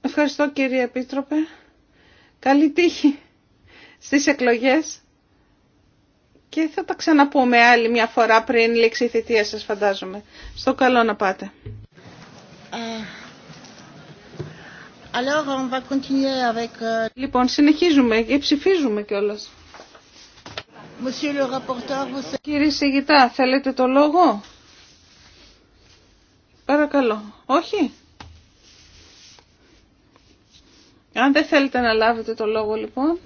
Ευχαριστώ κύριε Επίτροπε. Καλή τύχη στις εκλογές και θα τα ξαναπούμε άλλη μια φορά πριν λήξει η θητεία σας φαντάζομαι. Στο καλό να πάτε. Ε, euh, λοιπόν, συνεχίζουμε και ψηφίζουμε κιόλα. Κύριε Σιγητά, θέλετε το λόγο? Παρακαλώ. Όχι? Αν δεν θέλετε να λάβετε το λόγο λοιπόν,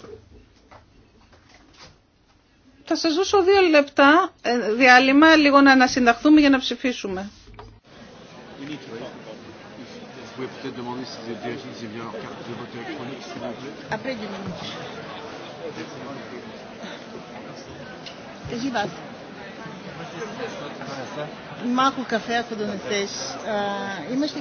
θα σας δώσω δύο λεπτά ε, διάλειμμα λίγο να ανασυνταχθούμε για να ψηφίσουμε. Μάκου καφέ από τον Είμαστε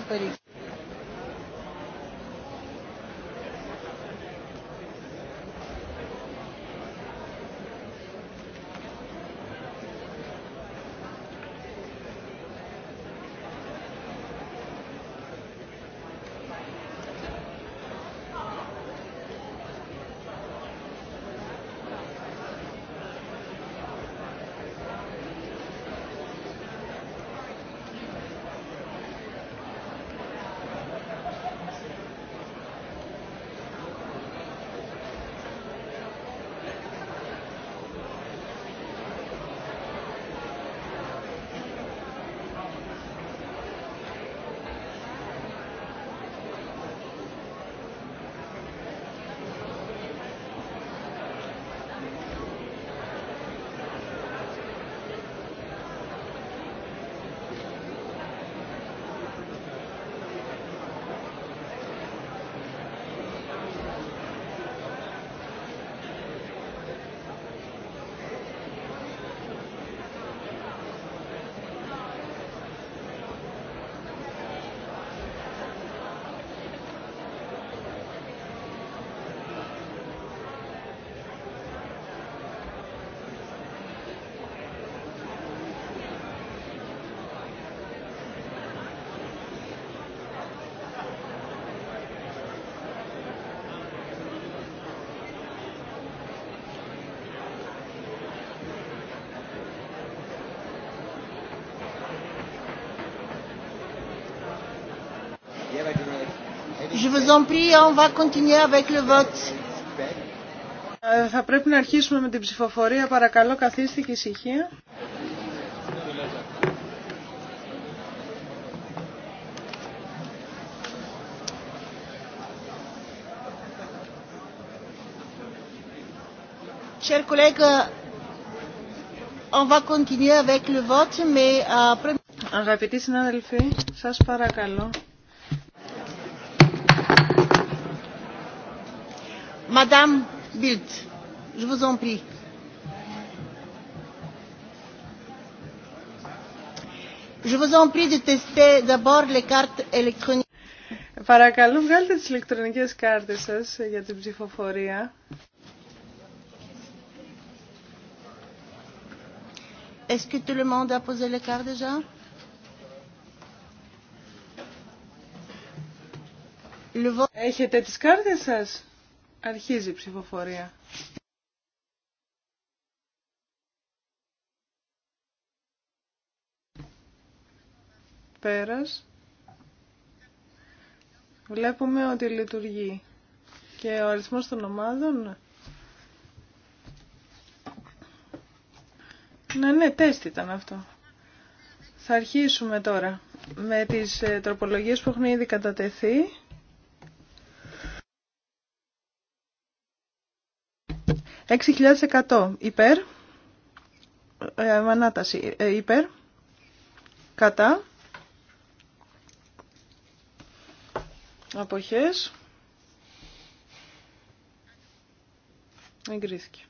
Je vous en prie, on va continuer avec le vote. Ε, θα πρέπει να αρχίσουμε με την ψηφοφορία. Παρακαλώ, καθίστε και ησυχία. Chers collègues, on va continuer avec le vote, mais après... Euh, Αγαπητοί συνάδελφοι, σας παρακαλώ. Madame Bild, je vous en prie. Je vous en prie de tester d'abord les cartes électroniques. Παρακαλώ βγάλτε τις ηλεκτρονικές κάρτες σας για την ψηφοφορία. Est-ce que tout le monde a posé les cartes déjà? Έχετε τις κάρτες σας. Αρχίζει η ψηφοφορία. Πέρας. Βλέπουμε ότι λειτουργεί. Και ο αριθμός των ομάδων... Ναι, ναι, τεστ ήταν αυτό. Θα αρχίσουμε τώρα με τις ε, τροπολογίες που έχουν ήδη κατατεθεί. 6.100 υπέρ, ε, ανάταση ε, υπέρ, κατά, αποχές, εγκρίθηκε.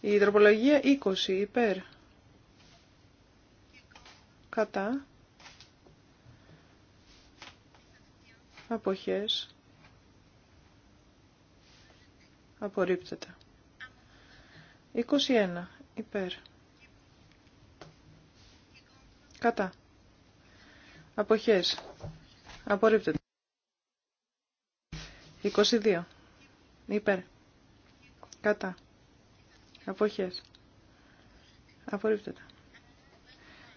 Η υδροπολογία 20 υπέρ, κατά, αποχές, Απορρίπτεται. 21. Υπέρ. Κατά. Αποχές. Απορρίπτεται. 22. Υπέρ. Κατά. Αποχές. Απορρίπτεται.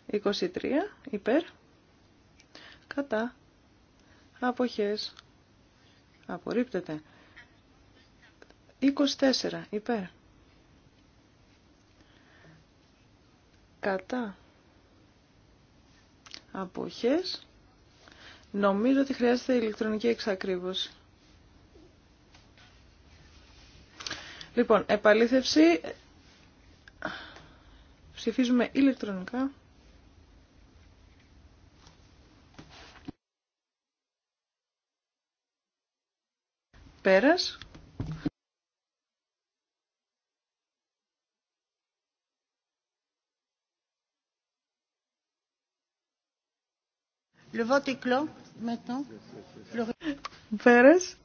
23. Υπέρ. Κατά. Αποχές. Απορρίπτεται. 24 υπέρ. Κατά αποχές νομίζω ότι χρειάζεται ηλεκτρονική εξακρίβωση. Λοιπόν, επαλήθευση ψηφίζουμε ηλεκτρονικά. Πέρας. Le vote est clos maintenant. Le... Πέρας.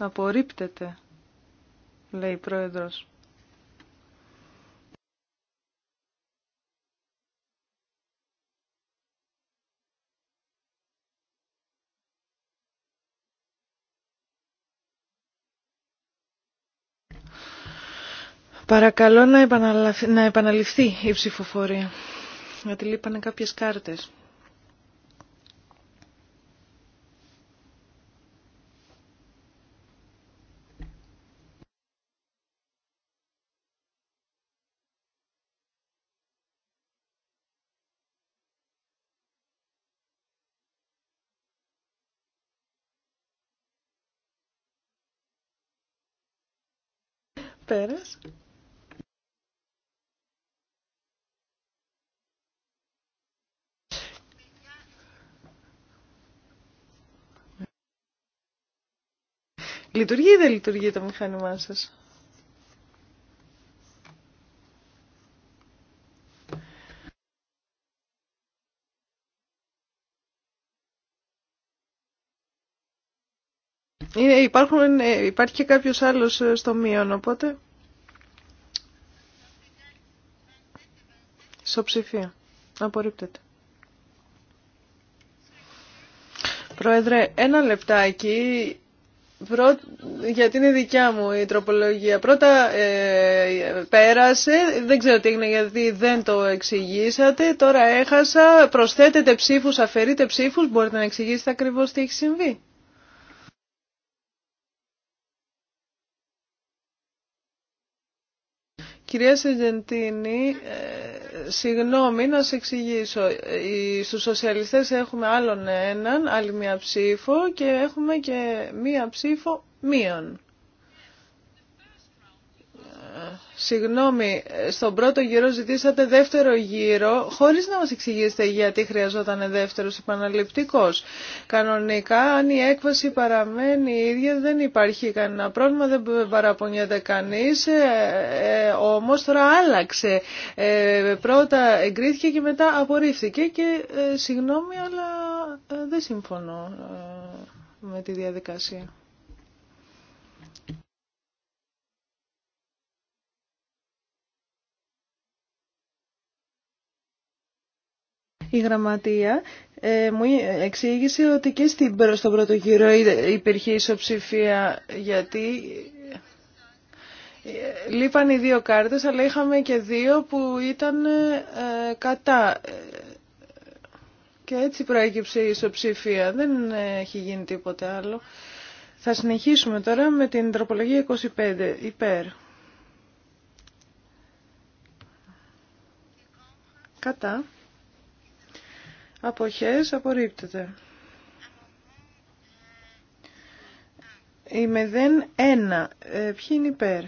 Απορρίπτεται, λέει η πρόεδρος. Παρακαλώ να, να επαναληφθεί η ψηφοφορία. τη λείπανε κάποιες κάρτες. Πέρας. Λειτουργεί ή δεν λειτουργεί το μηχάνημά σας. Υπάρχουν, ε, υπάρχει και κάποιος άλλος ε, στο μείον, οπότε... Σοψηφία. Απορρίπτεται. Πρόεδρε, ένα λεπτάκι. Γιατί είναι δικιά μου η τροπολογία. Πρώτα ε, πέρασε, δεν ξέρω τι έγινε γιατί δεν το εξηγήσατε, τώρα έχασα, προσθέτετε ψήφους, αφαιρείτε ψήφους, μπορείτε να εξηγήσετε ακριβώς τι έχει συμβεί. Κυρία Σεντεντίνη, ε, συγγνώμη να σε εξηγήσω. Ε, στους σοσιαλιστές έχουμε άλλον έναν, άλλη μία ψήφο και έχουμε και μία ψήφο μείον. Συγγνώμη, στον πρώτο γύρο ζητήσατε δεύτερο γύρο, χωρίς να μας εξηγήσετε γιατί χρειαζόταν δεύτερος επαναληπτικός. Κανονικά, αν η έκβαση παραμένει η ίδια, δεν υπάρχει κανένα πρόβλημα, δεν παραπονιέται κανείς, ε, ε όμως τώρα άλλαξε. Ε, πρώτα εγκρίθηκε και μετά απορρίφθηκε και ε, συγγνώμη, αλλά δεν συμφωνώ με τη διαδικασία. Η γραμματεία ε, μου εξήγησε ότι και στην, στον πρώτο γύρο υπήρχε ισοψηφία γιατί ε, λείπαν οι δύο κάρτες αλλά είχαμε και δύο που ήταν ε, κατά. Και έτσι προέκυψε η ισοψηφία. Δεν έχει γίνει τίποτε άλλο. Θα συνεχίσουμε τώρα με την τροπολογία 25 υπέρ. Κατά. Αποχές απορρίπτεται. Η 01. Ε, ποιοι είναι υπέρ.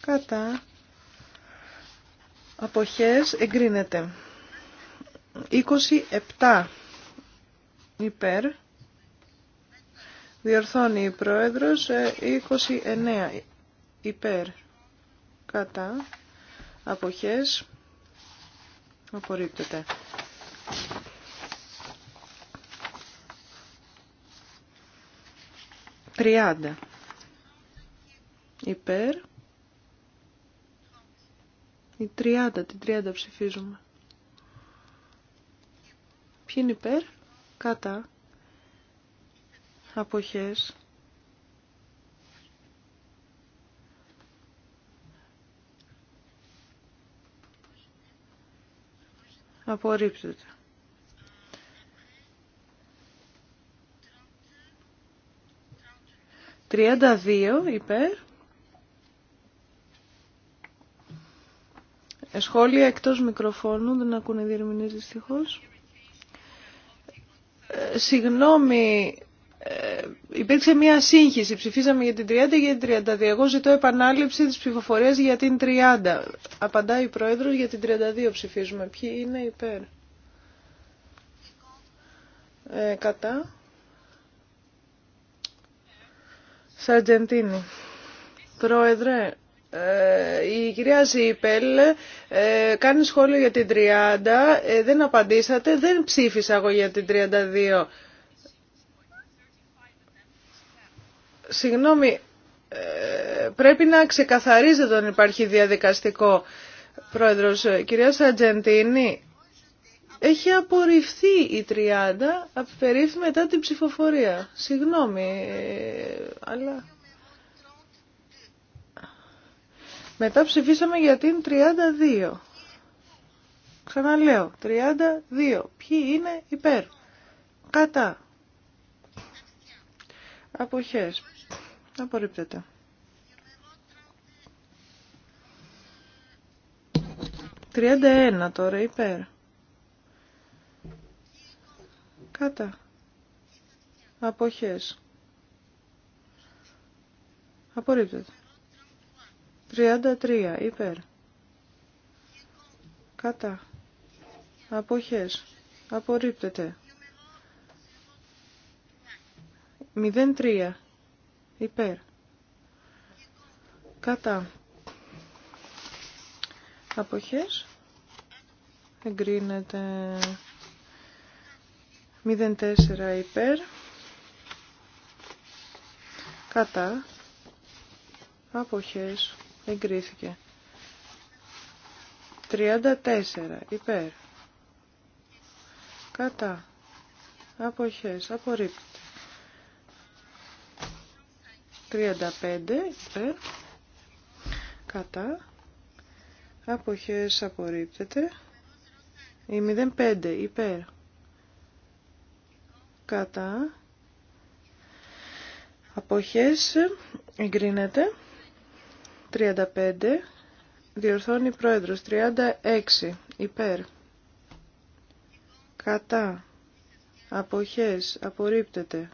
Κατά. Αποχές εγκρίνεται. 27. Υπέρ. Διορθώνει η πρόεδρος. 29. Ε, υπέρ. Κατά. Αποχές Απορρίπτεται. Τριάντα. Υπέρ. Η 30, τη 30 ψηφίζουμε. Ποιοι υπέρ, κατά, αποχές, Απορρίπτεται. 32 υπέρ. Ε, σχόλια εκτός μικροφώνου, δεν ακούνε οι διερμηνείς δυστυχώς. Ε, συγγνώμη, ε, υπήρξε μια σύγχυση. Ψηφίσαμε για την 30 και για την 32. Εγώ ζητώ επανάληψη της ψηφοφορίας για την 30. Απαντάει η Πρόεδρος για την 32 ψηφίζουμε. Ποιοι είναι υπέρ. Ε, κατά. Σαρτζεντίνη. Πρόεδρε, ε, η κυρία Ζήπελ ε, κάνει σχόλιο για την 30, δεν απαντήσατε, δεν ψήφισα εγώ για την 32. Συγγνώμη, ε, πρέπει να ξεκαθαρίζεται όταν υπάρχει διαδικαστικό πρόεδρος. Κυρία Σατζεντίνη, έχει απορριφθεί η 30, απερίφθη μετά την ψηφοφορία. Συγγνώμη, ε, αλλά... Μετά ψηφίσαμε για την 32. Ξαναλέω, 32. Ποιοι είναι υπέρ. Κατά. Αποχές. Απορρίπτεται. Τριάντα ένα τώρα υπέρ. Κάτα. Αποχές. Απορρίπτεται. Τριάντα τρία, Υπέρ. Κατά. Αποχές. Απορρίπτεται. Μηδέν τριά υπέρ κατά αποχές εγκρίνεται 04 υπέρ κατά αποχές εγκρίθηκε 34 υπέρ κατά αποχές απορρίπτει 35 υπέρ κατά αποχές απορρίπτεται η 05 υπέρ κατά αποχές εγκρίνεται 35 διορθώνει πρόεδρος 36 υπέρ κατά αποχές απορρίπτεται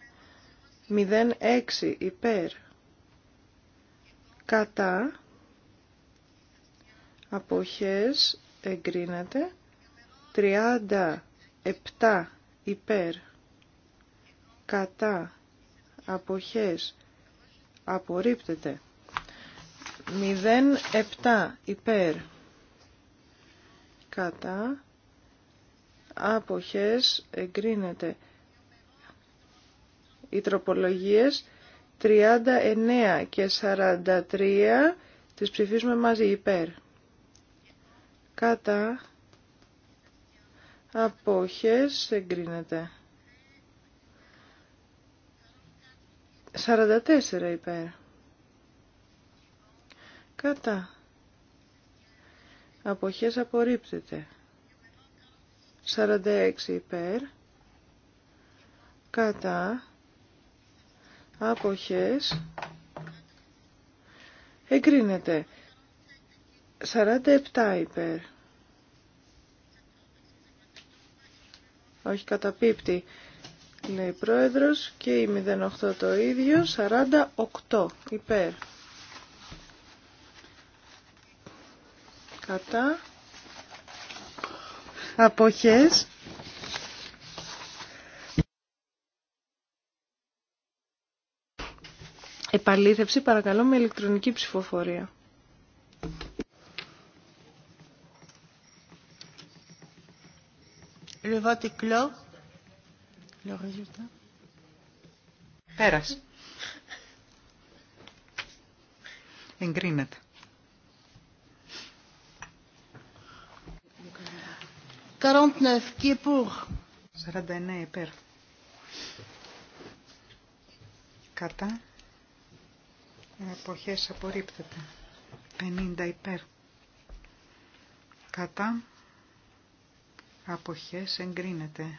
06 υπέρ κατά αποχές εγκρίνεται 37 υπέρ κατά αποχές απορρίπτεται 07 υπέρ κατά αποχές εγκρίνεται οι τροπολογίες 39 και 43 τις ψηφίζουμε μαζί υπέρ. Κατά απόχες εγκρίνεται. 44 υπέρ. Κατά. Αποχές απορρίπτεται. 46 υπέρ. Κατά. Αποχές. Εγκρίνεται. 47 υπέρ. Όχι καταπίπτει. Λέει πρόεδρος και η 08 το ίδιο. 48 υπέρ. Κατά. Αποχές. επαλήθευση παρακαλώ με ηλεκτρονική ψηφοφορία. Le vote est clos. Le résultat. Πέρασε. Εγκρίνεται. qui est pour. 49 υπέρ. Κατά. Αποχές απορρίπτεται 50 υπέρ κατά αποχές εγκρίνεται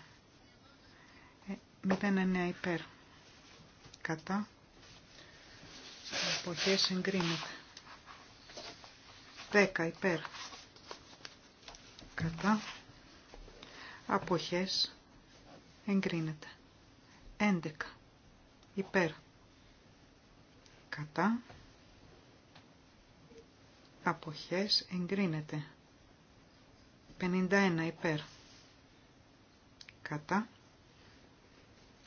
09 ε, υπέρ κατά αποχές εγκρίνεται 10 υπέρ κατά αποχές εγκρίνεται 11 υπέρ κατά αποχές εγκρίνεται 51 υπέρ κατά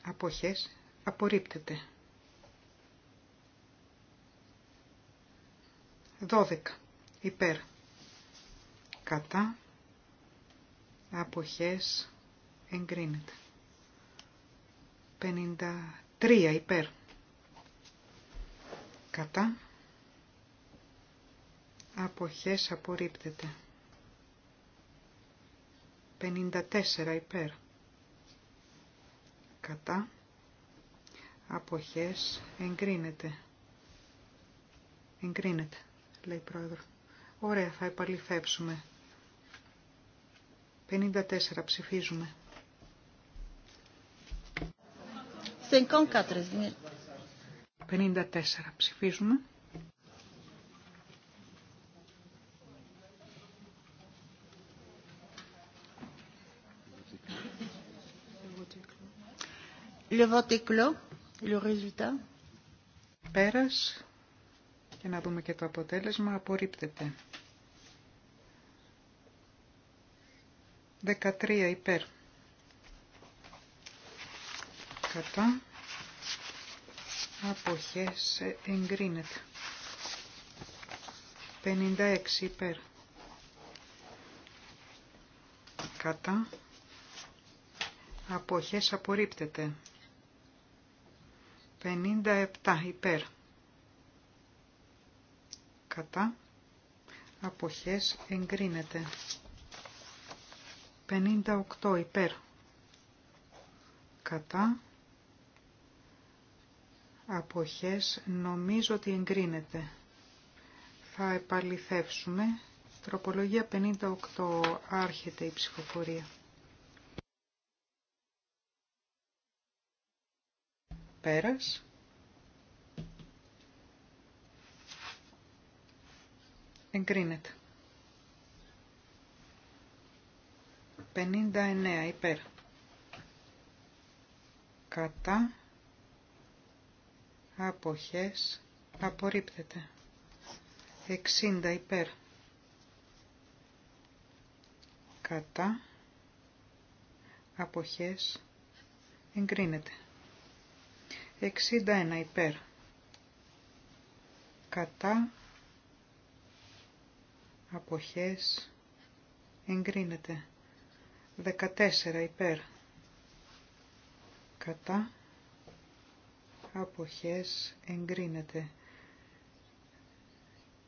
αποχές απορρίπτεται 12 υπέρ κατά αποχές εγκρίνεται 53 υπέρ κατά αποχές απορρίπτεται 54 υπέρ κατά αποχές εγκρίνεται εγκρίνεται λέει η πρόεδρο ωραία θα επαληθεύσουμε 54 ψηφίζουμε 54 54. Ψηφίζουμε. Le vote est clos. Le résultat. Πέρας. Και να δούμε και το αποτέλεσμα. Απορρίπτεται. 13 υπέρ. Κατά αποχές εγκρίνεται. 56 υπέρ. Κατά. Αποχές απορρίπτεται. 57 υπέρ. Κατά. Αποχές εγκρίνεται. 58 υπέρ. Κατά αποχές νομίζω ότι εγκρίνεται. Θα επαληθεύσουμε. Τροπολογία 58 άρχεται η ψηφοφορία. Πέρας. Εγκρίνεται. 59 υπέρ. Κατά αποχές απορρίπτεται. 60 υπέρ κατά αποχές εγκρίνεται. 61 υπέρ κατά αποχές εγκρίνεται. 14 υπέρ κατά αποχές εγκρίνεται.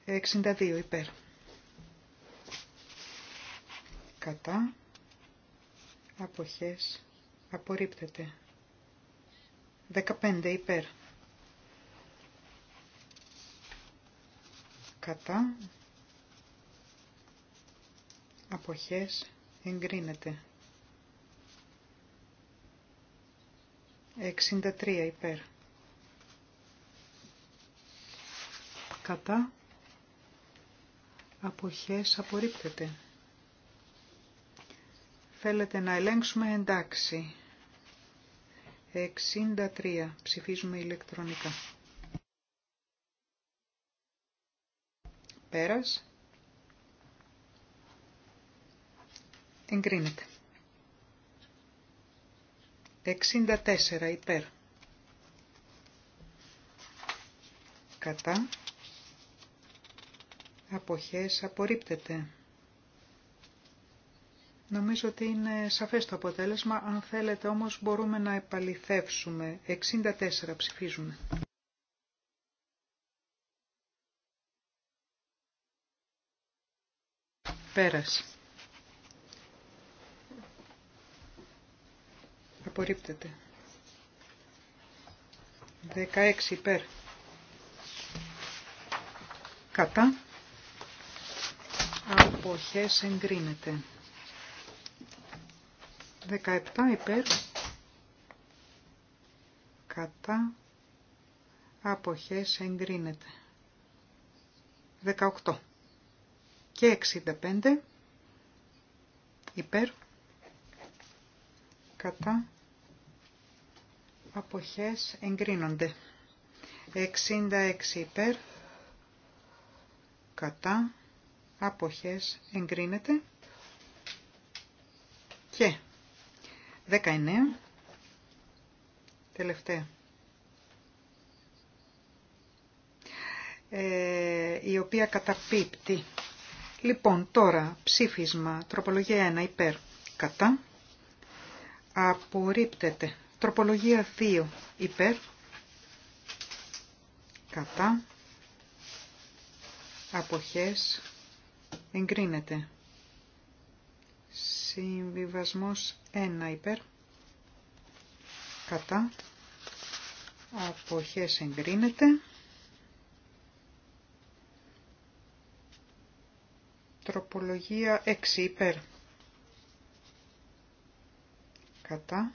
62 υπέρ. Κατά αποχές απορρίπτεται. 15 υπέρ. Κατά αποχές εγκρίνεται. 63 υπέρ. κατά αποχές απορρίπτεται. Θέλετε να ελέγξουμε εντάξει. 63. Ψηφίζουμε ηλεκτρονικά. Πέρας. Εγκρίνεται. 64. Υπέρ. Κατά αποχές απορρίπτεται. Νομίζω ότι είναι σαφές το αποτέλεσμα, αν θέλετε όμως μπορούμε να επαληθεύσουμε. 64 ψηφίζουμε. Πέρας. Απορρίπτεται. 16 υπέρ. Κατά αποχές εγκρίνεται. 17 υπέρ κατά αποχές εγκρίνεται. 18 και 65 υπέρ κατά αποχές εγκρίνονται. 66 υπέρ κατά αποχές εγκρίνεται και 19 τελευταία ε, η οποία καταπίπτει λοιπόν τώρα ψήφισμα τροπολογία 1 υπέρ κατά απορρίπτεται τροπολογία 2 υπέρ κατά αποχές εγκρίνεται. Συμβιβασμός 1 υπέρ, κατά, αποχές εγκρίνεται. Τροπολογία 6 υπέρ, κατά,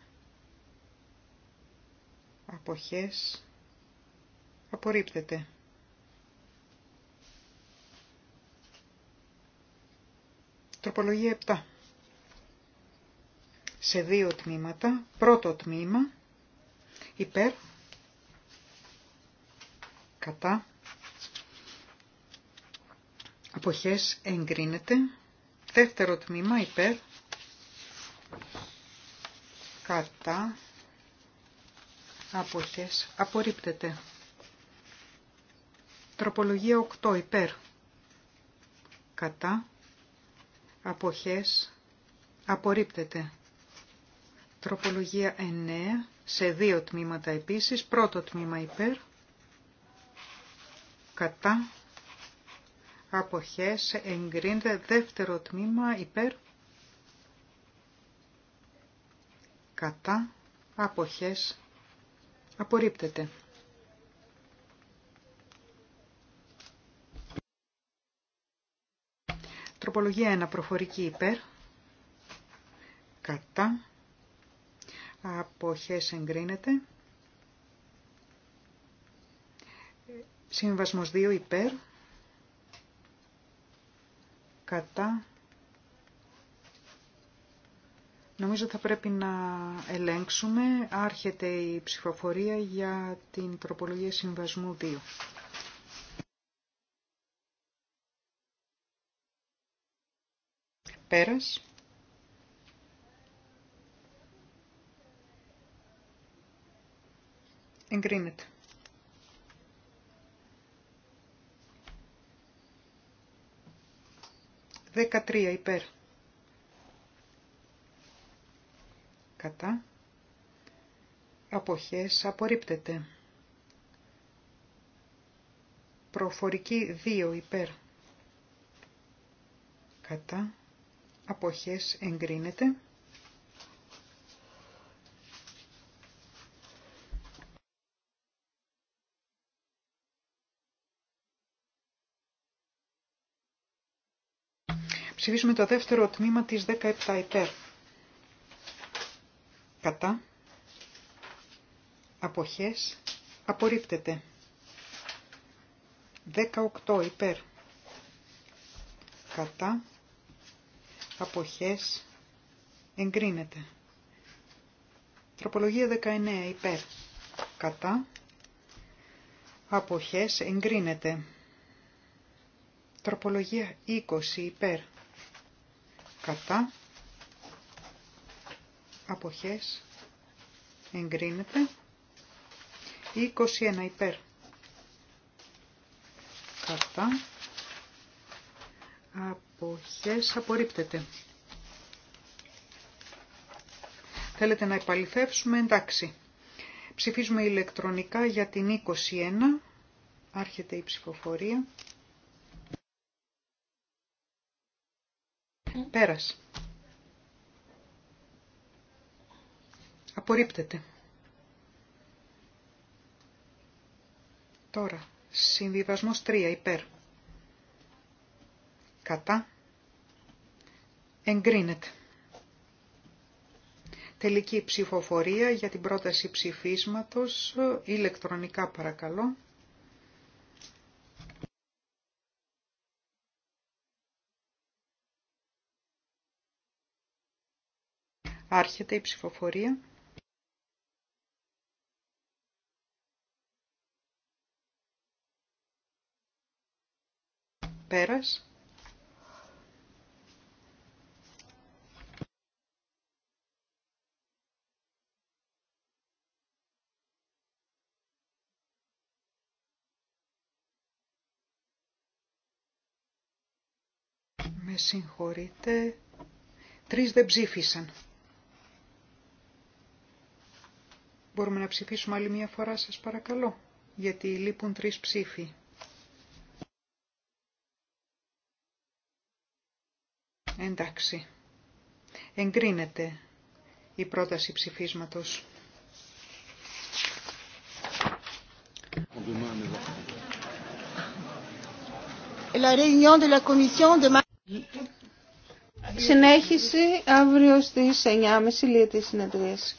αποχές απορρίπτεται. Τροπολογία 7. Σε δύο τμήματα. Πρώτο τμήμα. Υπέρ. Κατά. Αποχές εγκρίνεται. Δεύτερο τμήμα υπέρ. Κατά. Αποχές απορρίπτεται. Τροπολογία 8 υπέρ. Κατά αποχές απορρίπτεται. Τροπολογία 9 σε δύο τμήματα επίσης. Πρώτο τμήμα υπέρ, κατά, αποχές εγκρίνεται. Δεύτερο τμήμα υπέρ, κατά, αποχές απορρίπτεται. Τροπολογία 1. Προφορική υπέρ. Κατά. Αποχές εγκρίνεται. Σύμβασμος 2 υπέρ. Κατά. Νομίζω θα πρέπει να ελέγξουμε. Άρχεται η ψηφοφορία για την τροπολογία συμβασμού 2. Πέρας. Εγκρίνεται. Δεκατρία υπέρ. Κατά. Αποχές απορρίπτεται. Προφορική δύο υπέρ. Κατά αποχές εγκρίνεται. Ψηφίσουμε το δεύτερο τμήμα της 17 υπέρ. Κατά. Αποχές. Απορρίπτεται. 18 υπέρ. Κατά αποχές εγκρίνεται. Τροπολογία 19 υπέρ κατά αποχές εγκρίνεται. Τροπολογία 20 υπέρ κατά αποχές εγκρίνεται. 21 υπέρ κατά εποχές απορρίπτεται. Θέλετε να επαληθεύσουμε, εντάξει. Ψηφίζουμε ηλεκτρονικά για την 21. Άρχεται η ψηφοφορία. Πέρας. Απορρίπτεται. Τώρα, συνδυασμός 3 υπέρ κατά εγκρίνεται. Τελική ψηφοφορία για την πρόταση ψηφίσματος, ηλεκτρονικά παρακαλώ. Άρχεται η ψηφοφορία. Πέρας. Με συγχωρείτε. Τρεις δεν ψήφισαν. Μπορούμε να ψηφίσουμε άλλη μία φορά σας παρακαλώ, γιατί λείπουν τρεις ψήφοι. Εντάξει. Εγκρίνεται η πρόταση ψηφίσματος. La réunion de la Συνέχιση αύριο στις 9.30 λίτη συνεδρίαση.